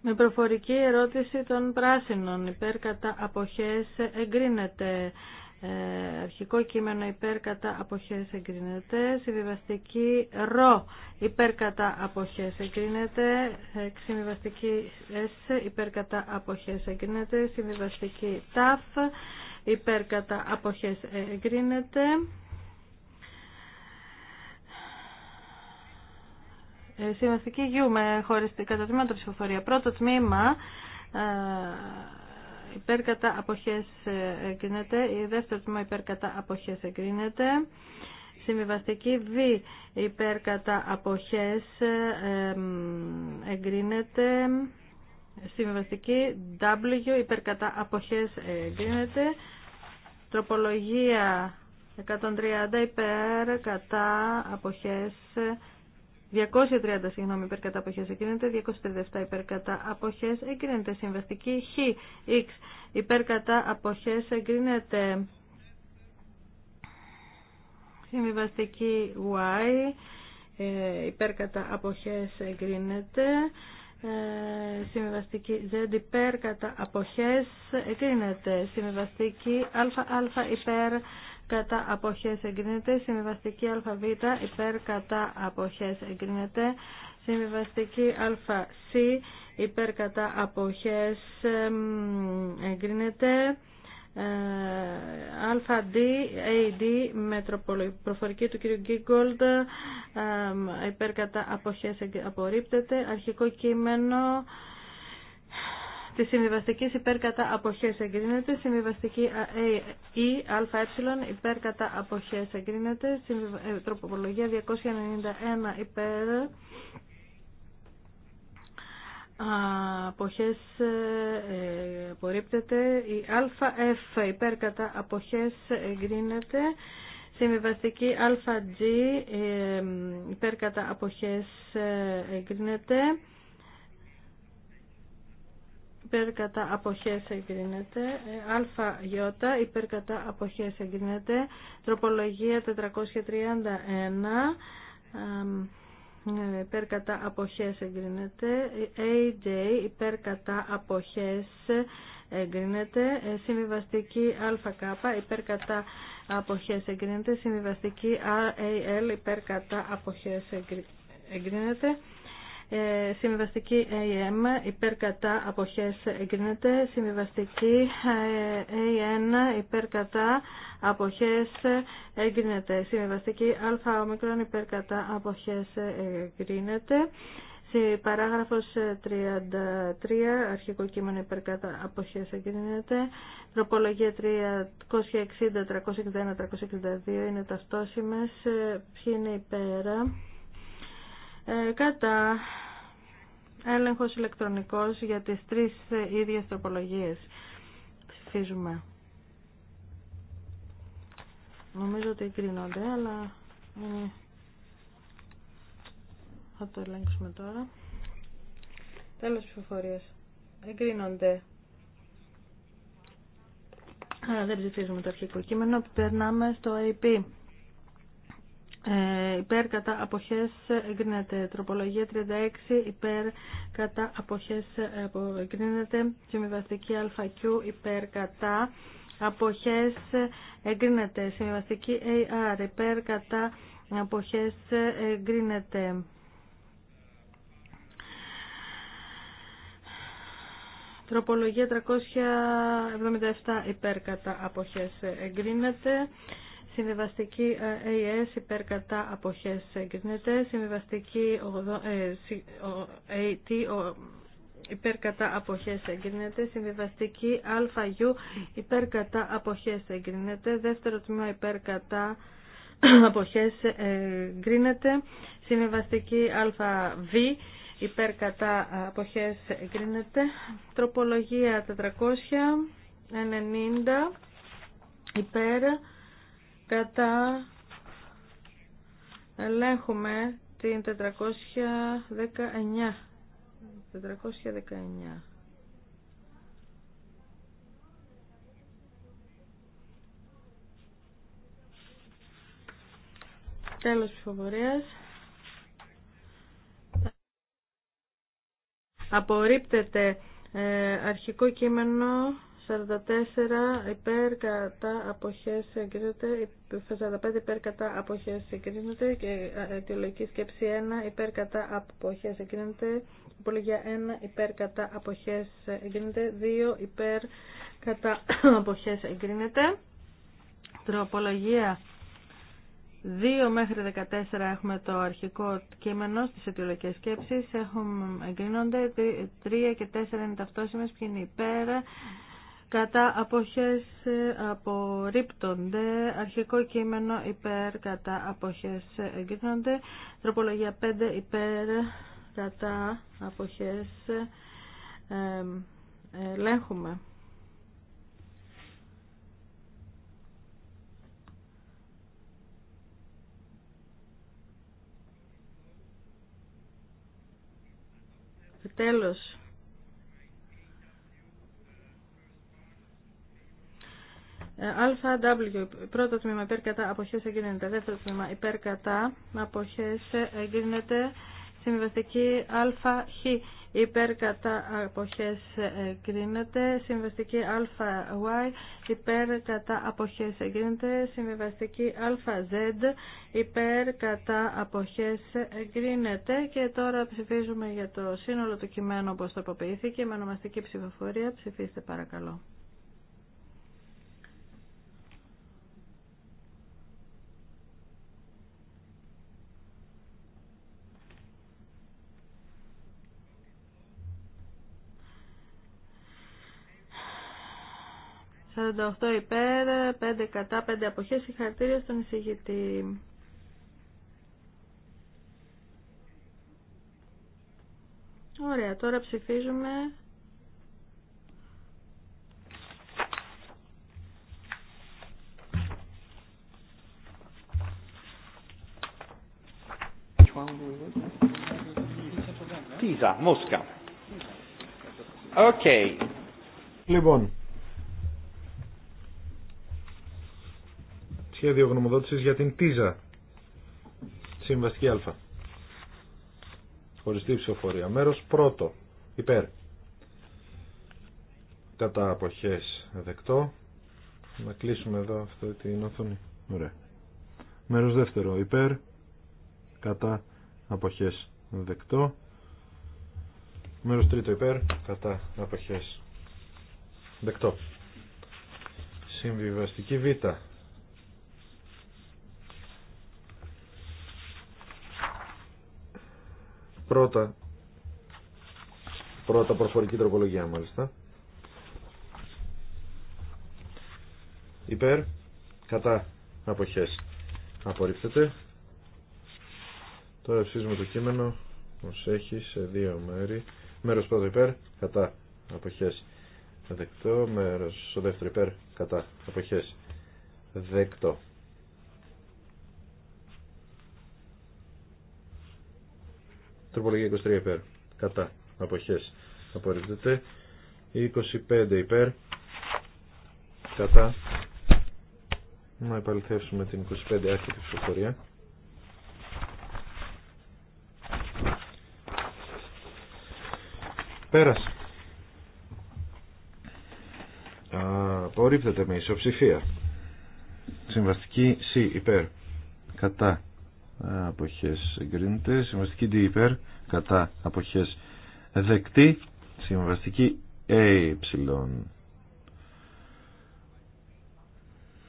Με προφορική ερώτηση των πράσινων υπέρ κατά αποχές εγκρίνεται. Ε, αρχικό κείμενο υπέρ κατά αποχές εγκρίνεται. Συμβιβαστική ρο υπέρ κατά αποχές εγκρίνεται. Ε, συμβιβαστική S υπέρ κατά αποχές εγκρίνεται. Συμβιβαστική ταφ υπέρ κατά αποχές εγκρίνεται. Ε, Συμβαστική γιου με χωριστή κατά τμήμα ψηφοφορία. Πρώτο τμήμα Υπερκατά αποχές εγκρίνεται. Η δεύτερη τμήμα υπέρ αποχές εγκρίνεται. Συμβιβαστική Β υπερκατά αποχές εγκρίνεται. Συμβιβαστική W υπερκατά αποχές εγκρίνεται. Τροπολογία 130 υπέρ κατά αποχές εγκρίνεται 230 συγγνώμη υπέρ κατά αποχές εγκρίνεται, 237 υπέρ κατά αποχές εγκρίνεται, συμβαστική χ, x υπέρ κατά αποχές εγκρίνεται, συμβαστική y ε, υπέρ κατά αποχές εγκρίνεται, εγκρίνεται. Z υπέρ κατά αποχές εγκρίνεται Αλφα ΑΑ υπέρ κατά αποχές εγκρίνεται. Συμβιβαστική ΑΒ υπέρ κατά αποχές εγκρίνεται. Συμβιβαστική ΑΣ υπέρ κατά αποχές εγκρίνεται. Ε, ΑΔ, AD, με προφορική του κ. Γκίγκολτ, υπέρ κατά αποχές απορρίπτεται. Αρχικό κείμενο τη συμβιβαστική υπέρ κατά αποχές εγκρίνεται, συμβιβαστική ή ε, αε υπέρ κατά αποχές εγκρίνεται, ε, τροπολογία 291 υπέρ αποχές ε, απορρίπτεται, η αεφ υπέρ κατά αποχές εγκρίνεται, συμβιβαστική ΑΓ υπέρ κατά αποχές εγκρίνεται, Περκατά κατά αποχές εγκρίνεται, αλφα ε, γιώτα υπέρ κατά αποχές εγκρίνεται, τροπολογία 431 ε, υπέρ κατά αποχές εγκρίνεται, AJ ε, υπέρ κατά αποχές εγκρίνεται, συμβιβαστική ΑΚ υπέρ κατά αποχές εγκρίνεται, συμβιβαστική RAL υπέρ κατά αποχές εγκρίνεται, ε, συμβιβαστική AM υπέρ κατά αποχές εγκρίνεται. Συμβιβαστική ε, AN υπέρ κατά αποχές εγκρίνεται. Συμβιβαστική ΑΟ υπέρ κατά αποχές εγκρίνεται. Σε παράγραφος 33, αρχικό κείμενο υπέρ κατά αποχές εγκρίνεται. Τροπολογία 360, 361, 362 είναι ταυτόσιμες. Ε, ποιοι είναι υπέρα ε, κατά έλεγχος ηλεκτρονικός για τις τρεις ίδιες τροπολογίες. Ψηφίζουμε. Νομίζω ότι κρίνονται, αλλά ε, θα το ελέγξουμε τώρα. Τέλος ψηφοφορίας. Εγκρίνονται. δεν ψηφίζουμε το αρχικό κείμενο. Περνάμε στο IP ε, υπέρ κατά αποχές εγκρίνεται. Τροπολογία 36 υπέρ κατά αποχές εγκρίνεται. Συμβιβαστική αλφακιού. υπέρ κατά αποχές εγκρίνεται. Συμβιβαστική AR υπέρ κατά αποχές εγκρίνεται. Τροπολογία 377 υπέρ κατά αποχές εγκρίνεται. Συμβιβαστική ε, AS υπέρ κατά αποχές εγκρίνεται. Συμβιβαστική ε, AT υπέρ κατά αποχές εγκρίνεται. Συμβιβαστική ΑΙΟΥ υπέρ κατά αποχές εγκρίνεται. Δεύτερο τμήμα υπέρ κατά αποχές εγκρίνεται. Συμβιβαστική ΑΒ υπέρ κατά αποχές εγκρίνεται. Τροπολογία 490 υπέρ κατά ελέγχουμε την 419 419 Τέλος ψηφοφορίας. Απορρίπτεται ε, αρχικό κείμενο 44 υπέρ κατά αποχές εγκρίνεται, 45 υπέρ κατά αποχές εγκρίνεται και ε, αιτιολογική σκέψη 1 υπέρ κατά αποχές εγκρίνεται, υπολογία 1 υπέρ κατά αποχές εγκρίνεται, 2 υπέρ κατά αποχές εγκρίνεται, τροπολογία 2 μέχρι 14 έχουμε το αρχικό κείμενο στις αιτιολογικές σκέψεις, έχουμε εγκρίνονται, 3 και 4 είναι ταυτόσημες ποιοι είναι υπέρ, κατά αποχές ε, απορρίπτονται, αρχικό κείμενο υπέρ κατά αποχές ε, εγκρίνονται, τροπολογία 5 υπέρ κατά αποχές ε, ελέγχουμε. Τέλος. W πρώτο τμήμα υπέρ κατά αποχές εγκρίνεται, δεύτερο τμήμα υπέρ κατά αποχές εγκρίνεται, συμβαστική Χ υπέρ κατά αποχές εγκρίνεται, συμβαστική Y υπέρ κατά αποχές εγκρίνεται, συμβαστική ΑZ υπέρ κατά αποχές εγκρίνεται και τώρα ψηφίζουμε για το σύνολο του κειμένου όπως τοποποιήθηκε με ονομαστική ψηφοφορία. Ψηφίστε παρακαλώ. 48 υπέρ, 5 κατά, 5 αποχές. Συγχαρητήρια στον εισηγητή. Ωραία, τώρα ψηφίζουμε...
Τίζα, Μόσκα. Οκ.
Λοιπόν, σχέδιο γνωμοδότησης για την ΤΙΖΑ. Συμβαστική Α. Χωριστή ψηφοφορία. Μέρος πρώτο. Υπέρ. Κατά αποχές δεκτό. Να κλείσουμε εδώ αυτή την οθόνη. Ωραία. Μέρος δεύτερο. Υπέρ. Κατά αποχές δεκτό. Μέρος τρίτο υπέρ. Κατά αποχές δεκτό. Συμβιβαστική Β. Πρώτα, πρώτα προφορική τροπολογία μάλιστα. Υπέρ, κατά, αποχές. Απορρίπτεται. Τώρα ευσύζουμε το κείμενο ως έχει σε δύο μέρη. Μέρος πρώτο υπέρ, κατά, αποχές. Δεκτό, μέρος στο δεύτερο υπέρ, κατά, αποχές. Δεκτό. Τροπολογία 23 υπέρ. Κατά. Αποχές. Απορρίπτεται. 25 υπέρ. Κατά. Να επαληθεύσουμε την 25 άρχιτη ψηφοφορία. Πέρασε. Απορρίπτεται με ισοψηφία. Συμβαστική C υπέρ. Κατά αποχές εγκρίνεται συμβαστική D υπέρ κατά αποχές δεκτή συμβαστική A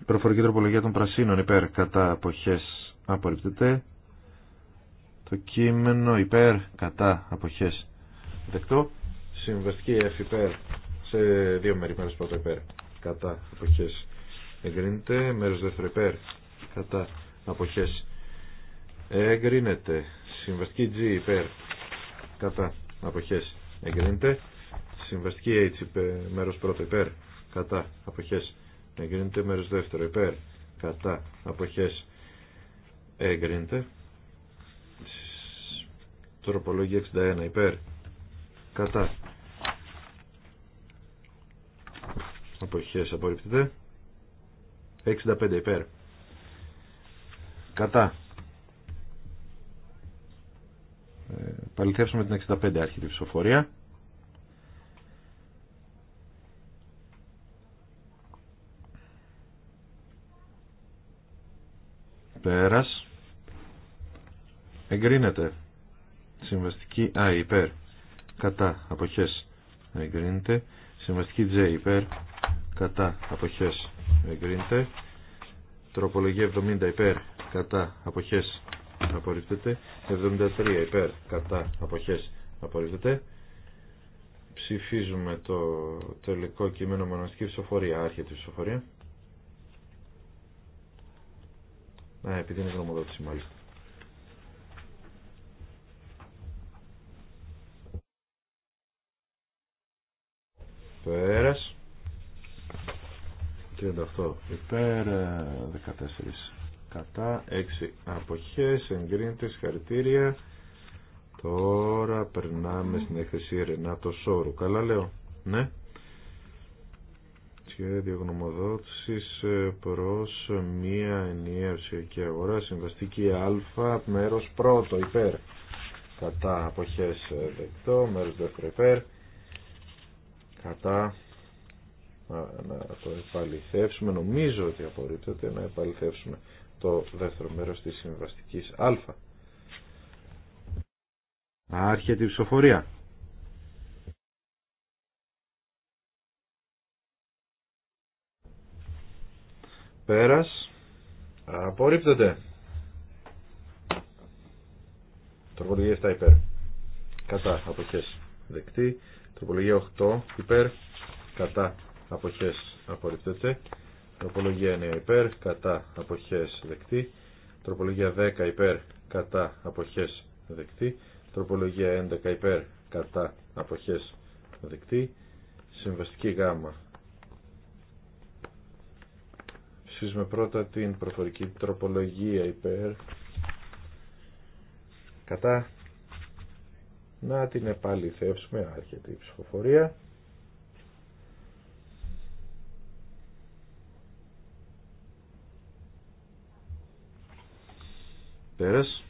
προφορική τροπολογία των πρασίνων υπέρ κατά αποχές απορριπτεται το κείμενο υπέρ κατά αποχές δεκτό συμβαστική F υπέρ σε δύο μέρη μέρος πρώτο υπέρ κατά αποχές εγκρίνεται μέρος δεύτερο υπέρ κατά αποχές εγκρίνεται συμβαστική G υπέρ κατά αποχές εγκρίνεται συμβαστική H υπέρ, μέρος πρώτο υπέρ κατά αποχές εγκρίνεται μέρος δεύτερο υπέρ κατά αποχές εγκρίνεται τροπολογία 61 υπέρ κατά αποχές απορρίπτεται. 65 υπέρ κατά Παληθεύσουμε την 65 άρχιτη ψηφοφορία. Πέρας. Εγκρίνεται. Συμβαστική Α υπέρ. Κατά. Αποχές. Εγκρίνεται. Συμβαστική J υπέρ. Κατά. Αποχές. Εγκρίνεται. Τροπολογία 70 υπέρ. Κατά. Αποχές απορρίπτεται 73 υπέρ κατά αποχές απορρίπτεται ψηφίζουμε το τελικό κείμενο μοναστική ψηφοφορία άρχεται η ψηφοφορία Α, επειδή είναι γνωμοδότηση μάλιστα Πέρας 38 υπέρ 14 κατά 6 αποχές εγκρίνεται συγχαρητήρια τώρα περνάμε στην έκθεση Ρενάτο Σόρου καλά λέω ναι σχέδιο γνωμοδότησης ε, προς μία ενιαία και αγορά συμβαστική α μέρος πρώτο υπέρ κατά αποχές ε, δεκτό μέρος δεύτερο υπέρ κατά να το επαληθεύσουμε νομίζω ότι απορρίπτεται να επαληθεύσουμε το δεύτερο μέρος της συμβαστικής α. Άρχεται η ψηφοφορία. Πέρας. Απορρίπτεται. Τροπολογία 7 υπέρ. Κατά αποχές δεκτή. Τροπολογία 8 υπέρ. Κατά αποχές απορρίπτεται. Τροπολογία 9 υπέρ, κατά αποχές δεκτή. Τροπολογία 10 υπέρ, κατά αποχές δεκτή. Τροπολογία 11 υπέρ, κατά αποχές δεκτή. Συμβαστική γάμα. Ψήσουμε πρώτα την προφορική τροπολογία υπέρ, κατά. Να την επαληθεύσουμε, άρχεται η ψηφοφορία. Πέρας.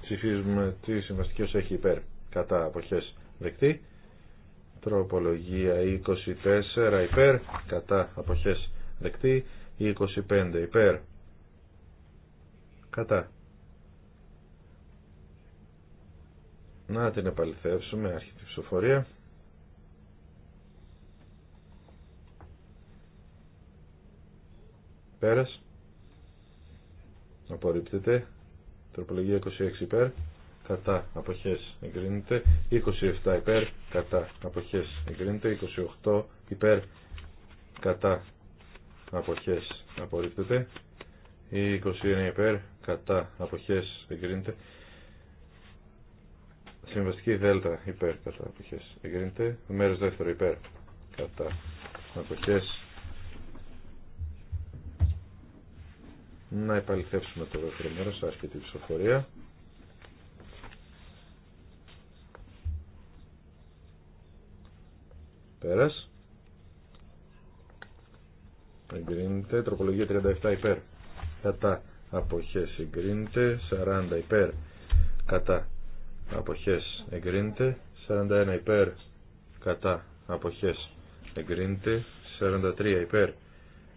Ψηφίζουμε τι συμβαστική έχει υπέρ. Κατά αποχές δεκτή. Τροπολογία 24 υπέρ. Κατά αποχές δεκτή. 25 υπέρ. Κατά. Να την επαληθεύσουμε. τη ψηφοφορία. Πέρας. Απορρίπτεται. Τροπολογία 26 υπέρ. Κατά αποχές εγκρίνεται. 27 υπέρ. Κατά αποχές εγκρίνεται. 28 υπέρ. Κατά αποχές απορρίπτεται. 29 υπέρ. Κατά αποχές εγκρίνεται. Συμβαστική δέλτα υπέρ κατά αποχές εγκρίνεται. Μέρος δεύτερο υπέρ κατά αποχές Να επαληθεύσουμε το δεύτερο μέρος, άρχεται την ψηφοφορία. Πέρας. Εγκρίνεται. Τροπολογία 37 υπέρ. Κατά αποχές εγκρίνεται. 40 υπέρ. Κατά απόχέ εγκρίνεται. 41 υπέρ. Κατά απόχέ, εγκρίνεται. 43 υπέρ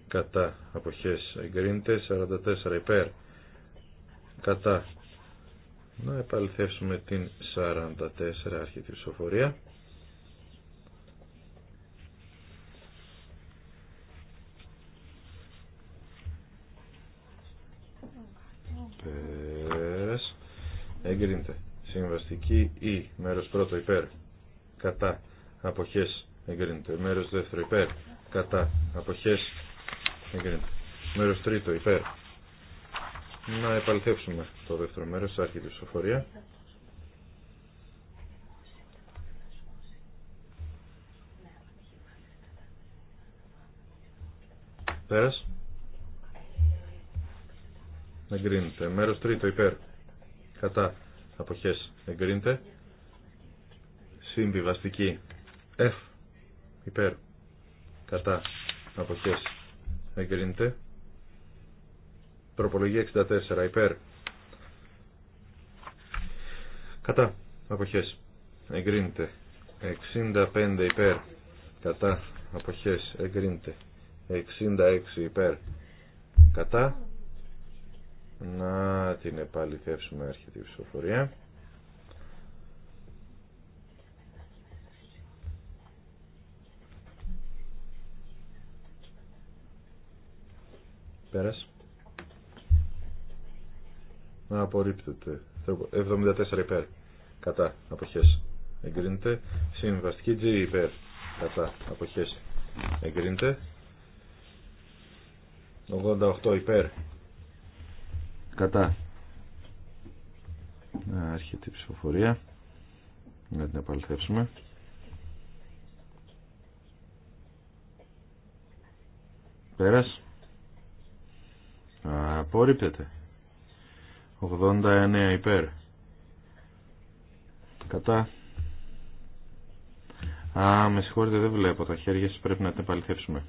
κατά αποχές εγκρίνεται 44 υπέρ κατά να επαληθεύσουμε την 44 αρχή τη ψηφοφορία εγκρίνεται συμβαστική ή e, μέρος πρώτο υπέρ κατά αποχές εγκρίνεται μέρος δεύτερο υπέρ κατά αποχές εγκρίνεται. Μέρος τρίτο υπέρ. Να επαληθεύσουμε το δεύτερο μέρος, τη ψηφοφορία. Πέρας. Εγκρίνεται. Μέρος τρίτο υπέρ. Κατά. Αποχές. Εγκρίνεται. Συμβιβαστική. F. Υπέρ. Κατά. Αποχές εγκρίνεται. Τροπολογία 64 υπέρ. Κατά. Αποχές. Εγκρίνεται. 65 υπέρ. Κατά. Αποχές. Εγκρίνεται. 66 υπέρ. Κατά. Να την επαληθεύσουμε η ψηφοφορία. Πέρας. Να απορρίπτεται. 74 υπέρ. Κατά. Αποχές. Εγκρίνεται. Συμβαστική G υπέρ. Κατά. Αποχές. Εγκρίνεται. 88 υπέρ. Κατά. Να έρχεται η ψηφοφορία. Να την επαληθεύσουμε. Πέρας. Απορρίπτεται. 89 υπέρ. Κατά. Α, με συγχωρείτε δεν βλέπω τα χέρια σας πρέπει να την επαληθεύσουμε.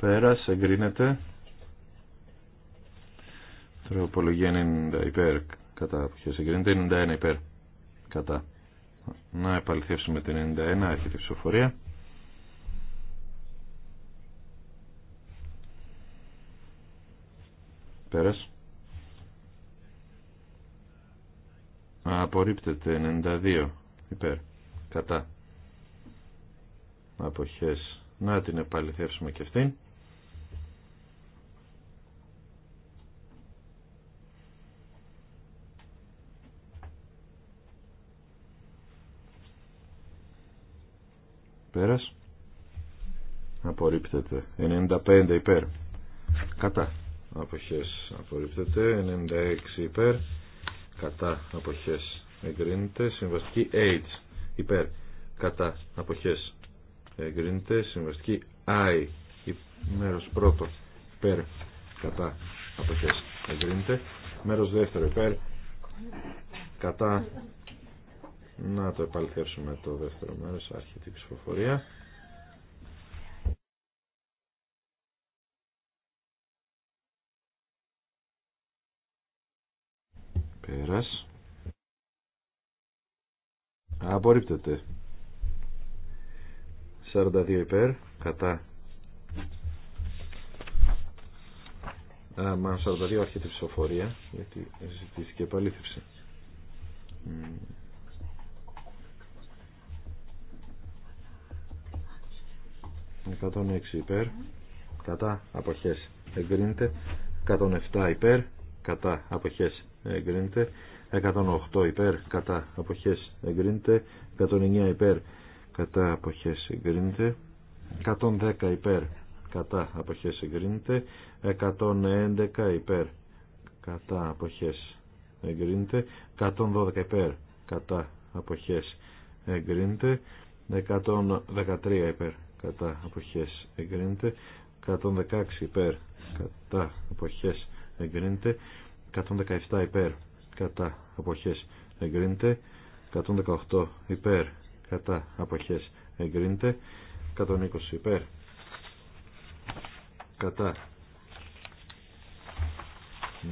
Πέρας εγκρίνεται. Τροπολογία 90 υπέρ. Κατά. Ποιος εγκρίνεται 91 υπέρ. Κατά να επαληθεύσουμε την 91 άρχεται η ψηφοφορία πέρας απορρίπτεται 92 υπέρ κατά αποχές να την επαληθεύσουμε και αυτήν Πέρας. Απορρίπτεται. 95 υπέρ. Κατά. Αποχές απορρίπτεται. 96 υπέρ. Κατά. Αποχές εγκρίνεται. Συμβαστική H υπέρ. Κατά. Αποχές εγκρίνεται. Συμβαστική I. Μέρος πρώτο υπέρ. Κατά. Αποχές εγκρίνεται. Μέρος δεύτερο υπέρ. Κατά. Να το επαληθεύσουμε το δεύτερο μέρος, άρχεται η ψηφοφορία. Πέρας. Απορρίπτεται. 42 υπέρ, κατά. Α, μα 42 άρχεται η ψηφοφορία, γιατί ζητήθηκε επαλήθευση. 106 υπέρ κατά αποχές εγκρίνεται 107 υπέρ κατά αποχές εγκρίνεται 108 υπέρ κατά αποχές εγκρίνεται 109 υπέρ κατά αποχές εγκρίνεται 110 υπέρ κατά αποχές εγκρίνεται 111 υπέρ κατά αποχές εγκρίνεται 112 υπέρ κατά αποχές εγκρίνεται 113 υπέρ κατά αποχές εγκρίνεται 116 υπέρ κατά αποχές εγκρίνεται 117 υπέρ κατά αποχές εγκρίνεται 118 υπέρ κατά αποχές εγκρίνεται 120 υπέρ κατά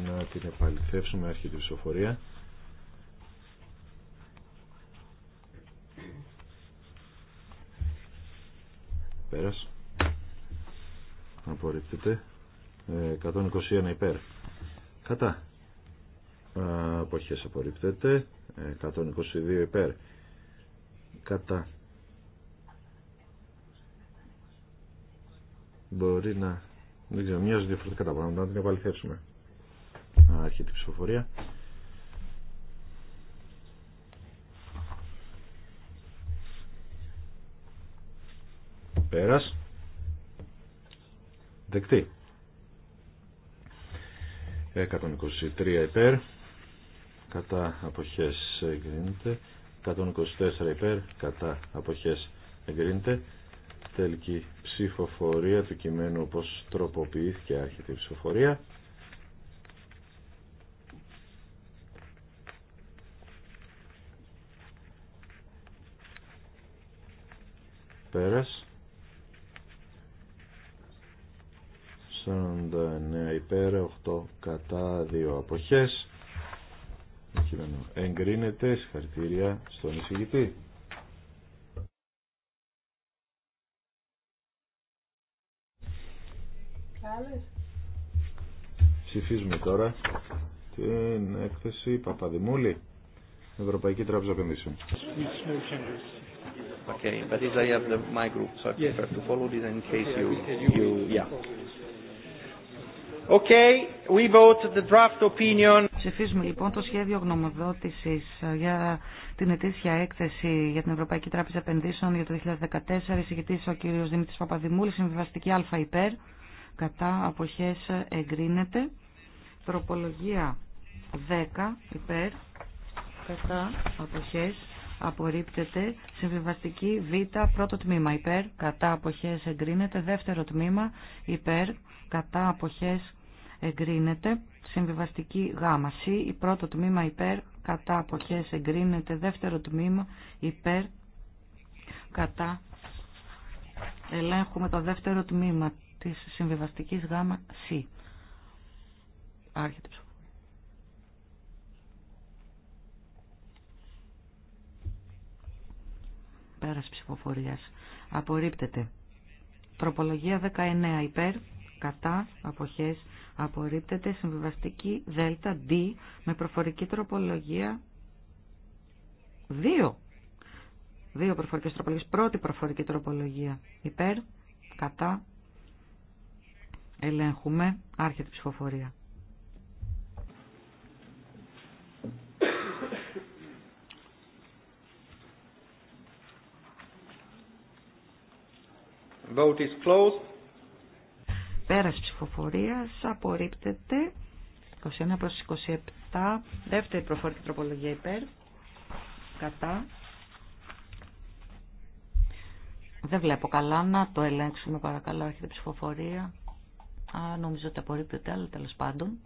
να την επαληθεύσουμε αρχή ψηφοφορία Πέρας. Απορρίπτεται. 121 ε, υπέρ. Κατά. Αποχές απορρίπτεται. 122 ε, υπέρ. Κατά. Μπορεί να... Δεν ξέρω, μοιάζει διαφορετικά τα πράγματα, να την επαληθεύσουμε. αρχή ψηφοφορία. πέρας δεκτή 123 υπέρ κατά αποχές εγκρίνεται 124 υπέρ κατά αποχές εγκρίνεται τελική ψηφοφορία του κειμένου όπως τροποποιήθηκε άρχεται η ψηφοφορία πέρας 8 κατά 2 αποχές. Το εγκρίνεται. Συγχαρητήρια στον εισηγητή. Ψηφίζουμε τώρα την έκθεση Παπαδημούλη, Ευρωπαϊκή Τράπεζα Επενδύσεων. Okay, but is I have the, my group, so I prefer yes. to follow this in case you, you, yeah. Okay, we vote the draft opinion. Ψηφίζουμε
λοιπόν το σχέδιο γνωμοδότησης ε, για την ετήσια έκθεση για την Ευρωπαϊκή Τράπεζα Επενδύσεων για το 2014. Εισηγητής ο κύριος Δημήτρης Παπαδημούλης, συμβιβαστική α υπέρ, κατά αποχές εγκρίνεται. Τροπολογία 10 υπέρ, κατά αποχές απορρίπτεται. Συμβιβαστική Β, πρώτο τμήμα υπέρ, κατά αποχές εγκρίνεται. Δεύτερο τμήμα υπέρ, κατά αποχές εγκρίνεται. Συμβιβαστική γάμα C, η πρώτο τμήμα υπέρ, κατά αποχές εγκρίνεται. Δεύτερο τμήμα υπέρ, κατά. Ελέγχουμε το δεύτερο τμήμα της συμβιβαστικής γάμα C. Άρχεται Πέρας ψηφοφορίας. Απορρίπτεται. Τροπολογία 19 υπέρ, κατά, αποχές, απορρίπτεται συμβιβαστική δέλτα D με προφορική τροπολογία 2. Δύο προφορικές τροπολογίες. Πρώτη προφορική τροπολογία υπέρ, κατά, ελέγχουμε, άρχεται ψηφοφορία. Vote is Πέρας ψηφοφορίας απορρίπτεται 21 προς 27. Δεύτερη προφορική τροπολογία υπέρ. Κατά. Δεν βλέπω καλά. Να το ελέγξουμε παρακαλώ. Έρχεται ψηφοφορία. Α, νομίζω ότι απορρίπτεται, αλλά τέλος πάντων.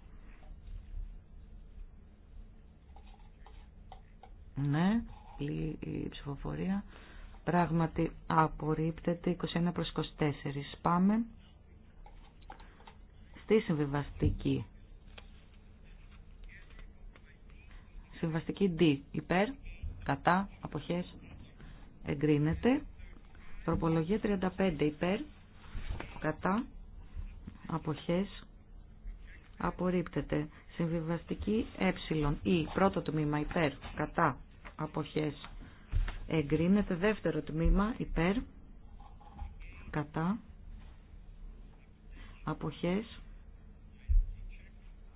Ναι, η ψηφοφορία. Πράγματι απορρίπτεται 21 προς 24. Πάμε στη συμβιβαστική. Συμβαστική D. Υπέρ, κατά, αποχές, εγκρίνεται. προπολογία 35. Υπέρ, κατά, αποχές, απορρίπτεται. Συμβιβαστική ε, ή πρώτο τμήμα υπέρ, κατά, αποχές, εγκρίνεται. Δεύτερο τμήμα υπέρ, κατά, αποχές,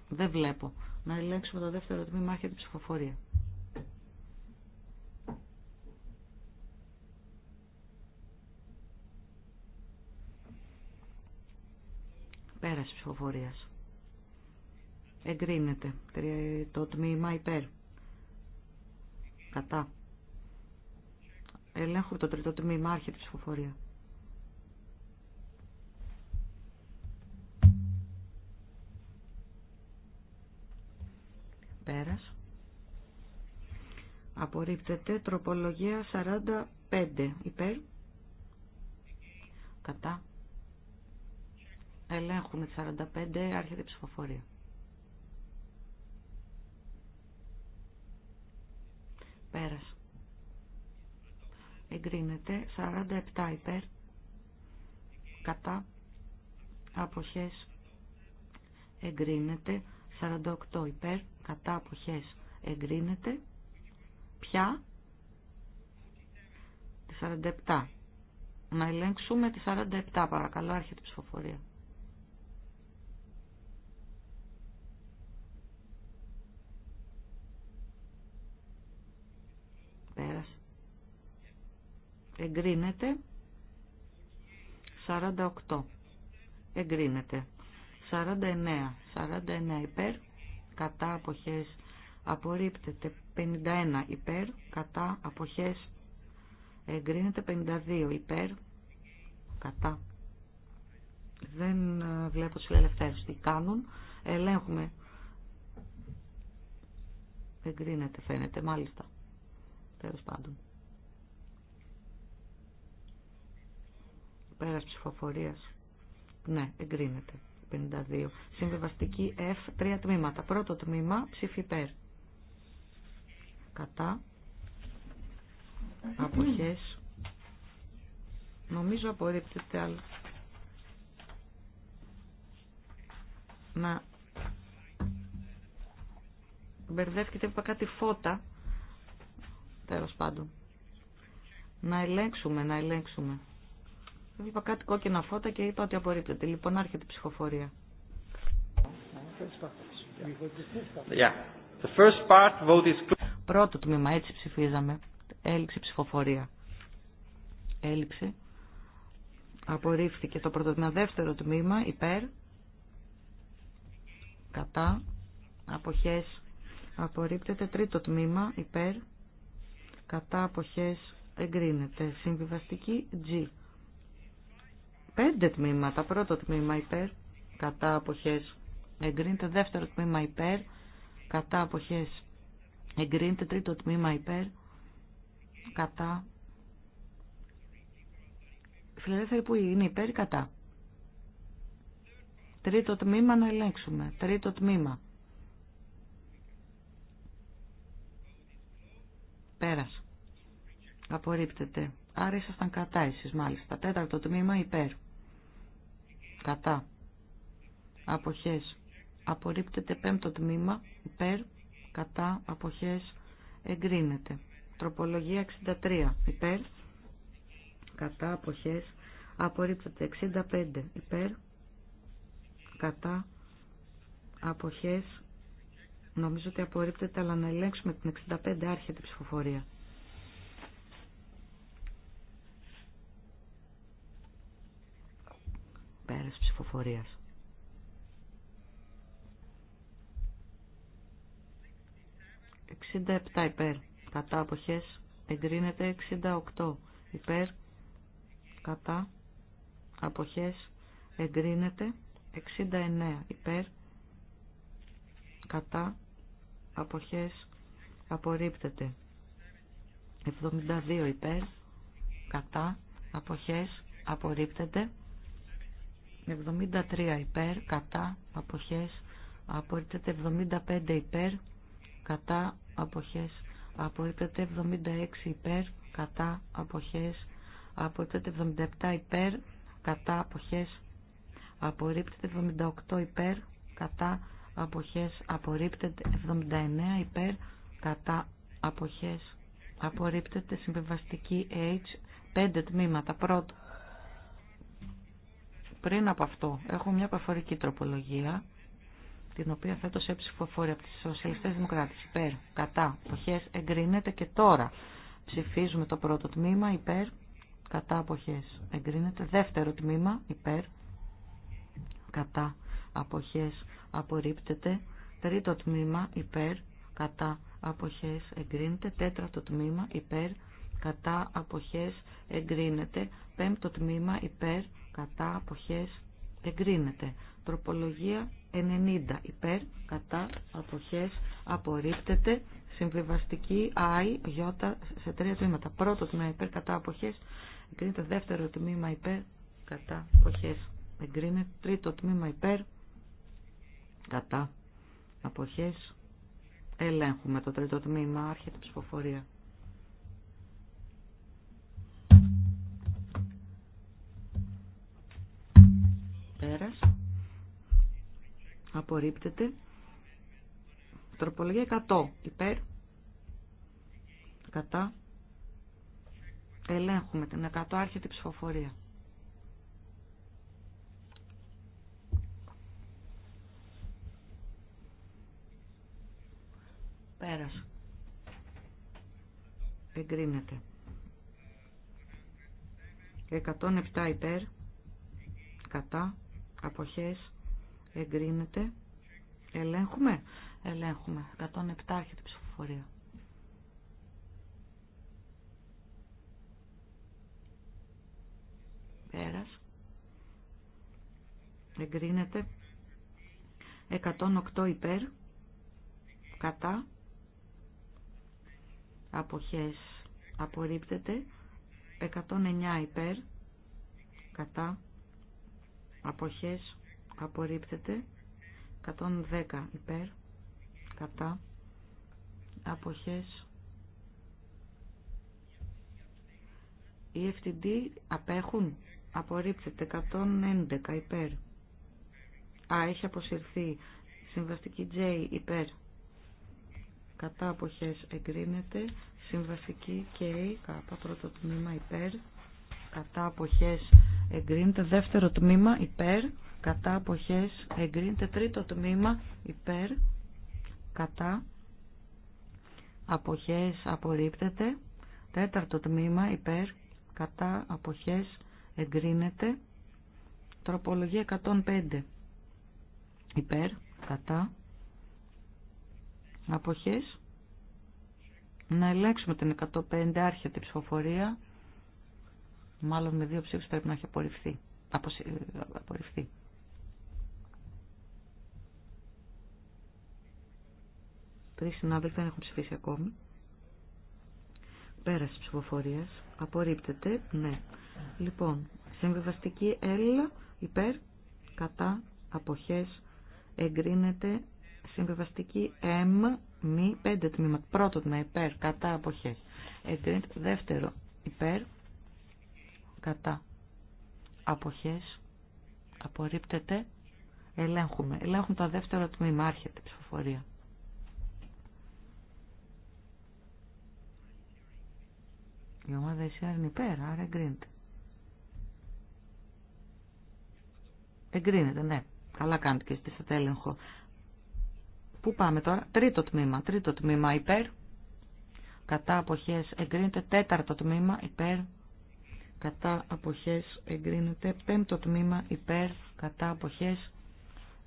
δεν βλέπω. Να ελέγξουμε το δεύτερο τμήμα, άρχεται η ψηφοφορία. Πέραση ψηφοφορίας. Εγκρίνεται το τμήμα υπέρ. Κατά. Ελέγχουμε το τρίτο τμήμα, άρχεται η ψηφοφορία. Πέρας. Απορρίπτεται τροπολογία 45 υπέρ. Κατά. Ελέγχουμε 45, άρχεται η ψηφοφορία. Πέρας. Εγκρίνεται 47 υπέρ. Κατά. Αποχές. Εγκρίνεται 48 υπέρ κατά αποχές εγκρίνεται. πια Τη 47. Να ελέγξουμε τη 47 παρακαλώ, άρχεται η ψηφοφορία. Πέρασε. Εγκρίνεται. 48. Εγκρίνεται. 49. 49 υπέρ κατά αποχές απορρίπτεται 51 υπέρ κατά αποχές εγκρίνεται 52 υπέρ κατά δεν ε, βλέπω τους τι κάνουν ελέγχουμε εγκρίνεται φαίνεται μάλιστα τέλος πάντων πέρας ψηφοφορίας ναι εγκρίνεται 52. Συμβιβαστική F, τρία τμήματα. Πρώτο τμήμα, ψήφι υπέρ. Κατά. Αποχές. Νομίζω απορρίπτεται, άλλο. Να... Μπερδεύκεται, είπα κάτι φώτα. Τέλος πάντων. Να ελέγξουμε, να ελέγξουμε. Βλέπα κάτι κόκκινα φώτα και είπα ότι απορρίπτεται. Λοιπόν, άρχεται η ψηφοφορία. Πρώτο τμήμα, έτσι ψηφίζαμε. Έληξε ψηφοφορία. Έληξε. Απορρίφθηκε το πρώτο τμήμα. Δεύτερο τμήμα, υπέρ. Κατά. Αποχές. Απορρίπτεται. Τρίτο τμήμα, υπέρ. Κατά. Αποχές. Εγκρίνεται. Συμβιβαστική G πέντε τμήματα. Πρώτο τμήμα υπέρ, κατά αποχές εγκρίνεται. Δεύτερο τμήμα υπέρ, κατά αποχές εγκρίνεται. Τρίτο τμήμα υπέρ, κατά. Φιλελεύθερη που είναι υπέρ, κατά. Τρίτο τμήμα να ελέγξουμε. Τρίτο τμήμα. Πέρας. Απορρίπτεται. Άρα ήσασταν κατά εσείς μάλιστα. Τέταρτο τμήμα υπέρ κατά αποχές απορρίπτεται πέμπτο τμήμα υπέρ κατά αποχές εγκρίνεται τροπολογία 63 υπέρ κατά αποχές απορρίπτεται 65 υπέρ κατά αποχές νομίζω ότι απορρίπτεται αλλά να ελέγξουμε την 65 άρχεται ψηφοφορία Πέρας 67 υπέρ. Κατά αποχές εγκρίνεται 68 υπέρ. Κατά αποχές εγκρίνεται 69 υπέρ. Κατά αποχές απορρίπτεται 72 υπέρ. Κατά αποχές απορρίπτεται 73 υπέρ, κατά, αποχές, απορρίπτεται 75 υπέρ, κατά, αποχές, απορρίπτεται 76 υπέρ, κατά, αποχές, απορρίπτεται 77 υπέρ, κατά, αποχές, απορρίπτεται 78 υπέρ, κατά, αποχές, απορρίπτεται 79 υπέρ, κατά, αποχές, απορρίπτεται συμπεριβαστική H, 5 τμήματα, πρώτο, πριν από αυτό, έχω μια προφορική τροπολογία, την οποία θέτω σε ψηφοφόρη από τις Σοσιαλιστές Δημοκράτες. Υπέρ, κατά, αποχές, εγκρίνεται και τώρα. Ψηφίζουμε το πρώτο τμήμα, υπέρ, κατά, αποχές, εγκρίνεται. Δεύτερο τμήμα, υπέρ, κατά, αποχές, απορρίπτεται. Τρίτο τμήμα, υπέρ, κατά, αποχές, εγκρίνεται. Τέταρτο τμήμα, υπέρ, κατά, αποχές, εγκρίνεται. Πέμπτο τμήμα, υπέρ, κατά αποχές εγκρίνεται. Τροπολογία 90 υπέρ κατά αποχές απορρίπτεται. Συμβιβαστική ΑΙ, Ι, σε τρία τμήματα. Πρώτο τμήμα υπέρ κατά αποχές εγκρίνεται. Δεύτερο τμήμα υπέρ κατά αποχές εγκρίνεται. Τρίτο τμήμα υπέρ κατά αποχές ελέγχουμε το τρίτο τμήμα. Άρχεται ψηφοφορία. απορρίπτεται. Τροπολογία 100 υπέρ, κατά, ελέγχουμε την 100 άρχεται ψηφοφορία. Πέρασε. Εγκρίνεται. 107 υπέρ, κατά, αποχές, εγκρίνεται. Ελέγχουμε. Ελέγχουμε. 107 έρχεται ψηφοφορία. Πέρας. Εγκρίνεται. 108 υπέρ. Κατά. Αποχές. Απορρίπτεται. 109 υπέρ. Κατά. Αποχές απορρίπτεται 110 υπέρ κατά αποχές οι FTD απέχουν απορρίπτεται 111 υπέρ α έχει αποσυρθεί συμβαστική J υπέρ κατά αποχές εγκρίνεται συμβαστική K κατά πρώτο τμήμα υπέρ κατά αποχές εγκρίνεται δεύτερο τμήμα υπέρ κατά αποχές εγκρίνεται τρίτο τμήμα υπέρ κατά αποχές απορρίπτεται τέταρτο τμήμα υπέρ κατά αποχές εγκρίνεται τροπολογία 105 υπέρ κατά αποχές να ελέγξουμε την 105 άρχια την ψηφοφορία μάλλον με δύο ψήφους πρέπει να έχει απορριφθεί. απορριφθεί. Τρει συνάδελφοι δεν έχουν ψηφίσει ακόμη. Πέραση ψηφοφορία. Απορρίπτεται. Ναι. Λοιπόν, συμβιβαστική L υπέρ, κατά, αποχές, εγκρίνεται. Συμβιβαστική M, μη, πέντε τμήματα. Πρώτο τμήμα υπέρ, κατά, αποχές. Εγκρίνεται. Δεύτερο υπέρ, κατά, αποχές, απορρίπτεται. Ελέγχουμε. Ελέγχουμε το δεύτερο τμήμα. Άρχεται η ψηφοφορία. Η ομάδα SR είναι υπέρ, άρα εγκρίνεται. Εγκρίνεται, ναι. Καλά κάνετε και στη έλεγχο. Πού πάμε τώρα. Τρίτο τμήμα. Τρίτο τμήμα υπέρ. Κατά αποχές εγκρίνεται. Τέταρτο τμήμα υπέρ. Κατά αποχές εγκρίνεται. Πέμπτο τμήμα υπέρ. Κατά αποχές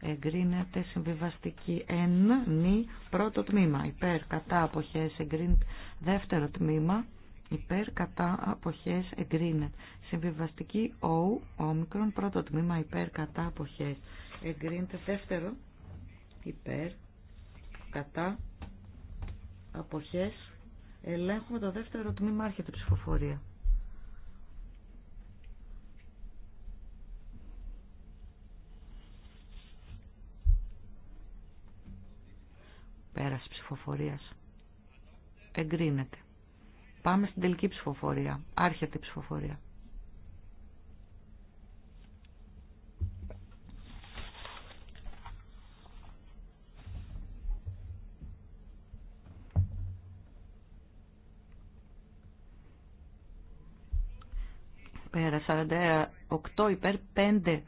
εγκρίνεται. Συμβιβαστική εν, νη. Πρώτο τμήμα υπέρ. Κατά αποχές εγκρίνεται. Δεύτερο τμήμα υπέρ κατά αποχές εγκρίνεται. Συμβιβαστική ο όμικρον, πρώτο τμήμα υπέρ κατά αποχές εγκρίνεται. Δεύτερο, υπέρ κατά αποχές ελέγχουμε το δεύτερο τμήμα άρχεται ψηφοφορία. Πέρας ψηφοφορίας. Εγκρίνεται. Πάμε στην τελική ψηφοφορία. Άρχεται η ψηφοφορία. Πέρα 48 υπέρ 5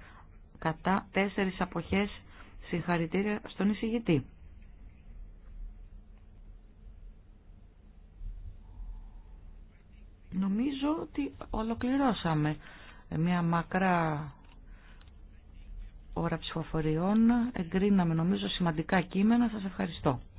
κατά 4 αποχές συγχαρητήρια στον εισηγητή. Νομίζω ότι ολοκληρώσαμε μια μακρά ώρα ψηφοφοριών. Εγκρίναμε νομίζω σημαντικά κείμενα. Σας ευχαριστώ.